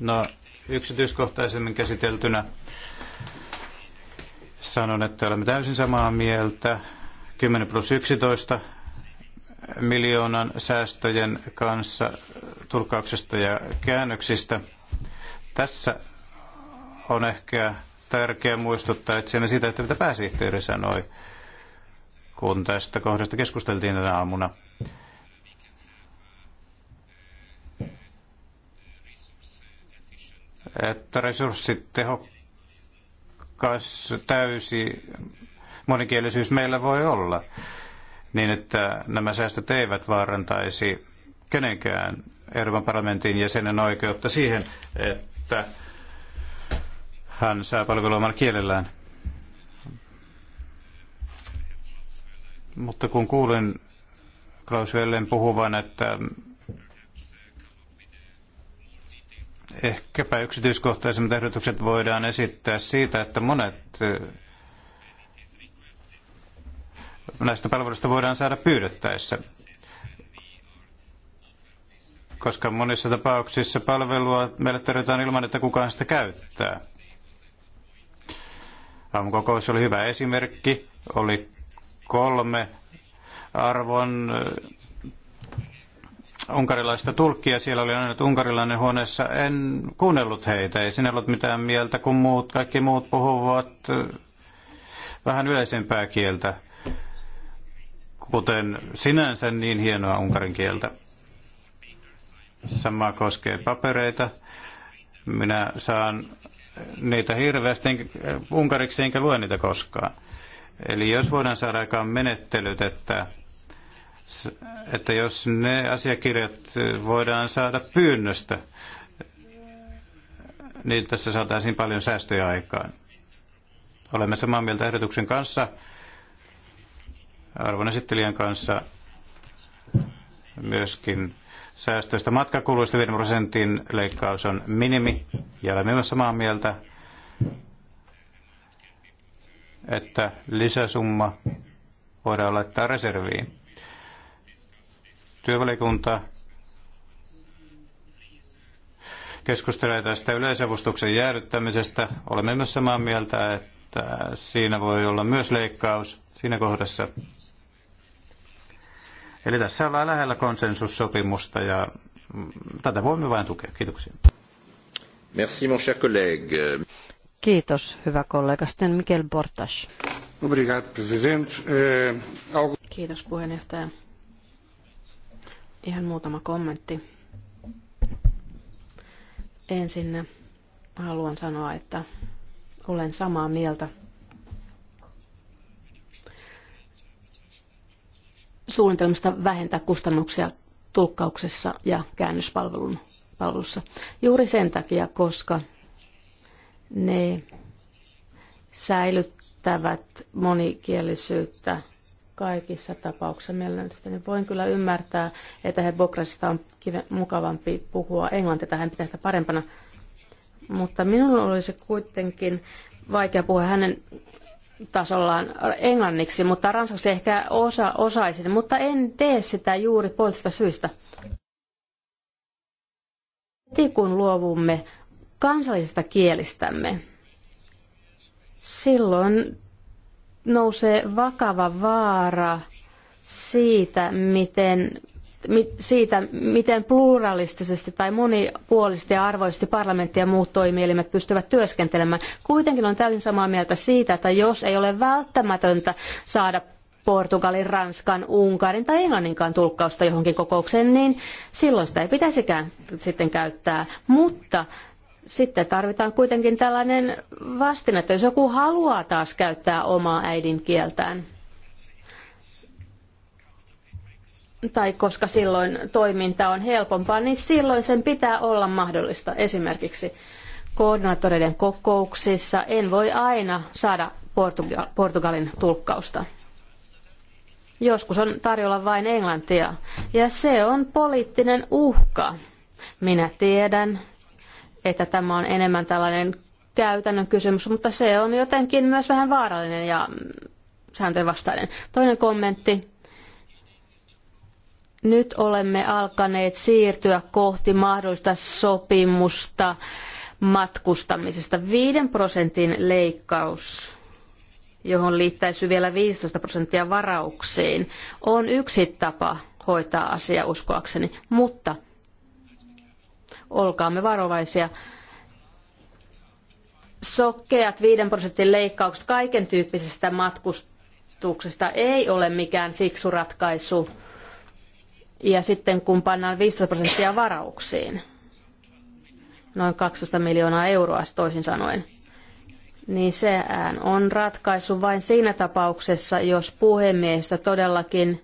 No, yksityiskohtaisemmin käsiteltynä sanon, että olemme täysin samaa mieltä 10 plus 11 miljoonan säästöjen kanssa tulkauksesta ja käännöksistä. Tässä on ehkä tärkeää muistuttaa itseäni siitä, että mitä pääsihteeri sanoi kun tästä kohdasta keskusteltiin tänä aamuna. Että resurssit resurssitehokas täysi monikielisyys meillä voi olla, niin että nämä säästöt eivät vaarantaisi kenenkään Euroopan parlamentin jäsenen oikeutta siihen, että hän saa palvelua omalla kielellään. Mutta kun kuulin Klaus Vellen puhuvan, että ehkäpä yksityiskohtaisemmat ehdotukset voidaan esittää siitä, että monet eh, näistä palveluista voidaan saada pyydettäessä. Koska monissa tapauksissa palvelua meille tarjotaan ilman, että kukaan sitä käyttää. Aamukokous oli hyvä esimerkki. Oli kolme arvon äh, unkarilaista tulkkia. Siellä oli aina unkarilainen huoneessa. En kuunnellut heitä. Ei siinä ollut mitään mieltä, kun muut, kaikki muut puhuvat äh, vähän yleisempää kieltä, kuten sinänsä niin hienoa unkarin kieltä. Sama koskee papereita. Minä saan niitä hirveästi unkariksi enkä lue niitä koskaan. Eli jos voidaan saada aikaan menettelyt, että, että jos ne asiakirjat voidaan saada pyynnöstä, niin tässä saataisiin paljon säästöjä aikaan. Olemme samaa mieltä ehdotuksen kanssa, arvon esittelijän kanssa, myöskin säästöistä matkakuluista 5 prosentin leikkaus on minimi, ja olemme myös samaa mieltä että lisäsumma voidaan laittaa reserviin. Työvaliokunta keskustelee tästä yleisavustuksen jäädyttämisestä. Olemme myös samaa mieltä, että siinä voi olla myös leikkaus siinä kohdassa. Eli tässä ollaan lähellä konsensussopimusta ja tätä voimme vain tukea. Kiitoksia. Merci mon cher collègue. Kiitos, hyvä kollega. Sitten Mikel Bortas. Eh, Kiitos, puheenjohtaja. Ihan muutama kommentti. Ensin haluan sanoa, että olen samaa mieltä suunnitelmista vähentää kustannuksia tulkkauksessa ja käännöspalvelussa. Juuri sen takia, koska ne säilyttävät monikielisyyttä kaikissa tapauksissa. Mielestäni voin kyllä ymmärtää, että he Bokrasista on mukavampi puhua englantia, tai hän pitää sitä parempana. Mutta minulla olisi kuitenkin vaikea puhua hänen tasollaan englanniksi, mutta ranskaksi ehkä osa, osaisin, mutta en tee sitä juuri poliittisesta syystä. Heti kun luovumme kansallisesta kielistämme, silloin nousee vakava vaara siitä, miten siitä, miten pluralistisesti tai monipuolisesti ja arvoisesti parlamentti ja muut toimielimet pystyvät työskentelemään. Kuitenkin on täysin samaa mieltä siitä, että jos ei ole välttämätöntä saada Portugalin, Ranskan, Unkarin tai Englanninkaan tulkkausta johonkin kokoukseen, niin silloin sitä ei pitäisikään sitten käyttää. Mutta sitten tarvitaan kuitenkin tällainen vastine, että jos joku haluaa taas käyttää omaa äidinkieltään, tai koska silloin toiminta on helpompaa, niin silloin sen pitää olla mahdollista. Esimerkiksi koordinaattoreiden kokouksissa en voi aina saada Portugalin tulkkausta. Joskus on tarjolla vain englantia, ja se on poliittinen uhka. Minä tiedän, että tämä on enemmän tällainen käytännön kysymys, mutta se on jotenkin myös vähän vaarallinen ja sääntöjen vastainen. Toinen kommentti. Nyt olemme alkaneet siirtyä kohti mahdollista sopimusta matkustamisesta. 5 prosentin leikkaus johon liittäisi vielä 15 prosenttia varauksiin, on yksi tapa hoitaa asia uskoakseni, mutta olkaamme varovaisia. Sokkeat 5 prosentin leikkaukset kaiken tyyppisestä matkustuksesta ei ole mikään fiksu ratkaisu. Ja sitten kun pannaan 15 prosenttia varauksiin, noin 200 miljoonaa euroa toisin sanoen, niin sehän on ratkaisu vain siinä tapauksessa, jos puhemiehistö todellakin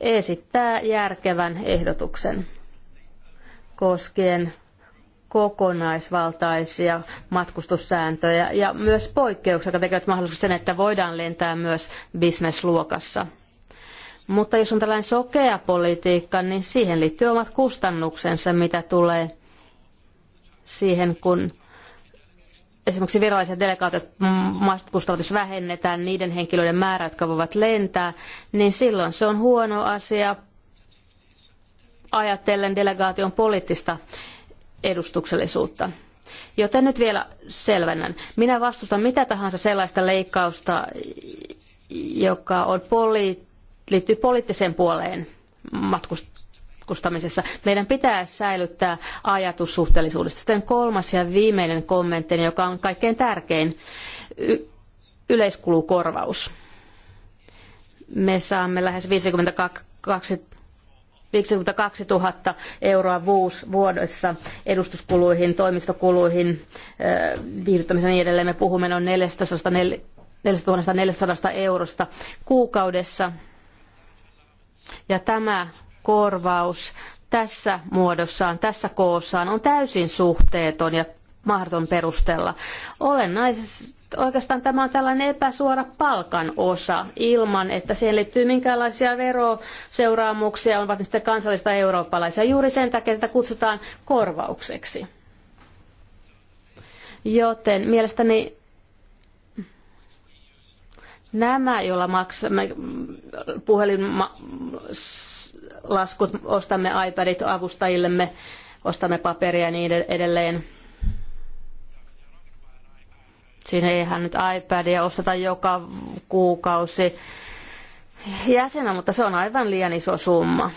esittää järkevän ehdotuksen koskien kokonaisvaltaisia matkustussääntöjä ja myös poikkeuksia, jotka tekevät mahdolliseksi sen, että voidaan lentää myös bisnesluokassa. Mutta jos on tällainen sokea politiikka, niin siihen liittyy omat kustannuksensa, mitä tulee siihen, kun esimerkiksi viralliset delegaatiot matkustavat, jos vähennetään niiden henkilöiden määrää, jotka voivat lentää, niin silloin se on huono asia ajatellen delegaation poliittista edustuksellisuutta. Joten nyt vielä selvennän. Minä vastustan mitä tahansa sellaista leikkausta, joka on poli- liittyy poliittiseen puoleen matkustamisessa. Meidän pitää säilyttää ajatus suhteellisuudesta. Sitten kolmas ja viimeinen kommentti, joka on kaikkein tärkein, y- yleiskulukorvaus. Me saamme lähes 52 52 000 euroa vuodessa edustuskuluihin, toimistokuluihin, viihdyttämiseen ja niin edelleen. Me puhumme noin 400, eurosta kuukaudessa. Ja tämä korvaus tässä muodossaan, tässä koossaan on täysin suhteeton ja mahdoton perustella. Olennaisesti Oikeastaan tämä on tällainen epäsuora palkan osa ilman, että siihen liittyy minkäänlaisia veroseuraamuksia, ovat ne sitten kansallista eurooppalaisia, juuri sen takia, että kutsutaan korvaukseksi. Joten mielestäni nämä, joilla maksamme puhelinlaskut, ostamme iPadit avustajillemme, ostamme paperia ja niin edelleen, Siinä ei hän nyt iPadia osteta joka kuukausi jäsenä, mutta se on aivan liian iso summa.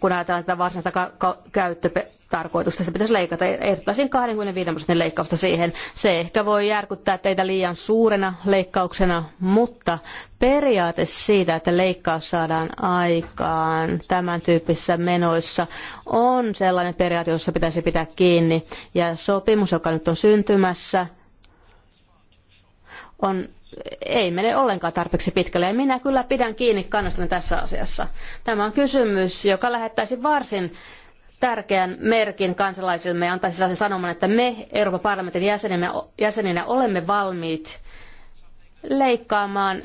Kun ajatellaan tätä varsinaista ka- ka- käyttötarkoitusta, se pitäisi leikata. Ehdottaisin 25 prosentin leikkausta siihen. Se ehkä voi järkyttää teitä liian suurena leikkauksena, mutta periaate siitä, että leikkaus saadaan aikaan tämän tyyppisissä menoissa, on sellainen periaate, jossa pitäisi pitää kiinni. Ja sopimus, joka nyt on syntymässä, on, ei mene ollenkaan tarpeeksi pitkälle. Ja minä kyllä pidän kiinni kannastani tässä asiassa. Tämä on kysymys, joka lähettäisi varsin tärkeän merkin kansalaisille ja antaisi sellaisen sanoman, että me Euroopan parlamentin jäseninä, jäseninä olemme valmiit leikkaamaan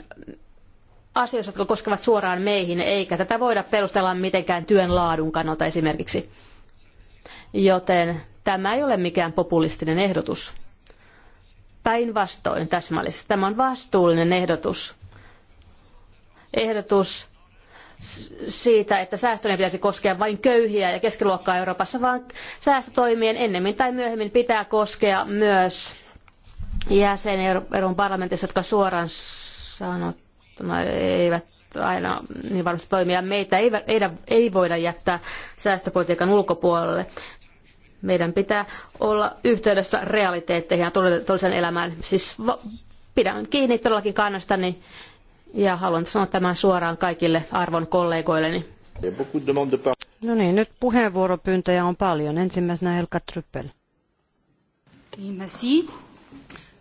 asioista, jotka koskevat suoraan meihin, eikä tätä voida perustella mitenkään työn laadun kannalta esimerkiksi. Joten tämä ei ole mikään populistinen ehdotus. Päinvastoin täsmällisesti. Tämä on vastuullinen ehdotus. Ehdotus siitä, että säästöjen pitäisi koskea vain köyhiä ja keskiluokkaa Euroopassa, vaan säästötoimien ennemmin tai myöhemmin pitää koskea myös jäseneron parlamentissa, jotka suoraan sanottuna eivät aina niin varmasti toimia. Meitä ei, ei, ei voida jättää säästöpolitiikan ulkopuolelle. Meidän pitää olla yhteydessä realiteetteihin ja todelliseen elämään. Siis pidän kiinni todellakin kannastani ja haluan sanoa tämän suoraan kaikille arvon kollegoilleni. No niin, nyt puheenvuoropyyntöjä on paljon. Ensimmäisenä Helka Tryppel.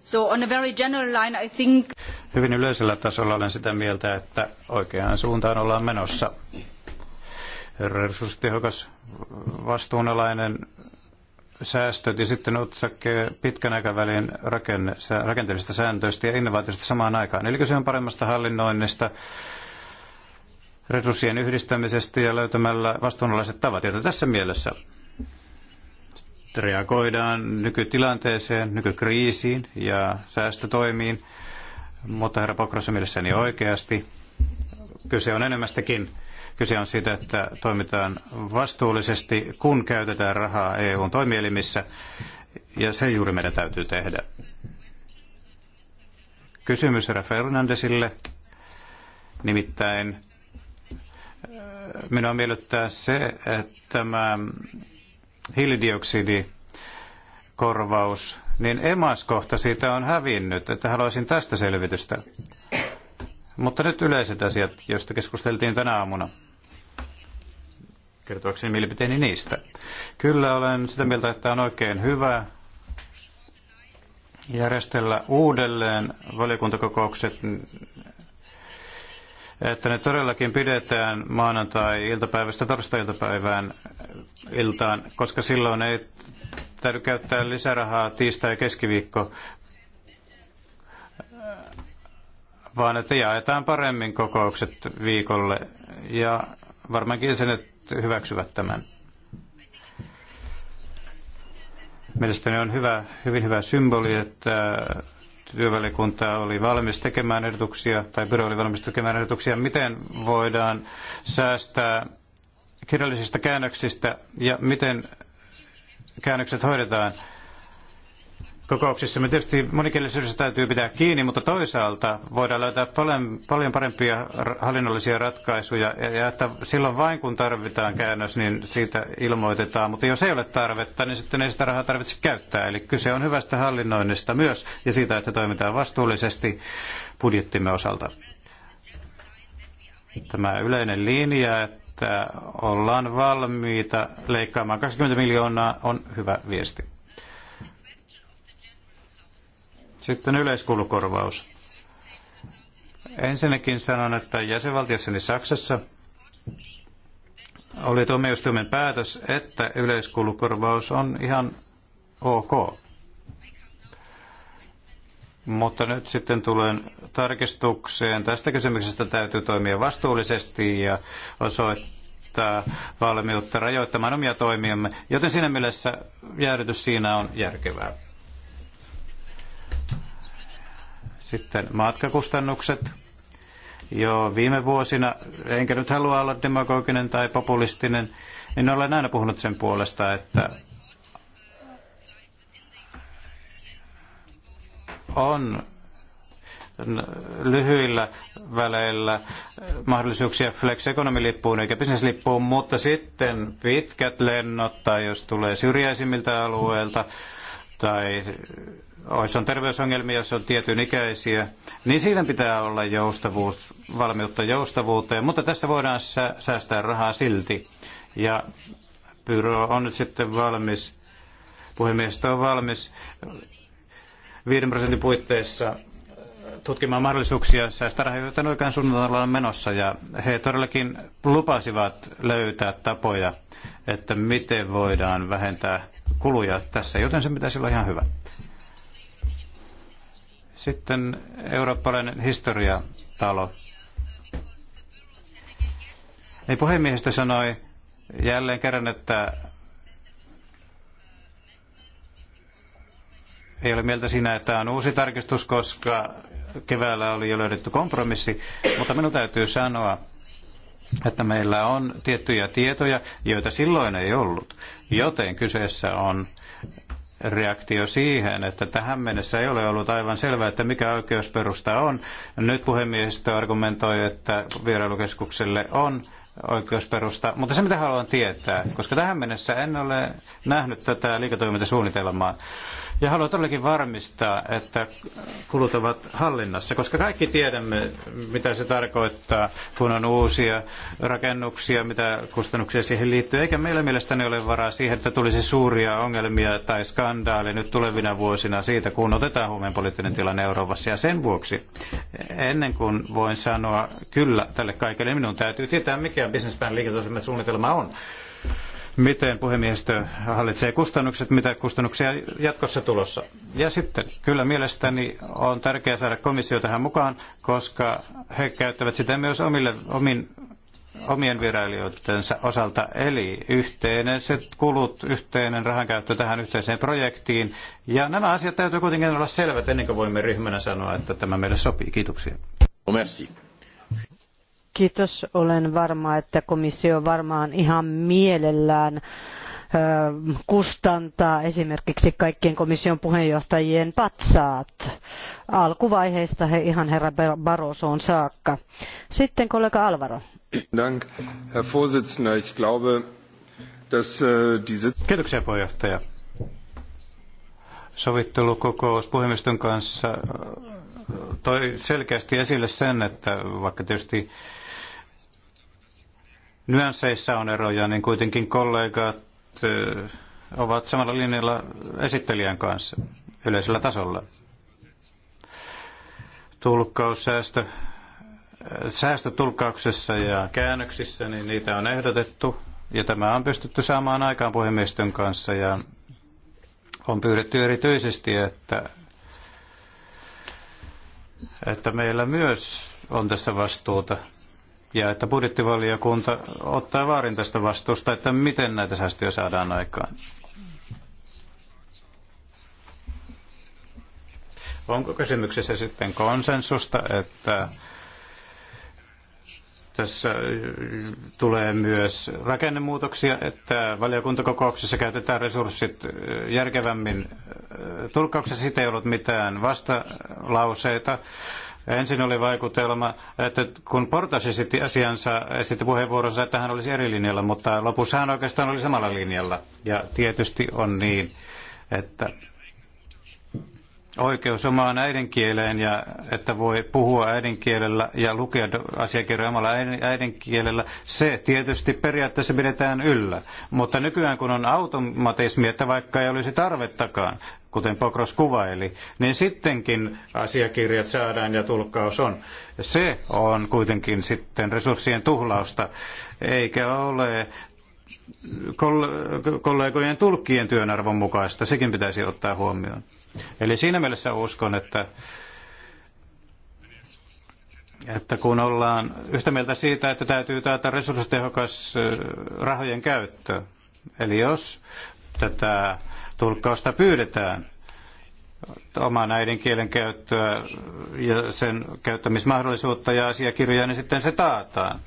So on a very general line, I think... Hyvin yleisellä tasolla olen sitä mieltä, että oikeaan suuntaan ollaan menossa. Resurssitehokas vastuunalainen säästöt ja sitten otsake pitkän aikavälin rakenteellisista sääntöistä ja innovaatioista samaan aikaan. Eli kyse on paremmasta hallinnoinnista, resurssien yhdistämisestä ja löytämällä vastuunalaiset tavat, joita tässä mielessä reagoidaan nykytilanteeseen, nykykriisiin ja säästötoimiin, mutta herra Pokrossa mielessäni oikeasti kyse on enemmästäkin Kyse on siitä, että toimitaan vastuullisesti, kun käytetään rahaa EUn toimielimissä, ja se juuri meidän täytyy tehdä. Kysymys herra Fernandesille. Nimittäin äh, minua miellyttää se, että tämä hiilidioksidi korvaus, niin emaskohta siitä on hävinnyt, että haluaisin tästä selvitystä. Mutta nyt yleiset asiat, joista keskusteltiin tänä aamuna kertoakseni mielipiteeni niistä. Kyllä olen sitä mieltä, että on oikein hyvä järjestellä uudelleen valiokuntakokoukset, että ne todellakin pidetään maanantai-iltapäivästä torstai-iltapäivään iltaan, koska silloin ei täytyy käyttää lisärahaa tiistai- ja keskiviikko, vaan että jaetaan paremmin kokoukset viikolle. Ja varmaankin sen, hyväksyvät tämän. Mielestäni on hyvä, hyvin hyvä symboli, että työvälikunta oli valmis tekemään ehdotuksia, tai byro oli valmis tekemään ehdotuksia, miten voidaan säästää kirjallisista käännöksistä ja miten käännökset hoidetaan kokouksissa. Me tietysti monikielisyydestä täytyy pitää kiinni, mutta toisaalta voidaan löytää paljon, paljon parempia hallinnollisia ratkaisuja. Ja että silloin vain kun tarvitaan käännös, niin siitä ilmoitetaan. Mutta jos ei ole tarvetta, niin sitten ei sitä rahaa tarvitse käyttää. Eli kyse on hyvästä hallinnoinnista myös ja siitä, että toimitaan vastuullisesti budjettimme osalta. Tämä yleinen linja, että ollaan valmiita leikkaamaan 20 miljoonaa, on hyvä viesti. Sitten yleiskulukorvaus. Ensinnäkin sanon, että jäsenvaltiossani Saksassa oli tuomioistuimen päätös, että yleiskulukorvaus on ihan ok. Mutta nyt sitten tulen tarkistukseen. Tästä kysymyksestä täytyy toimia vastuullisesti ja osoittaa valmiutta rajoittamaan omia toimiamme, joten siinä mielessä jäädytys siinä on järkevää. Sitten matkakustannukset. Jo viime vuosina, enkä nyt halua olla demagoginen tai populistinen, niin olen aina puhunut sen puolesta, että on lyhyillä väleillä mahdollisuuksia flex lippuun eikä bisneslippuun, mutta sitten pitkät lennot tai jos tulee syrjäisimmiltä alueilta tai jos on terveysongelmia, jos on tietyn ikäisiä, niin siinä pitää olla joustavuus, valmiutta joustavuuteen, mutta tässä voidaan säästää rahaa silti. Ja pyro on nyt sitten valmis, puhemies on valmis 5 prosentin puitteissa tutkimaan mahdollisuuksia säästää rahaa, joita oikean suunnitelmalla on menossa. Ja he todellakin lupasivat löytää tapoja, että miten voidaan vähentää kuluja tässä, joten se pitäisi olla ihan hyvä. Sitten eurooppalainen historiatalo. Niin puhemiehistö sanoi jälleen kerran, että ei ole mieltä siinä, että on uusi tarkistus, koska keväällä oli jo löydetty kompromissi, mutta minun täytyy sanoa, että meillä on tiettyjä tietoja, joita silloin ei ollut. Joten kyseessä on reaktio siihen, että tähän mennessä ei ole ollut aivan selvää, että mikä oikeusperusta on. Nyt puhemiehistö argumentoi, että vierailukeskukselle on oikeusperusta, mutta se mitä haluan tietää, koska tähän mennessä en ole nähnyt tätä liiketoimintasuunnitelmaa. Ja haluan todellakin varmistaa, että kulut ovat hallinnassa, koska kaikki tiedämme, mitä se tarkoittaa, kun on uusia rakennuksia, mitä kustannuksia siihen liittyy. Eikä meillä mielestäni ole varaa siihen, että tulisi suuria ongelmia tai skandaaleja nyt tulevina vuosina siitä, kun otetaan huomioon poliittinen tilanne Euroopassa. Ja sen vuoksi, ennen kuin voin sanoa kyllä tälle kaikelle, minun täytyy tietää, mikä business plan on miten puhemiehistö hallitsee kustannukset, mitä kustannuksia jatkossa tulossa. Ja sitten kyllä mielestäni on tärkeää saada komissio tähän mukaan, koska he käyttävät sitä myös omille, omin, omien virailijoidensa osalta. Eli yhteiset kulut, yhteinen rahankäyttö tähän yhteiseen projektiin. Ja nämä asiat täytyy kuitenkin olla selvät ennen kuin voimme ryhmänä sanoa, että tämä meille sopii. Kiitoksia. Merci. Kiitos. Olen varma, että komissio varmaan ihan mielellään kustantaa esimerkiksi kaikkien komission puheenjohtajien patsaat alkuvaiheista he ihan herra Barrosoon saakka. Sitten kollega Alvaro. Dank, Herr Vorsitzender. Ich glaube, dass äh, diese... Kiitoksia puheenjohtaja. Sovittelukokous puhemiston kanssa äh, toi selkeästi esille sen, että vaikka tietysti nyansseissa on eroja, niin kuitenkin kollegat eh, ovat samalla linjalla esittelijän kanssa yleisellä tasolla. Tulkkaussäästö eh, säästötulkauksessa ja käännöksissä, niin niitä on ehdotettu. Ja tämä on pystytty saamaan aikaan puhemiestön kanssa ja on pyydetty erityisesti, että, että meillä myös on tässä vastuuta ja että budjettivaliokunta ottaa vaarin tästä vastuusta, että miten näitä säästöjä saadaan aikaan. Onko kysymyksessä sitten konsensusta, että tässä tulee myös rakennemuutoksia, että valiokuntakokouksessa käytetään resurssit järkevämmin. Tulkauksessa siitä ei ollut mitään vastalauseita. Ensin oli vaikutelma, että kun Portas esitti asiansa, esitti puheenvuoronsa, että hän olisi eri linjalla, mutta lopussa hän oikeastaan oli samalla linjalla. Ja tietysti on niin, että oikeus omaan äidinkieleen ja että voi puhua äidinkielellä ja lukea asiakirjoja omalla äidinkielellä, se tietysti periaatteessa pidetään yllä. Mutta nykyään kun on automatismi, että vaikka ei olisi tarvettakaan, kuten Pokros kuvaili, niin sittenkin asiakirjat saadaan ja tulkkaus on. Se on kuitenkin sitten resurssien tuhlausta, eikä ole kollegojen tulkkien työn arvon mukaista. Sekin pitäisi ottaa huomioon. Eli siinä mielessä uskon, että, että kun ollaan yhtä mieltä siitä, että täytyy taata resurssitehokas rahojen käyttö, eli jos tätä tulkkausta pyydetään, oman äidinkielen käyttöä ja sen käyttämismahdollisuutta ja asiakirjoja, niin sitten se taataan.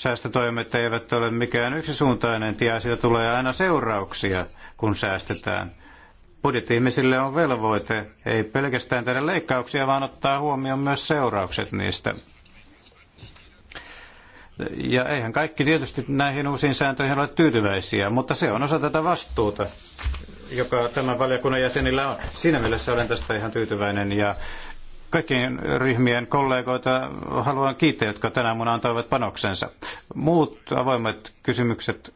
Säästötoimet eivät ole mikään yksisuuntainen tie, siitä tulee aina seurauksia, kun säästetään. Budjetti-ihmisille on velvoite, ei pelkästään tehdä leikkauksia, vaan ottaa huomioon myös seuraukset niistä. Ja eihän kaikki tietysti näihin uusiin sääntöihin ole tyytyväisiä, mutta se on osa tätä vastuuta, joka tämän valiokunnan jäsenillä on. Siinä mielessä olen tästä ihan tyytyväinen ja kaikkien ryhmien kollegoita haluan kiittää, jotka tänä aamuna antoivat panoksensa. Muut avoimet kysymykset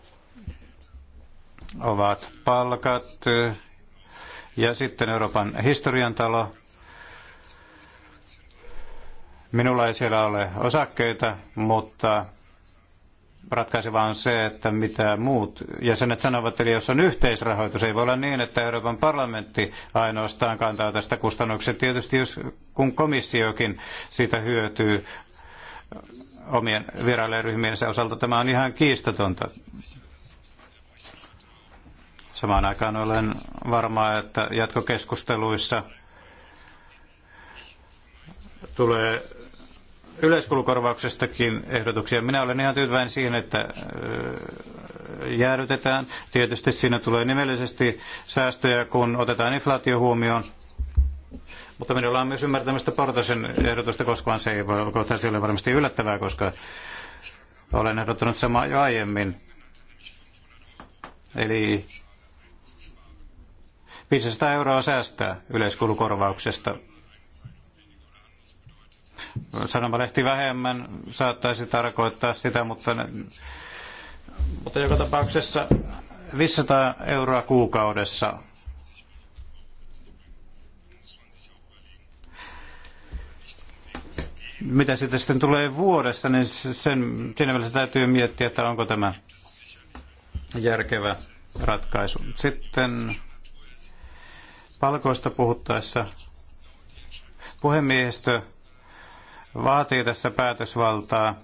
ovat palkat ja sitten Euroopan historian talo. Minulla ei siellä ole osakkeita, mutta ratkaisevaa on se, että mitä muut jäsenet sanovat, eli jos on yhteisrahoitus, ei voi olla niin, että Euroopan parlamentti ainoastaan kantaa tästä kustannuksen. Tietysti jos, kun komissiokin siitä hyötyy omien vierailijaryhmiensä osalta, tämä on ihan kiistatonta. Samaan aikaan olen varma, että jatkokeskusteluissa tulee yleiskulukorvauksestakin ehdotuksia. Minä olen ihan tyytyväinen siihen, että jäädytetään. Tietysti siinä tulee nimellisesti säästöjä, kun otetaan inflaatio huomioon. Mutta minulla on myös ymmärtämistä Portasen ehdotusta, koska se ei voi olla tässä ole varmasti yllättävää, koska olen ehdottanut samaa jo aiemmin. Eli 500 euroa säästää yleiskulukorvauksesta sanomalehti vähemmän saattaisi tarkoittaa sitä, mutta, mutta joka tapauksessa 500 euroa kuukaudessa mitä siitä sitten tulee vuodessa, niin sen, siinä mielessä täytyy miettiä, että onko tämä järkevä ratkaisu. Sitten palkoista puhuttaessa puhemiehistö vaatii tässä päätösvaltaa.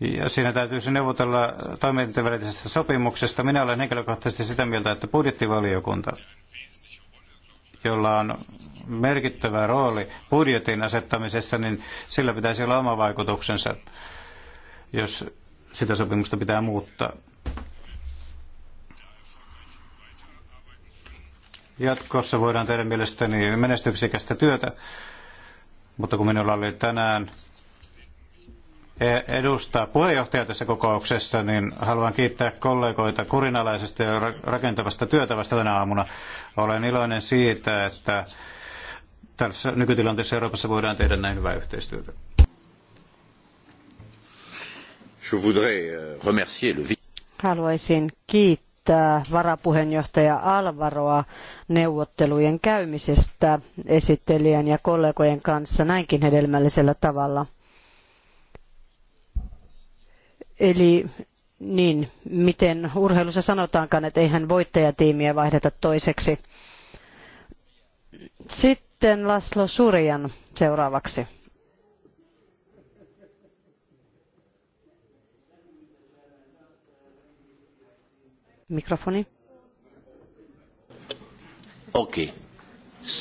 Ja siinä täytyisi neuvotella toimintavälisestä sopimuksesta. Minä olen henkilökohtaisesti sitä mieltä, että budjettivaliokunta, jolla on merkittävä rooli budjetin asettamisessa, niin sillä pitäisi olla oma vaikutuksensa, jos sitä sopimusta pitää muuttaa. Jatkossa voidaan tehdä mielestäni menestyksekästä työtä, mutta kun minulla oli tänään e- edustaa puheenjohtaja tässä kokouksessa, niin haluan kiittää kollegoita kurinalaisesta ja rakentavasta työtä vasta tänä aamuna. Olen iloinen siitä, että tässä nykytilanteessa Euroopassa voidaan tehdä näin hyvää yhteistyötä. Euh, Haluaisin kiittää kiittää varapuheenjohtaja Alvaroa neuvottelujen käymisestä esittelijän ja kollegojen kanssa näinkin hedelmällisellä tavalla. Eli niin, miten urheilussa sanotaankaan, että eihän voittajatiimiä vaihdeta toiseksi. Sitten Laslo Surjan seuraavaksi. Mikrofoni. Okei. Okay.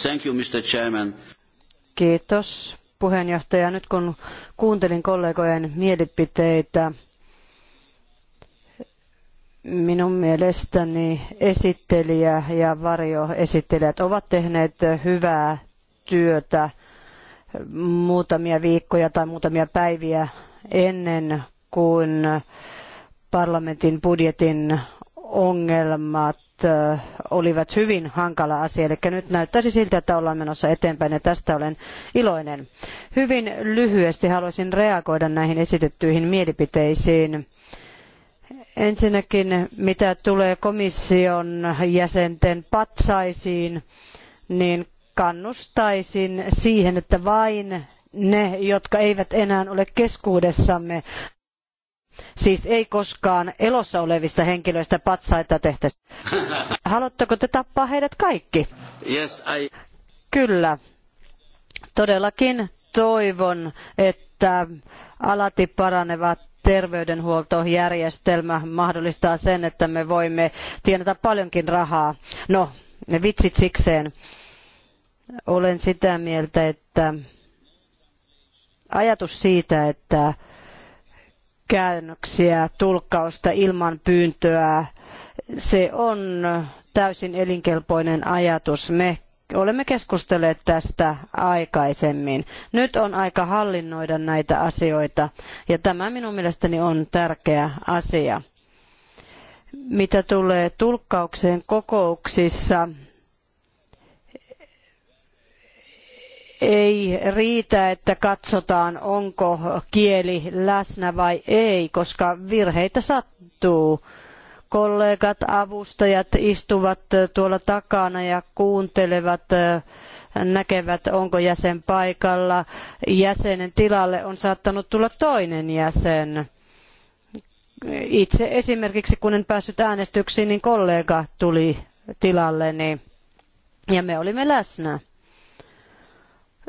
Thank you, Mr. Chairman. Kiitos puheenjohtaja. Nyt kun kuuntelin kollegojen mielipiteitä, minun mielestäni esittelijä ja varjoesittelijät ovat tehneet hyvää työtä muutamia viikkoja tai muutamia päiviä ennen kuin parlamentin budjetin ongelmat olivat hyvin hankala asia. Eli nyt näyttäisi siltä, että ollaan menossa eteenpäin ja tästä olen iloinen. Hyvin lyhyesti haluaisin reagoida näihin esitettyihin mielipiteisiin. Ensinnäkin mitä tulee komission jäsenten patsaisiin, niin kannustaisin siihen, että vain ne, jotka eivät enää ole keskuudessamme, Siis ei koskaan elossa olevista henkilöistä patsaita tehtäisi. Haluatteko te tappaa heidät kaikki? Yes, I... Kyllä. Todellakin toivon, että alati paraneva terveydenhuoltojärjestelmä mahdollistaa sen, että me voimme tienata paljonkin rahaa. No, ne vitsit sikseen. Olen sitä mieltä, että ajatus siitä, että käännöksiä, tulkkausta ilman pyyntöä. Se on täysin elinkelpoinen ajatus. Me olemme keskustelleet tästä aikaisemmin. Nyt on aika hallinnoida näitä asioita ja tämä minun mielestäni on tärkeä asia. Mitä tulee tulkkaukseen kokouksissa, ei riitä, että katsotaan, onko kieli läsnä vai ei, koska virheitä sattuu. Kollegat, avustajat istuvat tuolla takana ja kuuntelevat, näkevät, onko jäsen paikalla. Jäsenen tilalle on saattanut tulla toinen jäsen itse esimerkiksi kun en päässyt äänestyksiin, niin kollega tuli tilalleni niin- ja me olimme läsnä.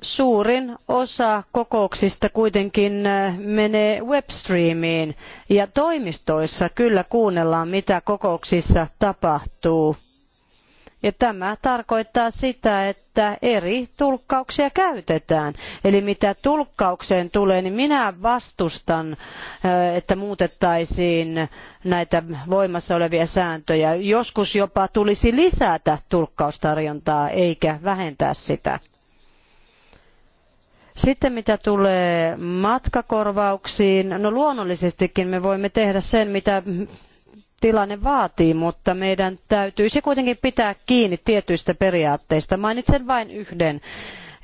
Suurin osa kokouksista kuitenkin äh, menee webstreamiin ja toimistoissa kyllä kuunnellaan, mitä kokouksissa tapahtuu. Ja tämä tarkoittaa sitä, että eri tulkkauksia käytetään. Eli mitä tulkkaukseen tulee, niin minä vastustan, äh, että muutettaisiin näitä voimassa olevia sääntöjä. Joskus jopa tulisi lisätä tulkkaustarjontaa eikä vähentää sitä. Sitten mitä tulee matkakorvauksiin, no luonnollisestikin me voimme tehdä sen, mitä tilanne vaatii, mutta meidän täytyisi kuitenkin pitää kiinni tietyistä periaatteista. Mainitsen vain yhden.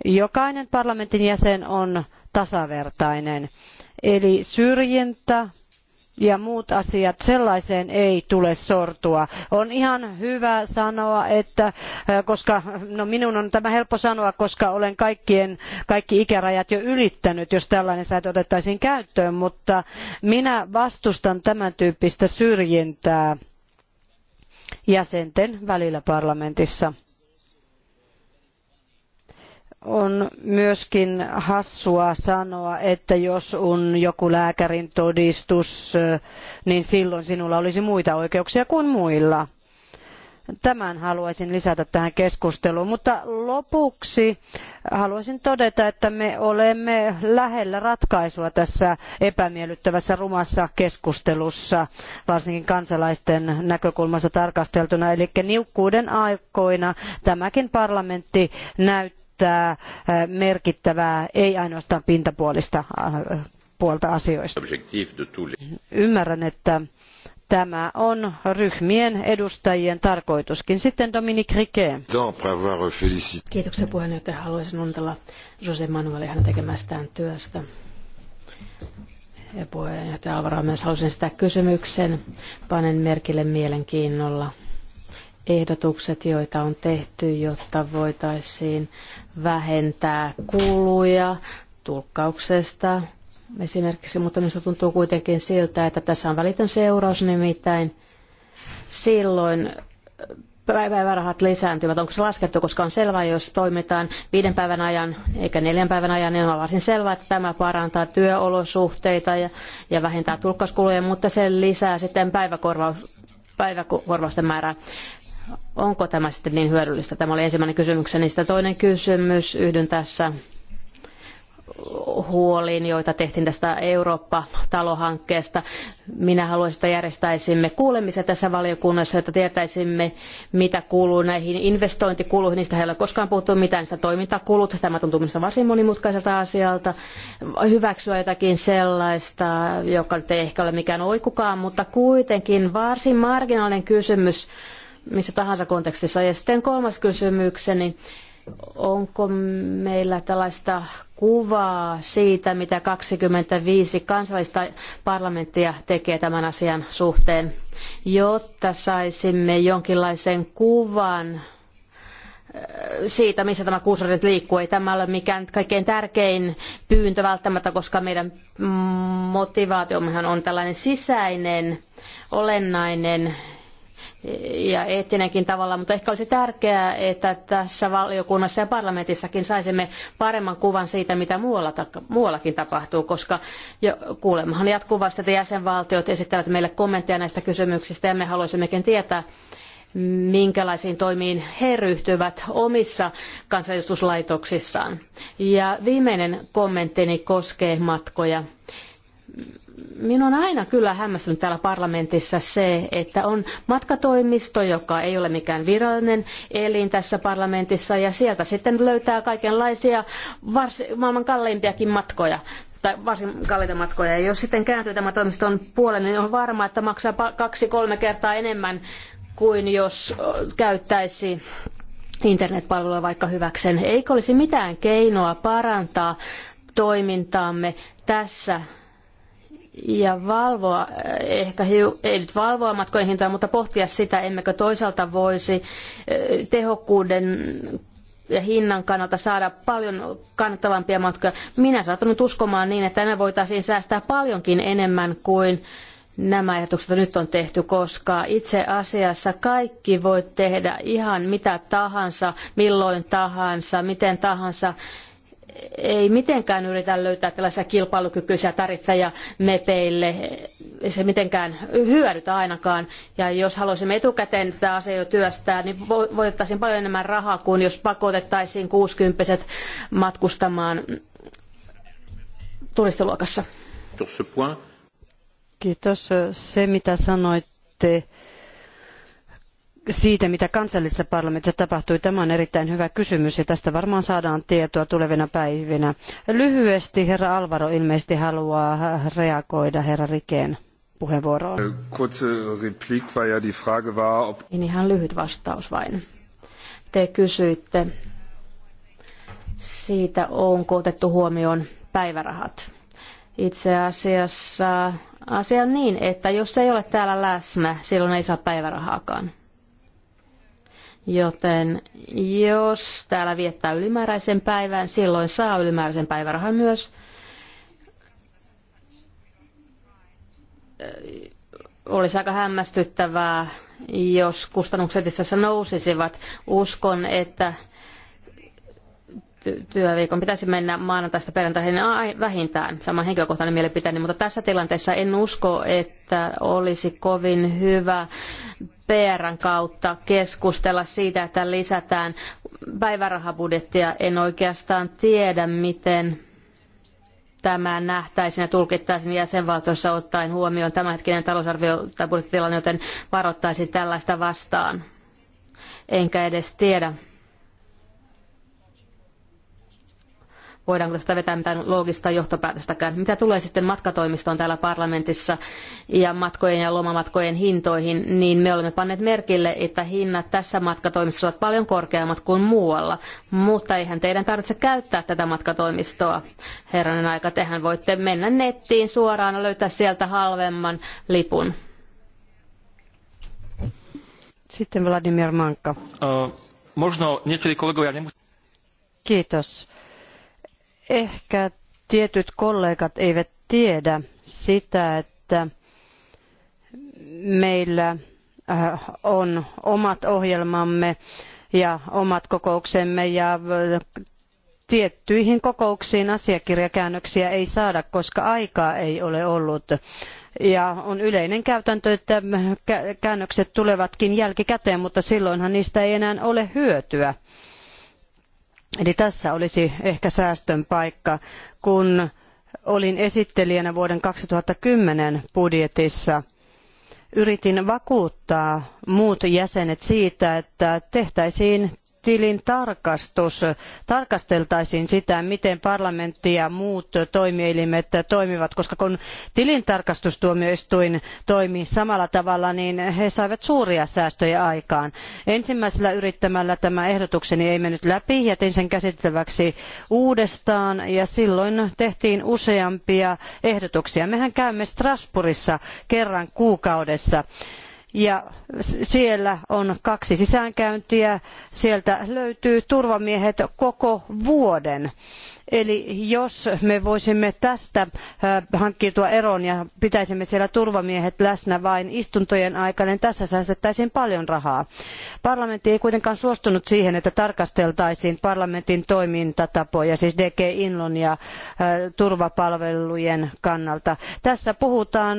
Jokainen parlamentin jäsen on tasavertainen. Eli syrjintä ja muut asiat, sellaiseen ei tule sortua. On ihan hyvä sanoa, että koska, no minun on tämä helppo sanoa, koska olen kaikkien, kaikki ikärajat jo ylittänyt, jos tällainen säätö otettaisiin käyttöön, mutta minä vastustan tämän tyyppistä syrjintää jäsenten välillä parlamentissa on myöskin hassua sanoa, että jos on joku lääkärin todistus, niin silloin sinulla olisi muita oikeuksia kuin muilla. Tämän haluaisin lisätä tähän keskusteluun, mutta lopuksi haluaisin todeta, että me olemme lähellä ratkaisua tässä epämiellyttävässä rumassa keskustelussa, varsinkin kansalaisten näkökulmasta tarkasteltuna. Eli niukkuuden aikoina tämäkin parlamentti näyttää, näyttää merkittävää, ei ainoastaan pintapuolista puolta asioista. Ymmärrän, että Tämä on ryhmien edustajien tarkoituskin. Sitten Dominique Riquet. Kiitoksia puheenjohtaja. Haluaisin onnitella Jose Manuel hänen tekemästään työstä. Ja puheenjohtaja Alvaro myös halusin sitä kysymyksen. Panen merkille mielenkiinnolla ehdotukset, joita on tehty, jotta voitaisiin vähentää kuluja tulkkauksesta esimerkiksi, mutta minusta tuntuu kuitenkin siltä, että tässä on välitön seuraus nimittäin silloin päivärahat lisääntyvät. Onko se laskettu, koska on selvää, jos toimitaan viiden päivän ajan eikä neljän päivän ajan, niin on varsin selvää, että tämä parantaa työolosuhteita ja, ja vähentää tulkkauskuluja, mutta se lisää sitten päiväkorvausten määrää onko tämä sitten niin hyödyllistä? Tämä oli ensimmäinen kysymykseni. Sitä toinen kysymys, yhdyn tässä huoliin, joita tehtiin tästä Eurooppa-talohankkeesta. Minä haluaisin, että järjestäisimme kuulemisen tässä valiokunnassa, että tietäisimme, mitä kuuluu näihin investointikuluihin. Niistä ei ole koskaan puhuttu mitään, niistä toimintakulut. Tämä tuntuu minusta varsin monimutkaiselta asialta. Hyväksyä jotakin sellaista, joka nyt ei ehkä ole mikään oikukaan, mutta kuitenkin varsin marginaalinen kysymys missä tahansa kontekstissa. Ja sitten kolmas kysymykseni, onko meillä tällaista kuvaa siitä, mitä 25 kansallista parlamenttia tekee tämän asian suhteen, jotta saisimme jonkinlaisen kuvan äh, siitä, missä tämä kuusorit liikkuu. Ei tämä ole mikään kaikkein tärkein pyyntö välttämättä, koska meidän motivaatiomme on tällainen sisäinen, olennainen ja eettinenkin tavalla, mutta ehkä olisi tärkeää, että tässä valiokunnassa ja parlamentissakin saisimme paremman kuvan siitä, mitä muualla, muuallakin tapahtuu, koska jo, kuulemmehan jatkuvasti, että jäsenvaltiot esittävät meille kommentteja näistä kysymyksistä ja me haluaisimmekin tietää, minkälaisiin toimiin he ryhtyvät omissa kansanedustuslaitoksissaan. Ja viimeinen kommenttini koskee matkoja minun on aina kyllä hämmästynyt täällä parlamentissa se, että on matkatoimisto, joka ei ole mikään virallinen elin tässä parlamentissa, ja sieltä sitten löytää kaikenlaisia varsin, maailman kalleimpiakin matkoja tai varsin kalliita matkoja. Ja jos sitten kääntyy tämä toimiston puolelle, niin on varma, että maksaa kaksi-kolme kertaa enemmän kuin jos käyttäisi internetpalvelua vaikka hyväkseen. Eikö olisi mitään keinoa parantaa toimintaamme tässä ja valvoa, eh, ehkä hiu, ei nyt valvoa matkojen hintoja, mutta pohtia sitä, emmekö toisaalta voisi eh, tehokkuuden ja hinnan kannalta saada paljon kannattavampia matkoja. Minä saattanut uskomaan niin, että me voitaisiin säästää paljonkin enemmän kuin nämä ehdotukset nyt on tehty, koska itse asiassa kaikki voi tehdä ihan mitä tahansa, milloin tahansa, miten tahansa ei mitenkään yritä löytää tällaisia kilpailukykyisiä tariffeja mepeille. Ei se mitenkään hyödytä ainakaan. Ja jos haluaisimme etukäteen tätä asiaa jo työstää, niin voitettaisiin paljon enemmän rahaa kuin jos pakotettaisiin 60 matkustamaan turistiluokassa. Kiitos. Se, mitä sanoitte siitä, mitä kansallisessa parlamentissa tapahtui. Tämä on erittäin hyvä kysymys ja tästä varmaan saadaan tietoa tulevina päivinä. Lyhyesti herra Alvaro ilmeisesti haluaa reagoida herra Rikeen puheenvuoroon. Äh, kurze replik war ja die Frage war, ob... Niin ihan lyhyt vastaus vain. Te kysyitte siitä, onko otettu huomioon päivärahat. Itse asiassa asia on niin, että jos ei ole täällä läsnä, silloin ei saa päivärahaakaan. Joten jos täällä viettää ylimääräisen päivän, silloin saa ylimääräisen päivärahan myös. Olisi aika hämmästyttävää, jos kustannukset itse asiassa nousisivat. Uskon, että työviikon pitäisi mennä maanantaista perjantaihin vähintään sama henkilökohtainen mielipiteeni, mutta tässä tilanteessa en usko, että olisi kovin hyvä PRn kautta keskustella siitä, että lisätään päivärahabudjettia. En oikeastaan tiedä, miten tämä nähtäisiin ja tulkittaisiin jäsenvaltiossa ottaen huomioon tämänhetkinen talousarvio tai budjettitilanne, joten varoittaisin tällaista vastaan. Enkä edes tiedä, voidaanko tästä vetää mitään loogista johtopäätöstäkään. Mitä tulee sitten matkatoimistoon täällä parlamentissa ja matkojen ja lomamatkojen hintoihin, niin me olemme panneet merkille, että hinnat tässä matkatoimistossa ovat paljon korkeammat kuin muualla. Mutta eihän teidän tarvitse käyttää tätä matkatoimistoa. Herranen aika, tehän voitte mennä nettiin suoraan ja löytää sieltä halvemman lipun. Sitten Vladimir Manka. Uh, možno niektorí kolegovia Kiitos. Ehkä tietyt kollegat eivät tiedä sitä, että meillä äh, on omat ohjelmamme ja omat kokouksemme ja äh, tiettyihin kokouksiin asiakirjakäännöksiä ei saada, koska aikaa ei ole ollut. Ja on yleinen käytäntö, että äh, käännökset tulevatkin jälkikäteen, mutta silloinhan niistä ei enää ole hyötyä. Eli tässä olisi ehkä säästön paikka, kun olin esittelijänä vuoden 2010 budjetissa. Yritin vakuuttaa muut jäsenet siitä, että tehtäisiin tilintarkastus tarkasteltaisiin sitä, miten parlamentti ja muut toimielimet toimivat, koska kun tilintarkastustuomioistuin toimi samalla tavalla, niin he saivat suuria säästöjä aikaan. Ensimmäisellä yrittämällä tämä ehdotukseni ei mennyt läpi, jätin sen käsiteltäväksi uudestaan ja silloin tehtiin useampia ehdotuksia. Mehän käymme Strasbourgissa kerran kuukaudessa ja siellä on kaksi sisäänkäyntiä. Sieltä löytyy turvamiehet koko vuoden Eli jos me voisimme tästä hankkiutua eroon ja pitäisimme siellä turvamiehet läsnä vain istuntojen aikana, niin tässä säästettäisiin paljon rahaa. Parlamentti ei kuitenkaan suostunut siihen, että tarkasteltaisiin parlamentin toimintatapoja, siis DG Inlon ja turvapalvelujen kannalta. Tässä puhutaan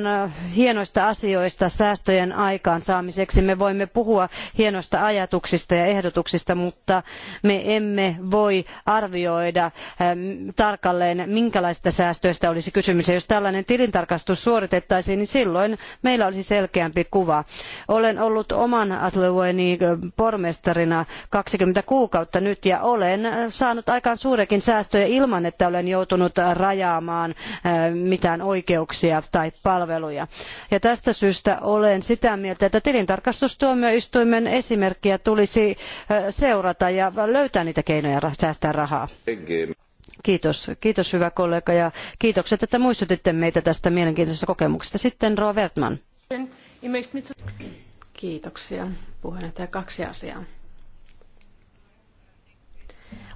hienoista asioista säästöjen aikaansaamiseksi. Me voimme puhua hienoista ajatuksista ja ehdotuksista, mutta me emme voi arvioida tarkalleen, minkälaista säästöistä olisi kysymys. Ja jos tällainen tilintarkastus suoritettaisiin, niin silloin meillä olisi selkeämpi kuva. Olen ollut oman alueeni pormestarina 20 kuukautta nyt ja olen saanut aikaan suurekin säästöjä ilman, että olen joutunut rajaamaan mitään oikeuksia tai palveluja. Ja tästä syystä olen sitä mieltä, että tilintarkastustuomioistuimen esimerkkiä tulisi seurata ja löytää niitä keinoja säästää rahaa. Kiitos, kiitos hyvä kollega ja kiitokset, että muistutitte meitä tästä mielenkiintoisesta kokemuksesta. Sitten Roa Wertman. Kiitoksia. Puheenjohtaja kaksi asiaa.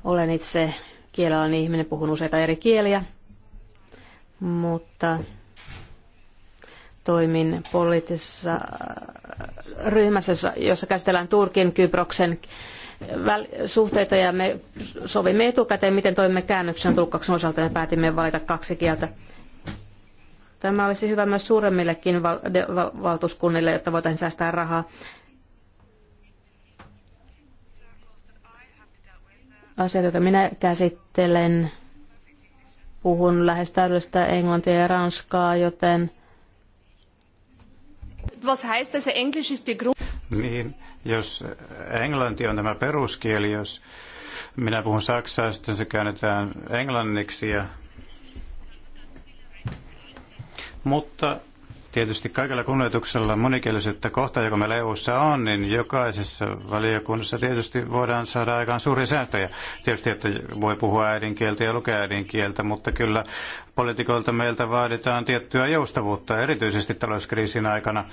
Olen itse kielelän ihminen, puhun useita eri kieliä, mutta toimin poliittisessa ryhmässä, jossa käsitellään Turkin, Kyproksen, suhteita ja me sovimme etukäteen, miten toimimme käännöksen tulkkauksen osalta ja päätimme valita kaksi kieltä. Tämä olisi hyvä myös suuremmillekin val- val- valtuuskunnille, jotta voitaisiin säästää rahaa. Asiat, joita minä käsittelen, puhun lähes täydellistä englantia ja ranskaa, joten... Was heißt, dass er Englisch ist die niin jos englanti on tämä peruskieli, jos minä puhun saksaa, sitten se käännetään englanniksi. Ja... Mutta tietysti kaikella kunnioituksella monikielisyyttä kohtaa, joka meillä eu on, niin jokaisessa valiokunnassa tietysti voidaan saada aikaan suuria sääntöjä. Tietysti, että voi puhua äidinkieltä ja lukea äidinkieltä, mutta kyllä poliitikoilta meiltä vaaditaan tiettyä joustavuutta, erityisesti talouskriisin aikana.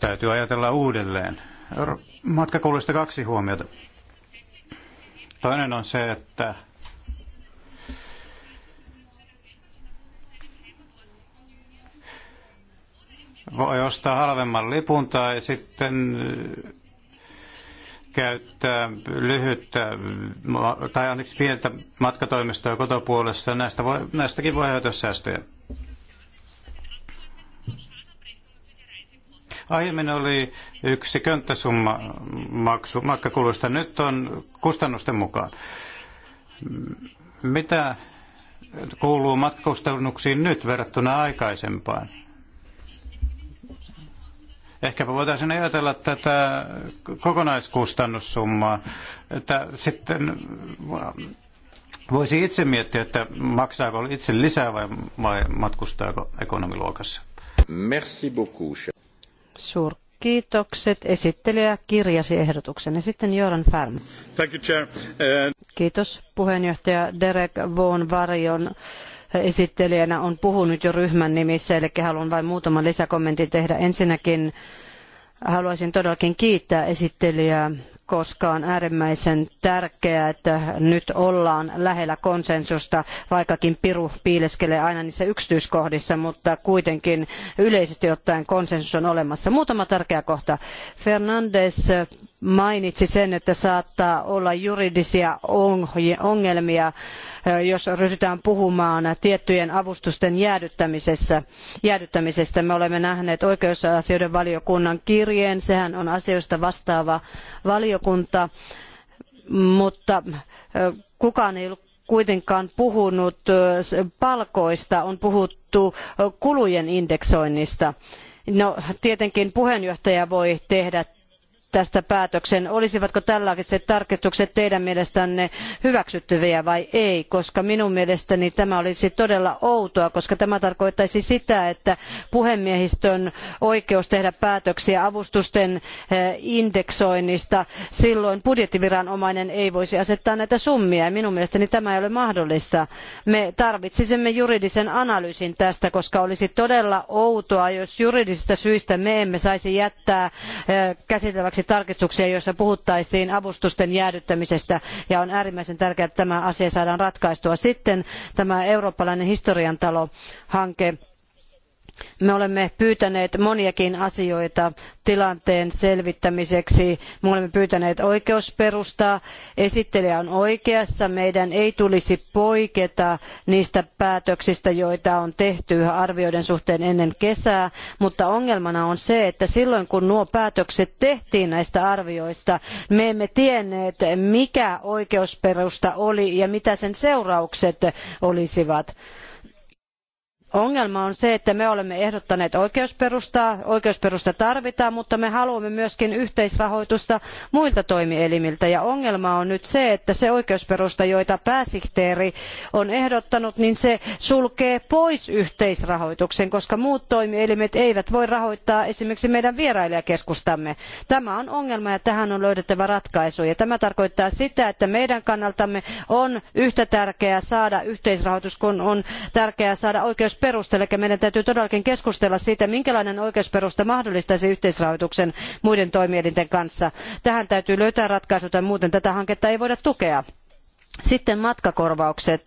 Täytyy ajatella uudelleen. Matkakuluista kaksi huomiota. Toinen on se, että voi ostaa halvemman lipun tai sitten äh, käyttää lyhyttä tai ainakin pientä matkatoimistoa kotopuolessa. Näistä voi, näistäkin voi hyötyä säästöjä. Aiemmin oli yksi könttäsumma maksu, matkakuluista, nyt on kustannusten mukaan. Mitä kuuluu matkakustannuksiin nyt verrattuna aikaisempaan? ehkäpä voitaisiin ajatella tätä kokonaiskustannussummaa, että sitten voisi itse miettiä, että maksaako itse lisää vai, vai matkustaako ekonomiluokassa. Merci beaucoup. Suurkiitokset. Esittelijä kirjasi ehdotuksen. Ja sitten Joran Färm. Thank you, chair. Uh... Kiitos puheenjohtaja Derek Vaughan Varjon esittelijänä on puhunut jo ryhmän nimissä, eli haluan vain muutaman lisäkommentin tehdä. Ensinnäkin haluaisin todellakin kiittää esittelijää koska on äärimmäisen tärkeää, että nyt ollaan lähellä konsensusta, vaikkakin Piru piileskelee aina niissä yksityiskohdissa, mutta kuitenkin yleisesti ottaen konsensus on olemassa. Muutama tärkeä kohta. Fernandes mainitsi sen, että saattaa olla juridisia ongelmia, jos ryhdytään puhumaan tiettyjen avustusten jäädyttämisessä, jäädyttämisestä. Me olemme nähneet oikeusasioiden valiokunnan kirjeen, sehän on asioista vastaava valiokunta, mutta kukaan ei ollut kuitenkaan puhunut palkoista, on puhuttu kulujen indeksoinnista. No, tietenkin puheenjohtaja voi tehdä tästä päätöksen. Olisivatko tällaiset tarkistukset teidän mielestänne hyväksyttäviä vai ei? Koska minun mielestäni tämä olisi todella outoa, koska tämä tarkoittaisi sitä, että puhemiehistön oikeus tehdä päätöksiä avustusten eh, indeksoinnista, silloin budjettiviranomainen ei voisi asettaa näitä summia. Minun mielestäni tämä ei ole mahdollista. Me tarvitsisimme juridisen analyysin tästä, koska olisi todella outoa, jos juridisista syistä me emme saisi jättää eh, käsiteltäväksi lisäksi tarkistuksia, joissa puhuttaisiin avustusten jäädyttämisestä ja on äärimmäisen tärkeää, että tämä asia saadaan ratkaistua. Sitten tämä eurooppalainen historiantalo hanke me olemme pyytäneet moniakin asioita tilanteen selvittämiseksi. Me olemme pyytäneet oikeusperustaa. Esittelijä on oikeassa. Meidän ei tulisi poiketa niistä päätöksistä, joita on tehty arvioiden suhteen ennen kesää, mutta ongelmana on se, että silloin kun nuo päätökset tehtiin näistä arvioista, me emme tienneet, mikä oikeusperusta oli ja mitä sen seuraukset olisivat. Ongelma on se, että me olemme ehdottaneet oikeusperustaa, oikeusperusta tarvitaan, mutta me haluamme myöskin yhteisrahoitusta muilta toimielimiltä. Ja ongelma on nyt se, että se oikeusperusta, jota pääsihteeri on ehdottanut, niin se sulkee pois yhteisrahoituksen, koska muut toimielimet eivät voi rahoittaa esimerkiksi meidän vierailijakeskustamme. Tämä on ongelma ja tähän on löydettävä ratkaisu. Ja tämä tarkoittaa sitä, että meidän kannaltamme on yhtä tärkeää saada yhteisrahoitus kuin on tärkeää saada oikeus oikeusperusta, eli meidän täytyy todellakin keskustella siitä, minkälainen oikeusperusta mahdollistaisi yhteisrahoituksen muiden toimielinten kanssa. Tähän täytyy löytää ratkaisu tai muuten tätä hanketta ei voida tukea. Sitten matkakorvaukset.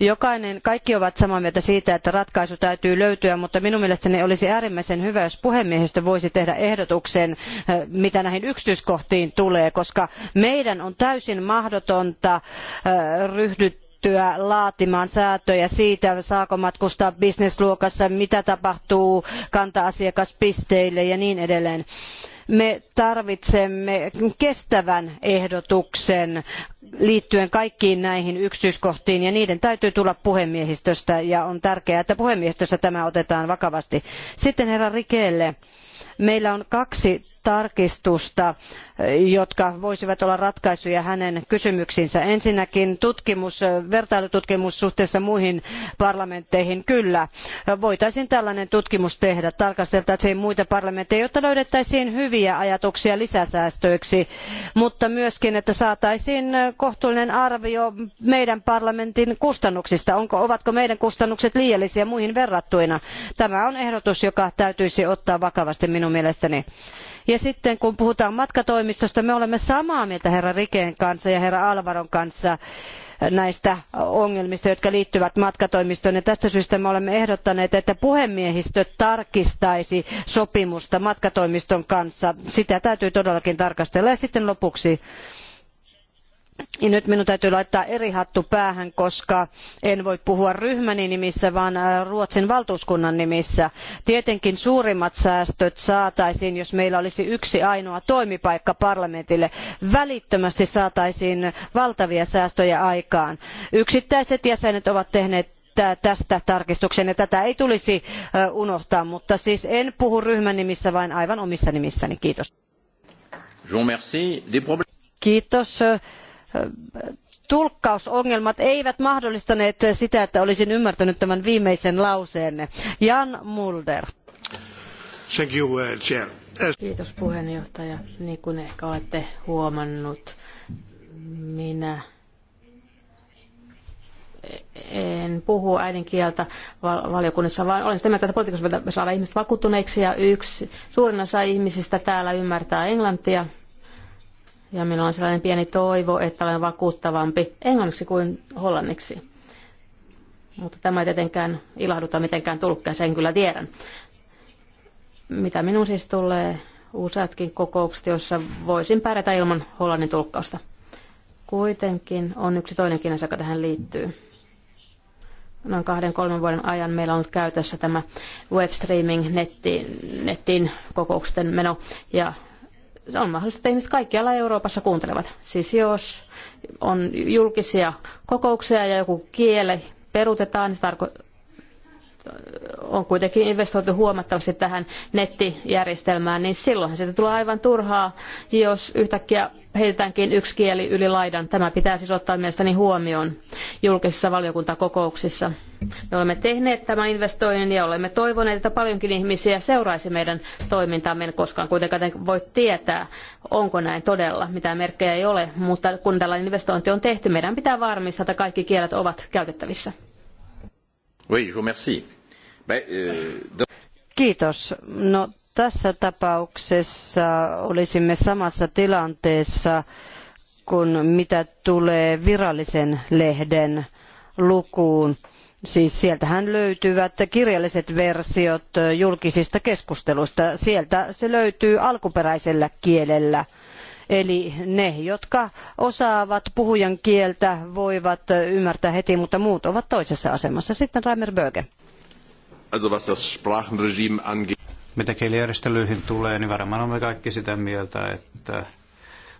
Jokainen, kaikki ovat samaa mieltä siitä, että ratkaisu täytyy löytyä, mutta minun mielestäni olisi äärimmäisen hyvä, jos puhemiehistö voisi tehdä ehdotuksen, eh, mitä näihin yksityiskohtiin tulee, koska meidän on täysin mahdotonta eh, ryhdyt, ryhtyä laatimaan säätöjä siitä, saako matkustaa bisnesluokassa, mitä tapahtuu kanta-asiakaspisteille ja niin edelleen. Me tarvitsemme kestävän ehdotuksen liittyen kaikkiin näihin yksityiskohtiin ja niiden täytyy tulla puhemiehistöstä ja on tärkeää, että puhemiehistössä tämä otetaan vakavasti. Sitten herra Rikeelle. Meillä on kaksi tarkistusta jotka voisivat olla ratkaisuja hänen kysymyksiinsä. Ensinnäkin tutkimus, vertailututkimus suhteessa muihin parlamentteihin. Kyllä, voitaisiin tällainen tutkimus tehdä. Tarkasteltaisiin muita parlamentteja, jotta löydettäisiin hyviä ajatuksia lisäsäästöiksi, mutta myöskin, että saataisiin kohtuullinen arvio meidän parlamentin kustannuksista. Onko, ovatko meidän kustannukset liiallisia muihin verrattuina? Tämä on ehdotus, joka täytyisi ottaa vakavasti minun mielestäni. Ja sitten kun puhutaan matkatoiminnasta, toimistosta. Me olemme samaa mieltä herra Rikeen kanssa ja herra Alvaron kanssa näistä ongelmista, jotka liittyvät matkatoimistoon. Ja tästä syystä me olemme ehdottaneet, että puhemiehistö tarkistaisi sopimusta matkatoimiston kanssa. Sitä täytyy todellakin tarkastella. Ja sitten lopuksi nyt minun täytyy laittaa eri hattu päähän, koska en voi puhua ryhmäni nimissä, vaan äh, Ruotsin valtuuskunnan nimissä. Tietenkin suurimmat säästöt saataisiin, jos meillä olisi yksi ainoa toimipaikka parlamentille. Välittömästi saataisiin valtavia säästöjä aikaan. Yksittäiset jäsenet ovat tehneet tästä tarkistuksen ja tätä ei tulisi äh, unohtaa, mutta siis en puhu ryhmän nimissä, vaan aivan omissa nimissäni. Kiitos. Kiitos tulkkausongelmat eivät mahdollistaneet sitä, että olisin ymmärtänyt tämän viimeisen lauseenne. Jan Mulder. Thank you, uh, chair. Kiitos puheenjohtaja. Niin kuin ehkä olette huomannut, minä en puhu äidinkieltä valiokunnassa, vaan olen sitä mieltä, että politiikassa saada ihmiset vakuuttuneiksi ja yksi suurin osa ihmisistä täällä ymmärtää englantia, ja minulla on sellainen pieni toivo, että olen vakuuttavampi englanniksi kuin hollanniksi. Mutta tämä ei tietenkään ilahduta mitenkään tulkkia, sen kyllä tiedän. Mitä minun siis tulee useatkin kokoukset, joissa voisin pärjätä ilman hollannin tulkkausta. Kuitenkin on yksi toinenkin asia, joka tähän liittyy. Noin kahden, kolmen vuoden ajan meillä on ollut käytössä tämä webstreaming netti nettiin kokousten meno, ja on mahdollista, että ihmiset kaikkialla Euroopassa kuuntelevat. Siis jos on julkisia kokouksia ja joku kieli peruutetaan, niin se tarkoittaa on kuitenkin investoitu huomattavasti tähän nettijärjestelmään, niin silloinhan siitä tulee aivan turhaa, jos yhtäkkiä heitetäänkin yksi kieli yli laidan. Tämä pitää siis ottaa mielestäni huomioon julkisissa valiokuntakokouksissa. Me olemme tehneet tämän investoinnin ja olemme toivoneet, että paljonkin ihmisiä seuraisi meidän toimintaamme. Koskaan kuitenkaan voi tietää, onko näin todella. Mitään merkkejä ei ole, mutta kun tällainen investointi on tehty, meidän pitää varmistaa, että kaikki kielet ovat käytettävissä. Euh, Kiitos. No, tässä tapauksessa olisimme samassa tilanteessa kuin mitä tulee virallisen lehden lukuun. Siis sieltähän löytyvät kirjalliset versiot julkisista keskusteluista. Sieltä se löytyy alkuperäisellä kielellä – Eli ne, jotka osaavat puhujan kieltä, voivat ymmärtää heti, mutta muut ovat toisessa asemassa. Sitten Reimer Böge. Also was das Sprachenregime angeht. Mitä kielijärjestelyihin tulee, niin varmaan olemme kaikki sitä mieltä, että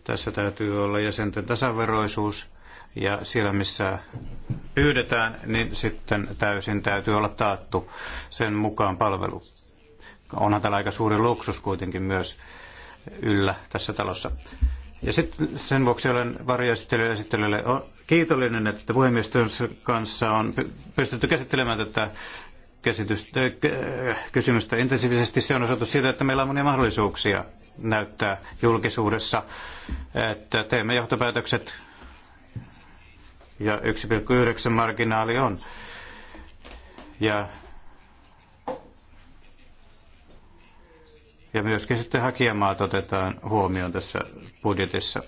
tässä täytyy olla jäsenten tasaveroisuus ja siellä missä pyydetään, niin sitten täysin täytyy olla taattu sen mukaan palvelu. Onhan tällä aika suuri luksus kuitenkin myös yllä tässä talossa. Ja sitten sen vuoksi olen varjoesittelijöille esittelijöille kiitollinen, että puhemiestön kanssa on pystytty käsittelemään tätä käsitystä, äh, kysymystä intensiivisesti. Se on osoitus siitä, että meillä on monia mahdollisuuksia näyttää julkisuudessa, että teemme johtopäätökset ja 1,9 marginaali on. Ja Ja myöskin sitten hakijamaat otetaan huomioon tässä budjetissa.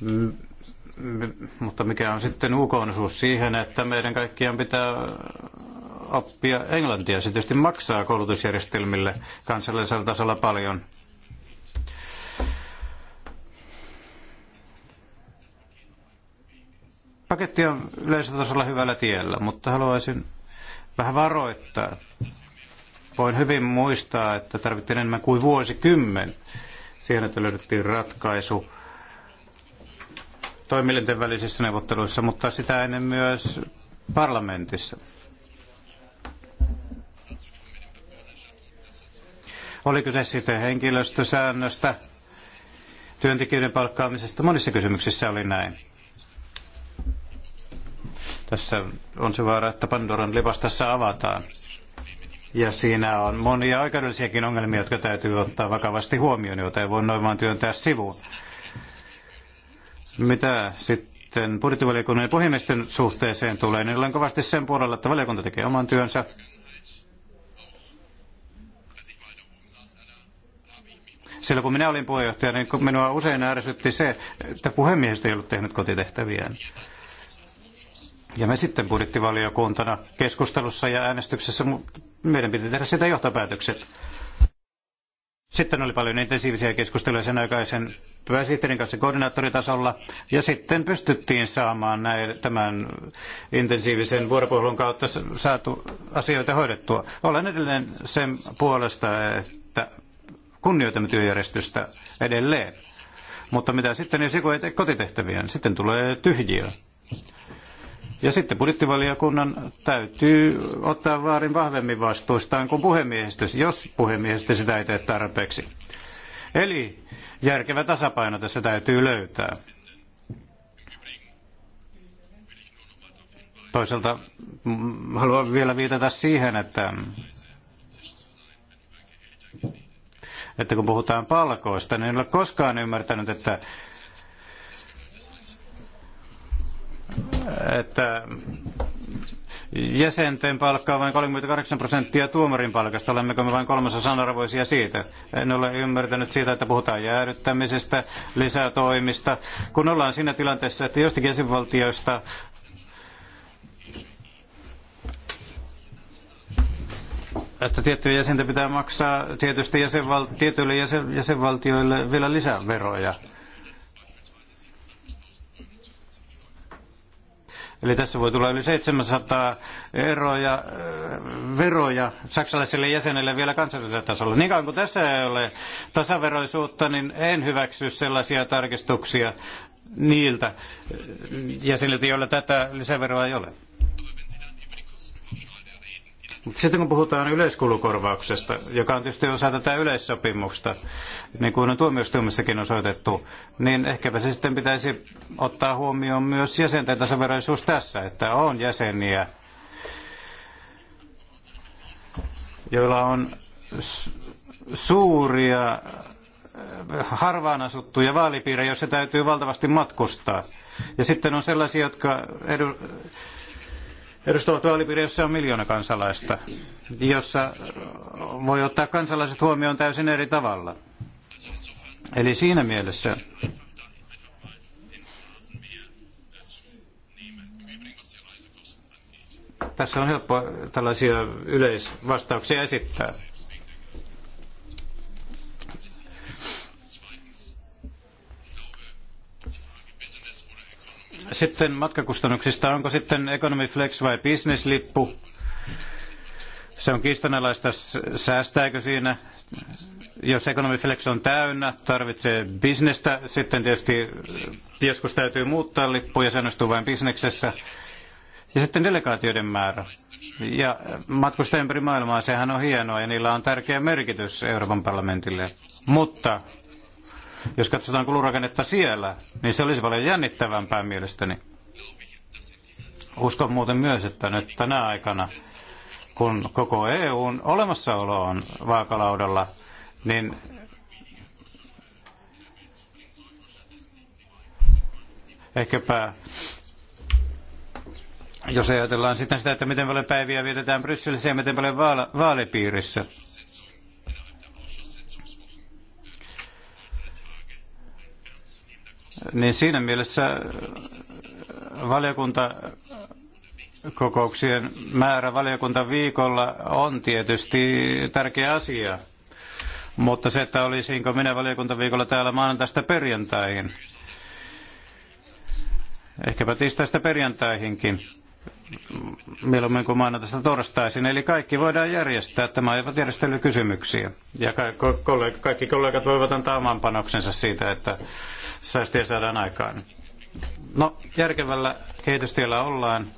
M mutta mikä on sitten UK siihen, että meidän kaikkien pitää oppia englantia. Se tietysti maksaa koulutusjärjestelmille kansallisella tasolla paljon. Paketti on yleisellä tasolla hyvällä tiellä, mutta haluaisin vähän varoittaa Voin hyvin muistaa, että tarvittiin enemmän kuin vuosikymmen siihen, että löydettiin ratkaisu toimielinten välisissä neuvotteluissa, mutta sitä ennen myös parlamentissa. Oli kyse sitten henkilöstösäännöstä, työntekijöiden palkkaamisesta, monissa kysymyksissä oli näin. Tässä on se vaara, että Pandoran tässä avataan. Ja siinä on monia oikeudellisiakin ongelmia, jotka täytyy ottaa vakavasti huomioon, joita ei voi noin vaan työntää sivuun. Mitä sitten budjettivaliokunnan ja puhemiesten suhteeseen tulee, niin olen kovasti sen puolella, että valiokunta tekee oman työnsä. Silloin kun minä olin puheenjohtaja, niin minua usein ärsytti se, että puhemiehistö ei ollut tehnyt kotitehtäviään. Ja me sitten budjettivaliokuntana keskustelussa ja äänestyksessä meidän piti tehdä sitä johtopäätökset. Sitten oli paljon intensiivisiä keskusteluja sen aikaisen pääsihteerin kanssa koordinaattoritasolla, ja sitten pystyttiin saamaan näin, tämän intensiivisen vuoropuhelun kautta saatu asioita hoidettua. Olen edelleen sen puolesta, että kunnioitamme työjärjestystä edelleen. Mutta mitä sitten, jos joku ei tee kotitehtäviä, sitten tulee tyhjiö. Ja sitten budjettivaliokunnan täytyy ottaa vaarin vahvemmin vastuistaan kuin puhemiehistö, jos puhemiehistö sitä ei tee tarpeeksi. Eli järkevä tasapaino tässä täytyy löytää. Toisaalta mm, haluan vielä viitata siihen, että, että kun puhutaan palkoista, niin en ole koskaan ymmärtänyt, että että jäsenten palkka on vain 38 prosenttia tuomarin palkasta. Olemmeko me vain kolmasosan arvoisia siitä? En ole ymmärtänyt siitä, että puhutaan jäädyttämisestä, lisätoimista. Kun ollaan siinä tilanteessa, että jostakin jäsenvaltioista että tiettyjä jäsentä pitää maksaa tietysti jäsenval- tietyille jäsen- jäsenvaltioille vielä lisää veroja. Eli tässä voi tulla yli 700 eroja, äh, veroja saksalaisille jäsenille vielä kansallisella tasolla. Niin kauan kuin tässä ei ole tasaveroisuutta, niin en hyväksy sellaisia tarkistuksia niiltä jäseniltä, joilla tätä lisäveroa ei ole. Mutta sitten kun puhutaan yleiskulukorvauksesta, joka on tietysti osa tätä yleissopimusta, niin kuin on tuomioistuimessakin osoitettu, niin ehkäpä se sitten pitäisi ottaa huomioon myös jäsenten tasaveroisuus tässä, että on jäseniä, joilla on suuria äh, harvaan asuttuja vaalipiirejä, joissa täytyy valtavasti matkustaa. Ja sitten on sellaisia, jotka edu- edustavat vaalipiiri, jossa on miljoona kansalaista, jossa voi ottaa kansalaiset huomioon täysin eri tavalla. Eli siinä mielessä tässä on helppo tällaisia yleisvastauksia esittää. Sitten matkakustannuksista, onko sitten Economy Flex vai Business-lippu? Se on kiistanalaista, säästääkö siinä? Jos Economy Flex on täynnä, tarvitsee bisnestä, sitten tietysti joskus täytyy muuttaa lippuja, se onnistuu vain bisneksessä. Ja sitten delegaatioiden määrä. Ja matkustajien ympäri maailmaa, sehän on hienoa ja niillä on tärkeä merkitys Euroopan parlamentille. Mutta jos katsotaan kulurakennetta siellä, niin se olisi paljon jännittävämpää mielestäni. Uskon muuten myös, että nyt tänä aikana, kun koko EUn olemassaolo on vaakalaudalla, niin ehkäpä jos ajatellaan sitten sitä, että miten paljon päiviä vietetään Brysselissä ja miten paljon vaala- vaalipiirissä, Niin siinä mielessä valiokunta kokouksien määrä valiokuntaviikolla on tietysti tärkeä asia. Mutta se, että olisinko minä valiokuntaviikolla täällä maanantaista perjantaihin, ehkäpä tiistaista perjantaihinkin, mieluummin kuin maanantaista torstaisin. Eli kaikki voidaan järjestää. Tämä eivät järjestelykysymyksiä. Ja kaikki kollegat voivat antaa oman panoksensa siitä, että säästöjä saadaan aikaan. No, järkevällä kehitystiellä ollaan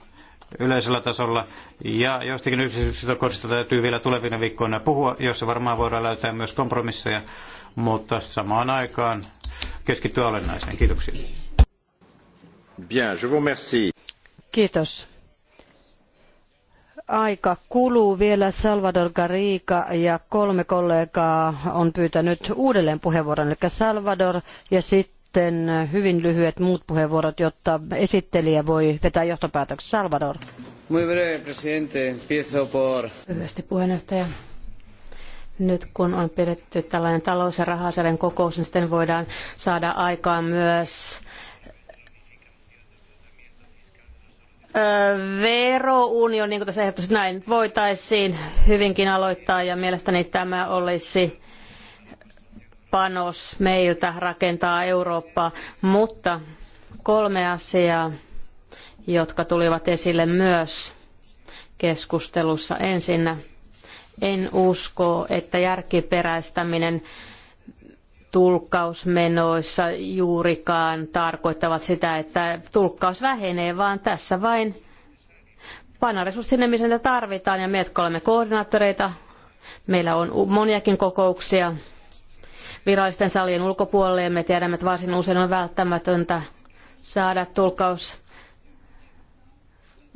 yleisellä tasolla. Ja jostakin yksityiskohdista täytyy vielä tulevina viikkoina puhua, jossa varmaan voidaan löytää myös kompromisseja, mutta samaan aikaan keskittyä olennaiseen. Kiitoksia. Bien, je vous remercie. Kiitos aika kuluu vielä. Salvador Garriga ja kolme kollegaa on pyytänyt uudelleen puheenvuoron, eli Salvador ja sitten hyvin lyhyet muut puheenvuorot, jotta esittelijä voi vetää johtopäätöksen. Salvador. Muy breve, presidente. por... Lyhyesti puheenjohtaja. Nyt kun on pidetty tällainen talous- ja rahasarjan kokous, niin sitten voidaan saada aikaan myös verounioni, niin kuin tässä näin voitaisiin hyvinkin aloittaa ja mielestäni tämä olisi panos meiltä rakentaa Eurooppaa, mutta kolme asiaa, jotka tulivat esille myös keskustelussa. Ensinnä en usko, että järkiperäistäminen tulkkausmenoissa juurikaan tarkoittavat sitä, että tulkkaus vähenee, vaan tässä vain panna resurssit sinne, missä niitä tarvitaan. Ja meidät jotka olemme koordinaattoreita, meillä on moniakin kokouksia virallisten salien ulkopuolelle, ja me tiedämme, että varsin usein on välttämätöntä saada tulkkaus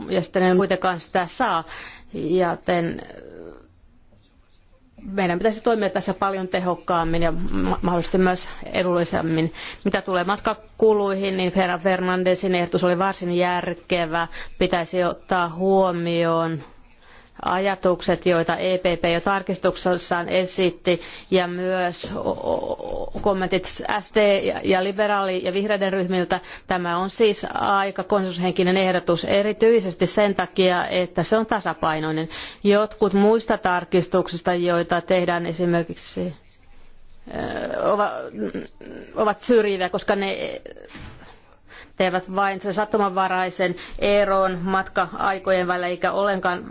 ja sitten en kuitenkaan sitä saa. Joten meidän pitäisi toimia tässä paljon tehokkaammin ja mahdollisesti myös edullisemmin. Mitä tulee matkakuluihin, niin Ferran Fernandesin ehdotus oli varsin järkevä. Pitäisi ottaa huomioon ajatukset, joita EPP jo tarkistuksessaan esitti, ja myös kommentit ST ja liberaali- ja vihreiden ryhmiltä. Tämä on siis aika konsensushenkinen ehdotus, erityisesti sen takia, että se on tasapainoinen. Jotkut muista tarkistuksista, joita tehdään esimerkiksi ovat syrjiviä, koska ne teevät vain sen sattumanvaraisen eron matka-aikojen välillä, eikä ollenkaan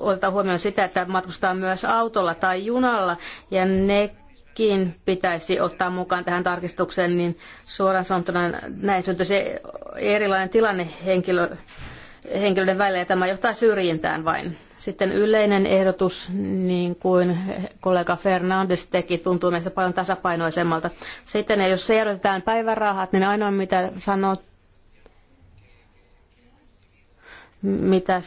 oteta huomioon sitä, että matkustaa myös autolla tai junalla, ja nekin pitäisi ottaa mukaan tähän tarkistukseen, niin suoraan sanottuna näin syntyisi erilainen tilanne henkilö, henkilöiden välillä, ja tämä johtaa syrjintään vain. Sitten yleinen ehdotus, niin kuin kollega Fernandes teki, tuntuu meistä paljon tasapainoisemmalta. Sitten jos se erotetaan päivärahat, niin ainoa mitä sanoo, mitä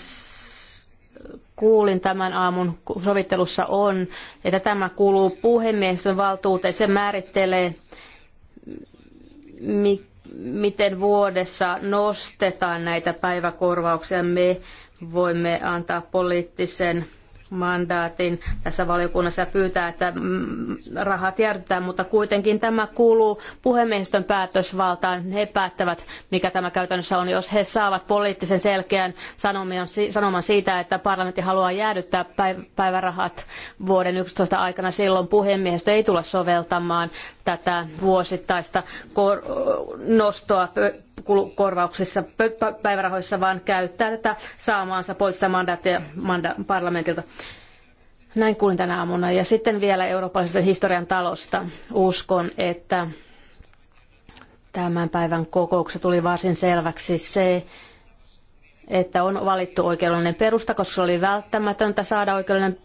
kuulin tämän aamun sovittelussa on, että tämä kuuluu puhemiehistön valtuuteen. Se määrittelee, mi- miten vuodessa nostetaan näitä päiväkorvauksia. Me voimme antaa poliittisen mandaatin tässä valiokunnassa ja pyytää, että mm, rahat järjestetään, mutta kuitenkin tämä kuuluu puhemiehistön päätösvaltaan. He päättävät, mikä tämä käytännössä on. Jos he saavat poliittisen selkeän sanoman siitä, että parlamentti haluaa jäädyttää päivärahat vuoden 11 aikana, silloin puhemiehistö ei tule soveltamaan tätä vuosittaista nostoa korvauksissa päivärahoissa, vaan käyttää tätä saamaansa poliittista mandaattia parlamentilta. Näin kuulin tänä aamuna. Ja sitten vielä eurooppalaisen historian talosta. Uskon, että tämän päivän kokouksessa tuli varsin selväksi se, että on valittu oikeudellinen perusta, koska se oli välttämätöntä saada oikeudellinen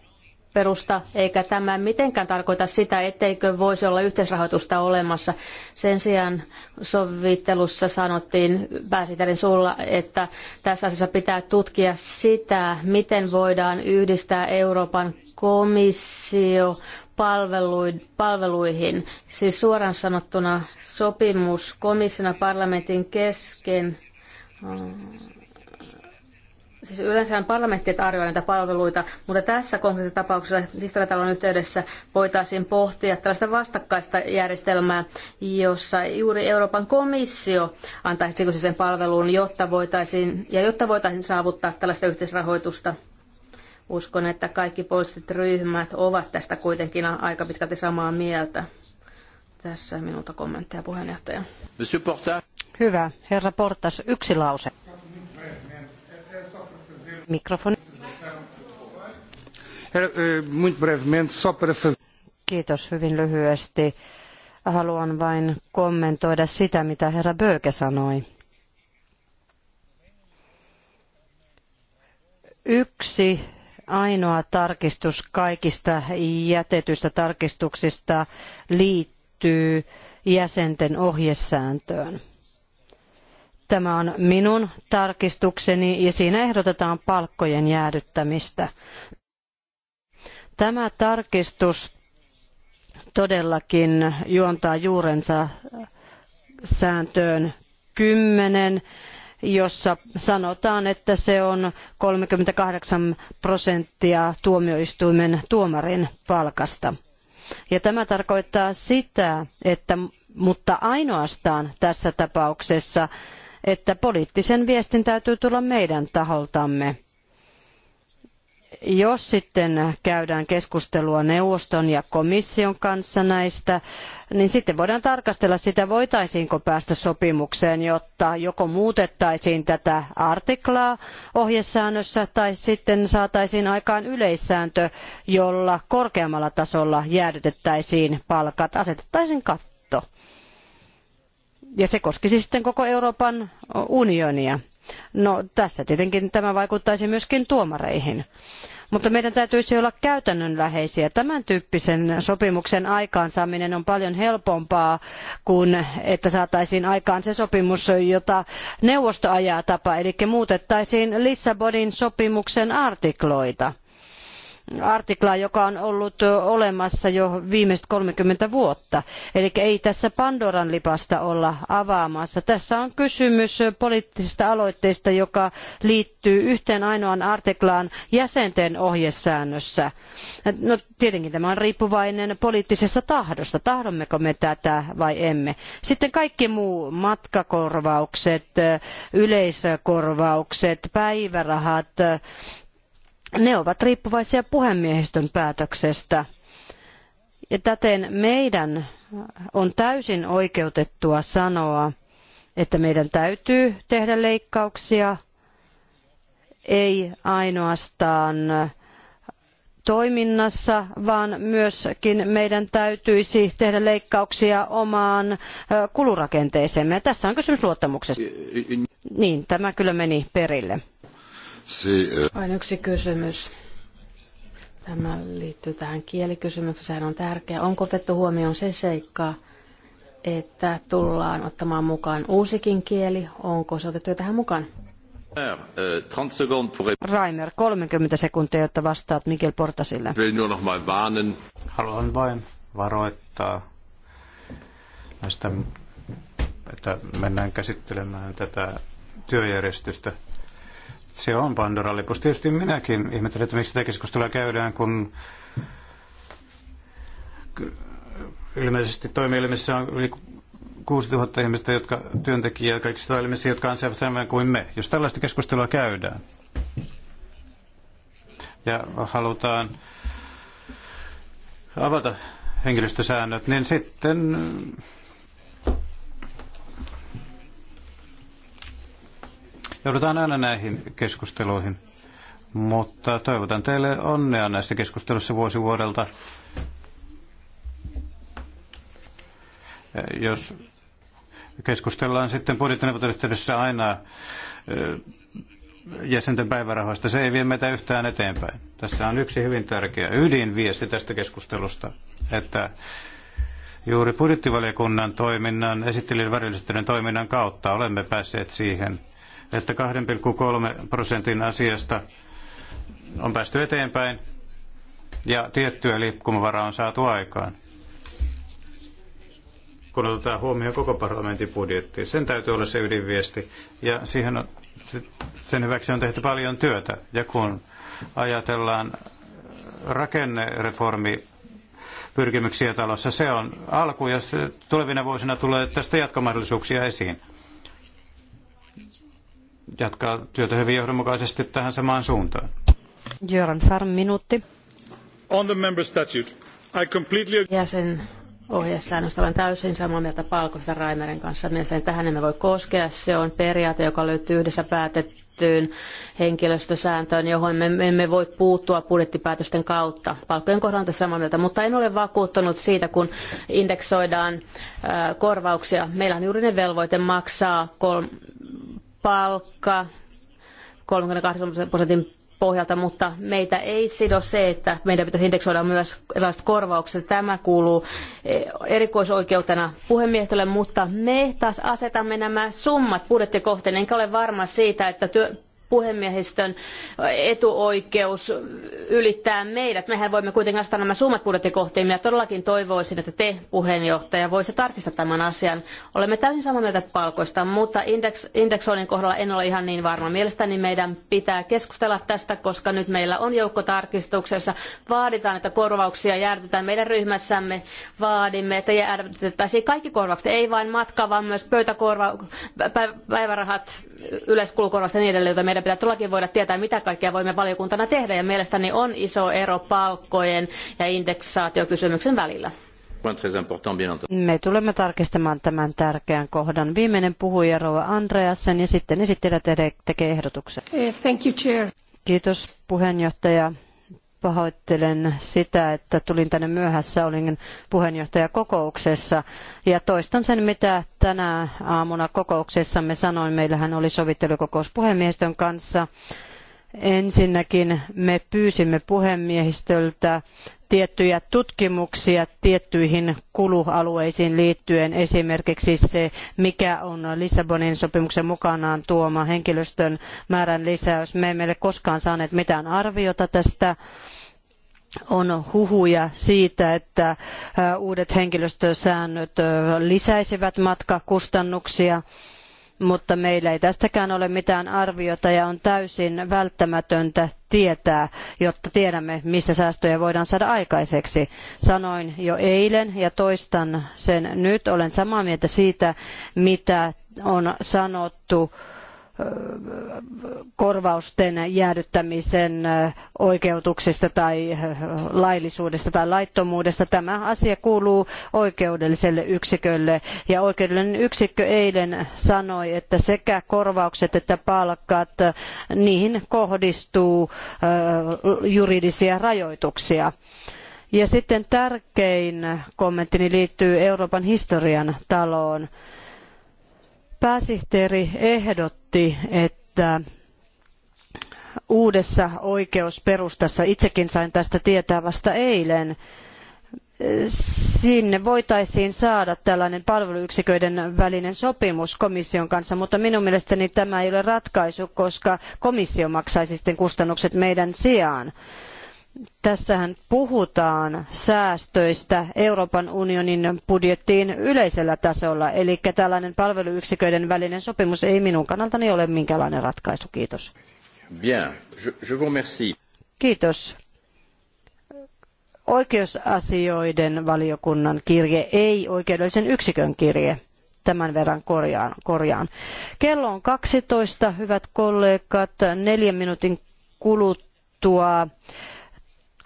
perusta, eikä tämä mitenkään tarkoita sitä, etteikö voisi olla yhteisrahoitusta olemassa. Sen sijaan sovittelussa sanottiin pääsihteerin sulla, että tässä asiassa pitää tutkia sitä, miten voidaan yhdistää Euroopan komissio palveluihin. Siis suoraan sanottuna sopimus komission ja parlamentin kesken siis yleensä parlamentti tarjoaa näitä palveluita, mutta tässä konkreettisessa tapauksessa historiatalon yhteydessä voitaisiin pohtia tällaista vastakkaista järjestelmää, jossa juuri Euroopan komissio antaisi sen palvelun, jotta voitaisiin, ja jotta voitaisiin saavuttaa tällaista yhteisrahoitusta. Uskon, että kaikki poliittiset ryhmät ovat tästä kuitenkin aika pitkälti samaa mieltä. Tässä minulta kommentteja puheenjohtaja. Hyvä. Herra Portas, yksi lause. Eh, eh, Kiitos hyvin lyhyesti. Haluan vain kommentoida sitä, mitä herra Böke sanoi. Yksi ainoa tarkistus kaikista jätetyistä tarkistuksista liittyy jäsenten ohjesääntöön. Tämä on minun tarkistukseni ja siinä ehdotetaan palkkojen jäädyttämistä. Tämä tarkistus todellakin juontaa juurensa sääntöön 10, jossa sanotaan, että se on 38 prosenttia tuomioistuimen tuomarin palkasta. Ja tämä tarkoittaa sitä, että mutta ainoastaan tässä tapauksessa että poliittisen viestin täytyy tulla meidän taholtamme. Jos sitten käydään keskustelua neuvoston ja komission kanssa näistä, niin sitten voidaan tarkastella sitä, voitaisiinko päästä sopimukseen, jotta joko muutettaisiin tätä artiklaa ohjesäännössä tai sitten saataisiin aikaan yleissääntö, jolla korkeammalla tasolla jäädytettäisiin palkat, asetettaisiin katto ja se koskisi sitten koko Euroopan unionia. No tässä tietenkin tämä vaikuttaisi myöskin tuomareihin. Mutta meidän täytyisi olla käytännönläheisiä. Tämän tyyppisen sopimuksen aikaansaaminen on paljon helpompaa kuin että saataisiin aikaan se sopimus, jota neuvosto ajaa tapa, eli muutettaisiin Lissabonin sopimuksen artikloita artiklaa, joka on ollut olemassa jo viimeiset 30 vuotta. Eli ei tässä Pandoran lipasta olla avaamassa. Tässä on kysymys poliittisesta aloitteesta, joka liittyy yhteen ainoaan artiklaan jäsenten ohjesäännössä. No tietenkin tämä on riippuvainen poliittisesta tahdosta. Tahdommeko me tätä vai emme? Sitten kaikki muu, matkakorvaukset, yleisökorvaukset, päivärahat, ne ovat riippuvaisia puhemiehistön päätöksestä. Ja täten meidän on täysin oikeutettua sanoa, että meidän täytyy tehdä leikkauksia, ei ainoastaan toiminnassa, vaan myöskin meidän täytyisi tehdä leikkauksia omaan kulurakenteeseemme. Tässä on kysymys luottamuksesta. Niin, tämä kyllä meni perille. Euh, vain yksi kysymys. Tämä liittyy tähän kielikysymykseen. Sehän on tärkeä. Onko otettu huomioon se seikka, että tullaan ottamaan mukaan uusikin kieli? Onko se otettu jo tähän mukaan? Rainer, 30 äh, sekuntia, jotta vastaat Miguel Portasille. Haluan vain varoittaa näistä, että mennään käsittelemään tätä työjärjestystä se on Pandoran lipus. Tietysti minäkin ihmettelen, että miksi tätä keskustelua käydään, kun ilmeisesti toimielimissä on yli 6000 ihmistä, jotka työntekijää, kaikista toimielimissä, jotka ansaitsevat enemmän kuin me. Jos tällaista keskustelua käydään ja halutaan avata henkilöstösäännöt, niin sitten Joudutaan aina näihin keskusteluihin. Mutta toivotan teille onnea näissä keskusteluissa vuosi vuodelta. Jos keskustellaan sitten budjettineuvottelun aina jäsenten päivärahoista, se ei vie meitä yhtään eteenpäin. Tässä on yksi hyvin tärkeä ydinviesti tästä keskustelusta, että juuri budjettivaliokunnan toiminnan, esittelijän välillisyyden toiminnan kautta olemme päässeet siihen – että 2,3 prosentin asiasta on päästy eteenpäin ja tiettyä liikkumavaraa on saatu aikaan kun otetaan huomioon koko parlamentin budjetti. Sen täytyy olla se ydinviesti. Ja siihen on, sen hyväksi on tehty paljon työtä. Ja kun ajatellaan rakennereformi pyrkimyksiä talossa, se on alku ja tulevina vuosina tulee tästä jatkomahdollisuuksia esiin jatkaa työtä hyvin johdonmukaisesti tähän samaan suuntaan. Jöran Farm, minuutti. On the member statute. I completely... Jäsen ohjesäännöstä olen täysin samaa mieltä palkosta Raimeren kanssa. Mielestäni tähän emme voi koskea. Se on periaate, joka löytyy yhdessä päätettyyn henkilöstösääntöön, johon me emme voi puuttua budjettipäätösten kautta. Palkkojen kohdalla olen samaa mieltä, mutta en ole vakuuttunut siitä, kun indeksoidaan korvauksia. Meillä on juuri ne velvoite maksaa kol- palkka 32 prosentin pohjalta, mutta meitä ei sido se, että meidän pitäisi indeksoida myös erilaiset korvaukset. Tämä kuuluu eh, erikoisoikeutena puhemiestölle, mutta me taas asetamme nämä summat budjettikohteen, enkä ole varma siitä, että työ, puhemiehistön etuoikeus ylittää meidät. Mehän voimme kuitenkin astaa nämä summat budjettikohtiin. Minä todellakin toivoisin, että te puheenjohtaja voisitte tarkistaa tämän asian. Olemme täysin samaa mieltä palkoista, mutta indeks, indeksoinnin kohdalla en ole ihan niin varma. Mielestäni meidän pitää keskustella tästä, koska nyt meillä on joukko tarkistuksessa. Vaaditaan, että korvauksia jäädytetään meidän ryhmässämme. Vaadimme, että jäädytettäisiin kaikki korvaukset, ei vain matka, vaan myös pöytäkorva, päivärahat, yleiskulukorvaukset ja niin edelleen, meidän pitää todellakin voida tietää, mitä kaikkea voimme valiokuntana tehdä, ja mielestäni on iso ero palkkojen ja indeksaatiokysymyksen välillä. Me tulemme tarkistamaan tämän tärkeän kohdan. Viimeinen puhuja Rova Andreasen ja sitten esittelijä tekee ehdotuksen. Eh, thank you, chair. Kiitos puheenjohtaja. Pahoittelen sitä, että tulin tänne myöhässä, olin puheenjohtajakokouksessa ja toistan sen, mitä tänä aamuna kokouksessamme sanoin. Meillähän oli sovittelukokous puhemiehistön kanssa. Ensinnäkin me pyysimme puhemiehistöltä tiettyjä tutkimuksia tiettyihin kulualueisiin liittyen, esimerkiksi se, mikä on Lissabonin sopimuksen mukanaan tuoma henkilöstön määrän lisäys. Me emme ole koskaan saaneet mitään arviota tästä on huhuja siitä, että uudet henkilöstösäännöt lisäisivät matkakustannuksia mutta meillä ei tästäkään ole mitään arviota ja on täysin välttämätöntä tietää, jotta tiedämme, missä säästöjä voidaan saada aikaiseksi. Sanoin jo eilen ja toistan sen nyt. Olen samaa mieltä siitä, mitä on sanottu äh, korvausten jäädyttämisen oikeutuksesta tai laillisuudesta tai laittomuudesta. Tämä asia kuuluu oikeudelliselle yksikölle ja oikeudellinen yksikkö eilen sanoi, että sekä korvaukset että palkat, niihin kohdistuu juridisia rajoituksia. Ja sitten tärkein kommenttini liittyy Euroopan historian taloon. Pääsihteeri ehdotti, että uudessa oikeusperustassa, itsekin sain tästä tietää vasta eilen, sinne voitaisiin saada tällainen palveluyksiköiden välinen sopimus komission kanssa, mutta minun mielestäni tämä ei ole ratkaisu, koska komissio maksaisi sitten kustannukset meidän sijaan. Tässähän puhutaan säästöistä Euroopan unionin budjettiin yleisellä tasolla, eli tällainen palveluyksiköiden välinen sopimus ei minun kannaltani ole minkäänlainen ratkaisu. Kiitos. Bien, je, je vous remercie. Kiitos. Oikeusasioiden valiokunnan kirje, ei oikeudellisen yksikön kirje. Tämän verran korjaan. korjaan. Kello on 12, hyvät kollegat, neljän minuutin kuluttua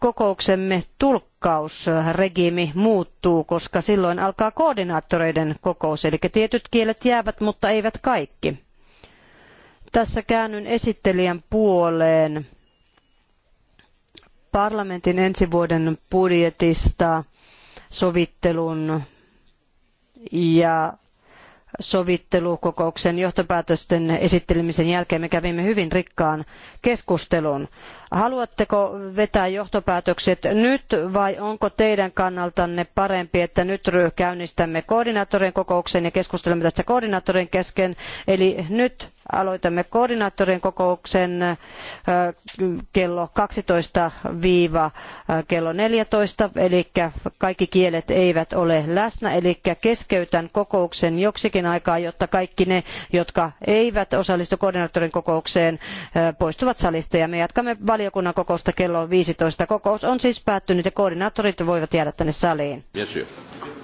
kokouksemme tulkkausregiimi muuttuu, koska silloin alkaa koordinaattoreiden kokous, eli tietyt kielet jäävät, mutta eivät kaikki. Tässä käännyn esittelijän puoleen parlamentin ensi vuoden budjetista sovittelun ja sovittelukokouksen johtopäätösten esittelemisen jälkeen me kävimme hyvin rikkaan keskustelun. Haluatteko vetää johtopäätökset nyt vai onko teidän kannaltanne parempi, että nyt käynnistämme koordinaattorien kokouksen ja keskustelemme tästä koordinaattorien kesken, eli nyt Aloitamme koordinaattorien kokouksen kello 12-kello 14, eli kaikki kielet eivät ole läsnä, eli keskeytän kokouksen joksikin aikaa, jotta kaikki ne, jotka eivät osallistu koordinaattorin kokoukseen, poistuvat salista ja me jatkamme valiokunnan kokousta kello 15. Kokous on siis päättynyt ja koordinaattorit voivat jäädä tänne saliin. Yes,